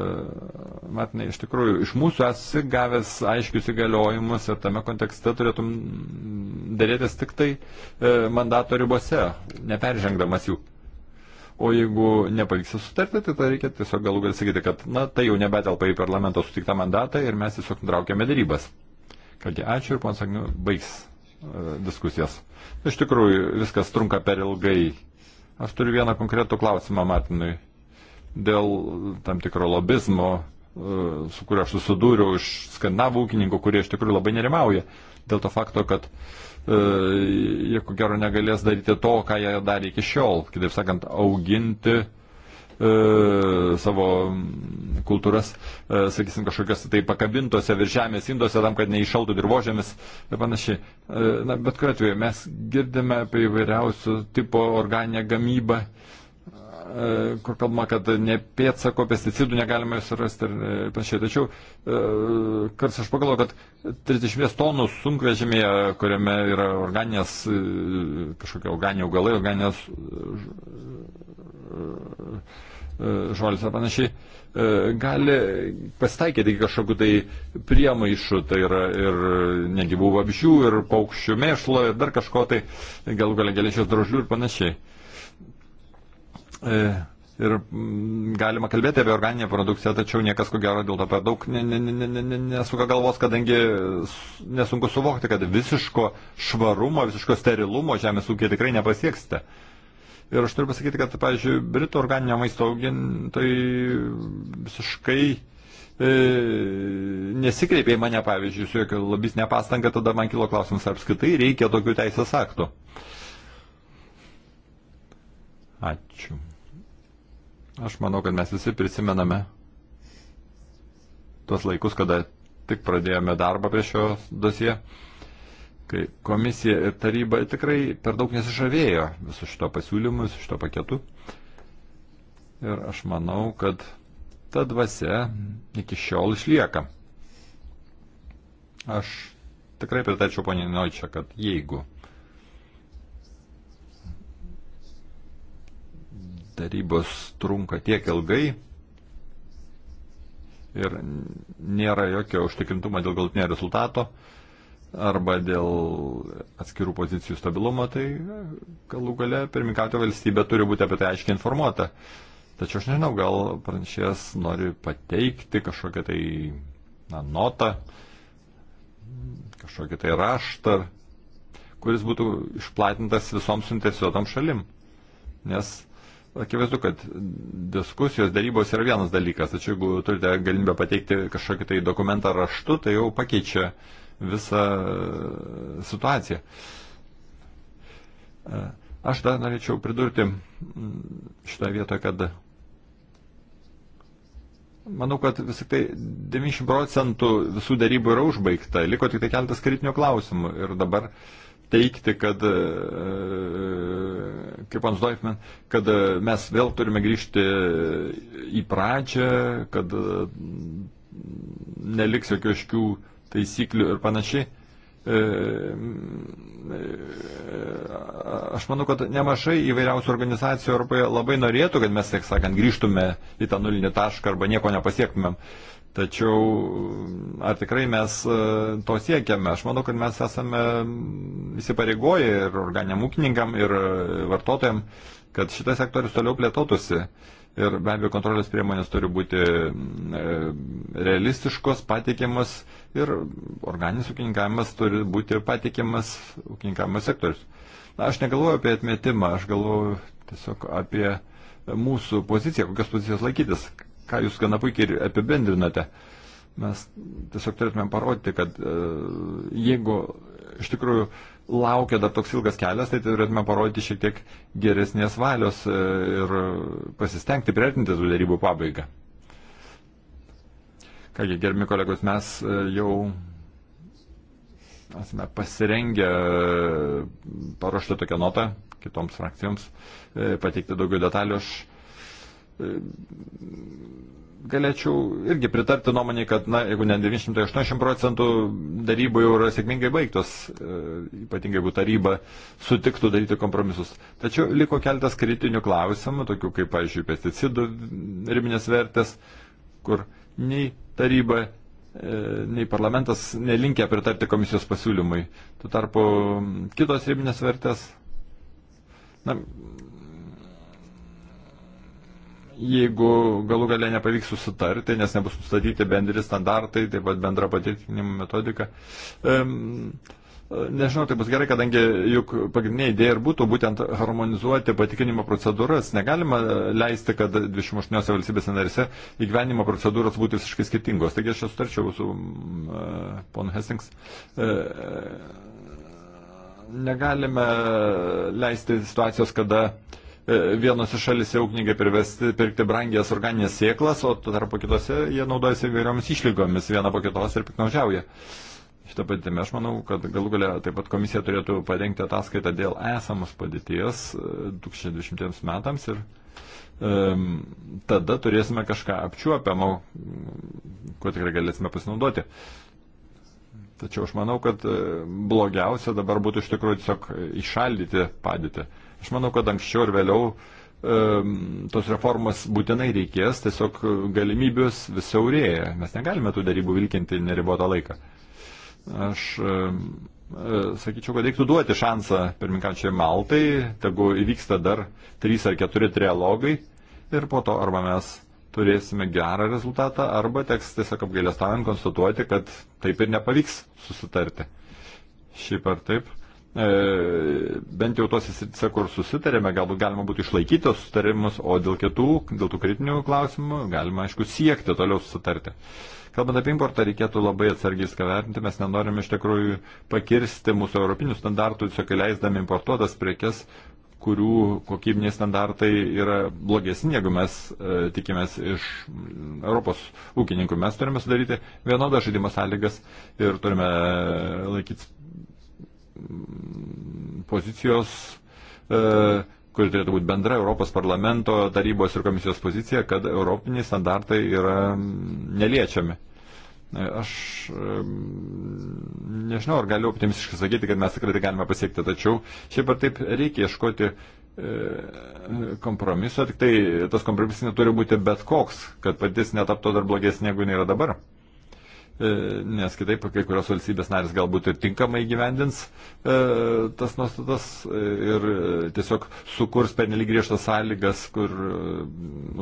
Martinai, iš tikrųjų, iš mūsų esi gavęs aiškius įgaliojimus ir tame kontekste turėtum dėrėtis tik tai e, mandato ribose, neperžengdamas jų. O jeigu nepavyks sutarti, tai tada reikia tiesiog galų galia sakyti, kad na, tai jau nebetelpa į parlamento sutiktą mandatą ir mes tiesiog traukiame darybas. Kągi, ačiū ir ponsagniu, baigs E, diskusijas. Iš tikrųjų, viskas trunka per ilgai. Aš turiu vieną konkretų klausimą Martinui dėl tam tikro lobizmo, e, su kuriuo aš susidūriau iš skandinavų ūkininkų, kurie iš tikrųjų labai nerimauja dėl to fakto, kad e, jie ko gero negalės daryti to, ką jie darė iki šiol. Kitaip sakant, auginti uh, E, savo kultūras, e, sakysim, kažkokios tai pakabintose virš žemės indose, tam, kad neišaltų dirbožėmis ir panašiai. E, na, bet kuriuo atveju mes girdime apie įvairiausių tipo organinę gamybą, kur kalbama, kad ne pėtsako pesticidų negalima jūs rasti ir panašiai. Tačiau kartais aš pagalvoju, kad 30 tonų sunkvežimėje, kuriame yra organinės, kažkokie organiniai augalai, organinės E, e, žmonės ar panašiai, e, gali pasitaikyti kažkokiu tai priemaišu, tai yra ir negyvų vabžių, ir paukščių mėšlo, ir dar kažko tai, galų galia galėčiau drožlių ir panašiai. Ir mm, galima kalbėti apie organinę produkciją, tačiau niekas ko gero dėl to per daug nesuka galvos, kadangi nesunku suvokti, kad visiško švarumo, visiško sterilumo žemės ūkiai tikrai nepasieksite. Uh, Ir aš turiu pasakyti, kad, pavyzdžiui, Britų organinio maisto augintojai visiškai e, nesikreipė į mane, pavyzdžiui, su jokio lobistinė pastanga, tada man kilo klausimas, ar apskritai reikia tokių teisės aktų. Ačiū. Aš manau, kad mes visi prisimename tuos laikus, kada tik pradėjome darbą prie šio dosie kai komisija ir taryba tikrai per daug nesižavėjo visu šito pasiūlymu, visu šito paketu. Ir aš manau, kad ta dvasia iki šiol išlieka. Aš tikrai pritarčiau poniai Noičia, kad jeigu darybos trunka tiek ilgai ir nėra jokio užtikrintumo dėl galutinio rezultato, arba dėl atskirų pozicijų stabilumo, tai galų gale pirmininkato valstybė turi būti apie tai aiškiai informuota. Tačiau aš nežinau, gal pranešėjas nori pateikti kažkokią tai na, notą, kažkokį tai raštą, kuris būtų išplatintas visoms suinteresuotam šalim. Nes akivaizdu, kad diskusijos, darybos yra vienas dalykas, tačiau jeigu turite galimybę pateikti kažkokį tai dokumentą raštu, tai jau pakeičia uh, visą e, situaciją. E, aš dar norėčiau pridurti mm, šitoje vietoje, kad manau, kad vis tik tai 90 procentų visų darybų yra užbaigta, liko tik tai keltas kritinio klausimų ir dabar teikti, kad, e, kaip Hans Doifman, kad mes vėl turime grįžti į pradžią, kad neliks jokių iškių taisyklių ir panašiai. E, e, aš manau, kad nemažai įvairiausių organizacijų Europoje labai norėtų, kad mes, taip sakant, grįžtume į tą nulinį tašką arba nieko nepasiektumėm. Tačiau ar tikrai mes e, to siekiame? Aš manau, kad mes esame įsipareigoję ir organiam ūkininkam, ir vartotojams, kad šitas sektorius toliau plėtotųsi. Ir be abejo, kontrolės priemonės turi būti e, realistiškos, patikimas ir organinis ūkininkavimas turi būti patikimas ūkininkavimas sektorius. Na, aš negalvoju apie atmetimą, aš galvoju tiesiog apie mūsų poziciją, kokias pozicijas laikytis, ką jūs gana puikiai apibendrinate. Mes tiesiog turėtume parodyti, kad e, jeigu iš tikrųjų laukia dar toks ilgas kelias, tai turėtume parodyti šiek tiek geresnės valios e, ir pasistengti priartinti tų darybų pabaigą. Kągi, gerbimi kolegos, mes e, jau esame pasirengę e, paruošti tokią notą kitoms frakcijoms, pateikti daugiau detalių. Aš galėčiau irgi pritarti nuomonį, kad, na, jeigu ne 980 procentų darybų jau yra sėkmingai baigtos, e, ypatingai jeigu taryba sutiktų daryti kompromisus. Tačiau liko keltas kritinių klausimų, tokių kaip, pavyzdžiui, pesticidų ribinės vertės, kur nei taryba, e, nei parlamentas nelinkia pritarti komisijos pasiūlymui. Tuo tarpu kitos ribinės vertės, na, jeigu galų galę nepavyks susitarti, nes nebus nustatyti bendri standartai, taip pat bendra patvirtinimo metodika. Um, Nežinau, tai bus gerai, kadangi juk pagrindinė idėja ir būtų būtent harmonizuoti patikinimo procedūras. Negalima leisti, kad 28 valstybės narėse įgyvenimo procedūros būtų visiškai skirtingos. Taigi aš sutarčiau su uh, ponu Hestings. Uh, e, e, negalime leisti situacijos, kada uh, E, vienose šalise ūkininkai privesti pirkti brangias organinės sėklas, o tarpo kitose jie naudojasi įvairiomis išlygomis viena po kitos ir piknaudžiauja. Šitą padėtį aš manau, kad galų galia taip pat komisija turėtų padengti ataskaitą dėl esamos padėties 2020 e, metams ir um, tada turėsime kažką apčiuopiamą, kuo tikrai galėsime pasinaudoti. Tačiau aš manau, kad e, blogiausia dabar būtų iš tikrųjų tiesiog išaldyti padėtį. Aš manau, kad anksčiau ir vėliau tos reformos būtinai reikės, tiesiog galimybės vis siaurėja. Mes negalime tų darybų vilkinti neribotą laiką. Aš e, sakyčiau, kad reiktų duoti šansą pirminkančiai Maltai, tegu įvyksta dar trys ar keturi trialogai ir po to arba mes turėsime gerą rezultatą, arba teks tiesiog apgailestavant konstatuoti, kad taip ir nepavyks susitarti. Šiaip ar taip, E, bent jau tose sritise, kur susitarėme, galbūt galima būtų išlaikyti tos sutarimus, o dėl kitų, dėl tų kritinių klausimų galima, aišku, siekti toliau susitarti. Kalbant apie importą, reikėtų labai atsargiai skavertinti, mes nenorim iš tikrųjų pakirsti mūsų europinių standartų, tiesiog leisdami importuotas prekes, kurių kokybiniai standartai yra blogesni, jeigu mes e, tikimės iš Europos ūkininkų. Mes turime sudaryti vienodą žaidimo sąlygas ir turime laikytis Mm, pozicijos, e, kuri turėtų būti bendra Europos parlamento tarybos ir komisijos pozicija, kad europiniai standartai yra mm, neliečiami. E, aš e, mm, nežinau, ar galiu optimistiškai sakyti, kad mes tikrai tai galime pasiekti, tačiau šiaip ar taip reikia ieškoti kompromiso, tik tai tas kompromisas neturi būti bet koks, kad patys netaptų dar blogesnė, negu jinai yra dabar. E, nes kitaip kai kurios valstybės narės galbūt ir tinkamai gyvendins e, tas nuostatas e, ir tiesiog sukurs pernelyg griežtas sąlygas, kur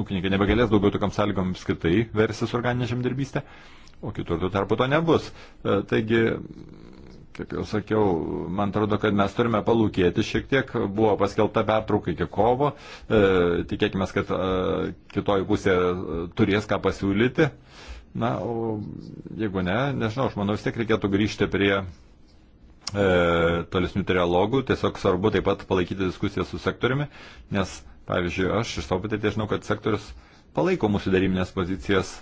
ūkininkai nebegalės daugiau tokiam sąlygom apskritai versis organinė žemdirbystė, o kitur tuo tarpu to nebus. Taigi, kaip jau sakiau, man atrodo, kad mes turime palūkėti šiek tiek. Buvo paskelbta pertrauka iki kovo. E, tikėkime, kad e, kitoji pusė turės ką pasiūlyti. E, Na, o jeigu ne, nežinau, aš manau, vis tiek reikėtų grįžti prie e, tolesnių trialogų. Tiesiog svarbu taip pat palaikyti diskusiją su sektoriumi, nes, pavyzdžiui, aš iš savo patirties žinau, kad sektorius palaiko mūsų daryminės pozicijas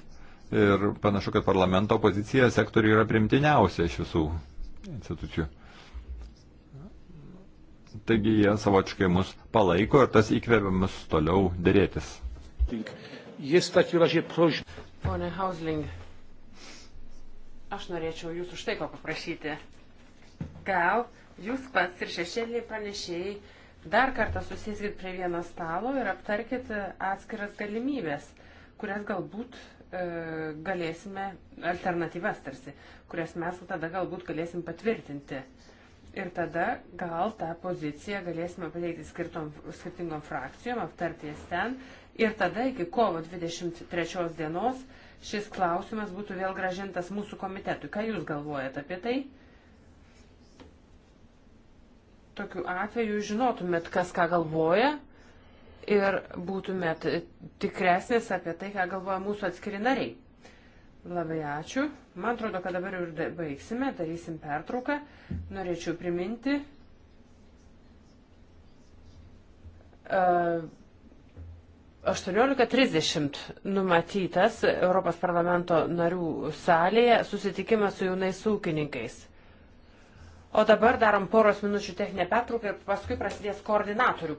ir panašu, kad parlamento pozicija sektoriui yra primtiniausia iš visų institucijų. Taigi jie savočiai mus palaiko ir tas įkvėpia mus toliau dėrėtis. Jest w takim razie prośba. Pone Hausling, aš norėčiau jūsų štai ko paprašyti. Gal jūs pats ir šešėlį pranešėjai dar kartą susėskit prie vieno stalo ir aptarkit atskiras galimybės, kurias galbūt e, galėsime, alternatyvas tarsi, kurias mes tada galbūt galėsim patvirtinti. Ir tada gal tą poziciją galėsime pateikti skirtom, skirtingom frakcijom, aptarti jas ten Ir tada iki kovo 23 dienos šis klausimas būtų vėl gražintas mūsų komitetui. Ką Jūs galvojat apie tai? Tokiu atveju žinotumėt, kas ką galvoja ir būtumėt tikresnis apie tai, ką galvoja mūsų atskiri nariai. Labai ačiū. Man atrodo, kad dabar ir baigsime, darysim pertrauką. Norėčiau priminti. Uh, 18.30 numatytas Europos parlamento narių salėje susitikimas su jaunais ūkininkais. O dabar darom poros minučių techninę pertrauką ir paskui prasidės koordinatorių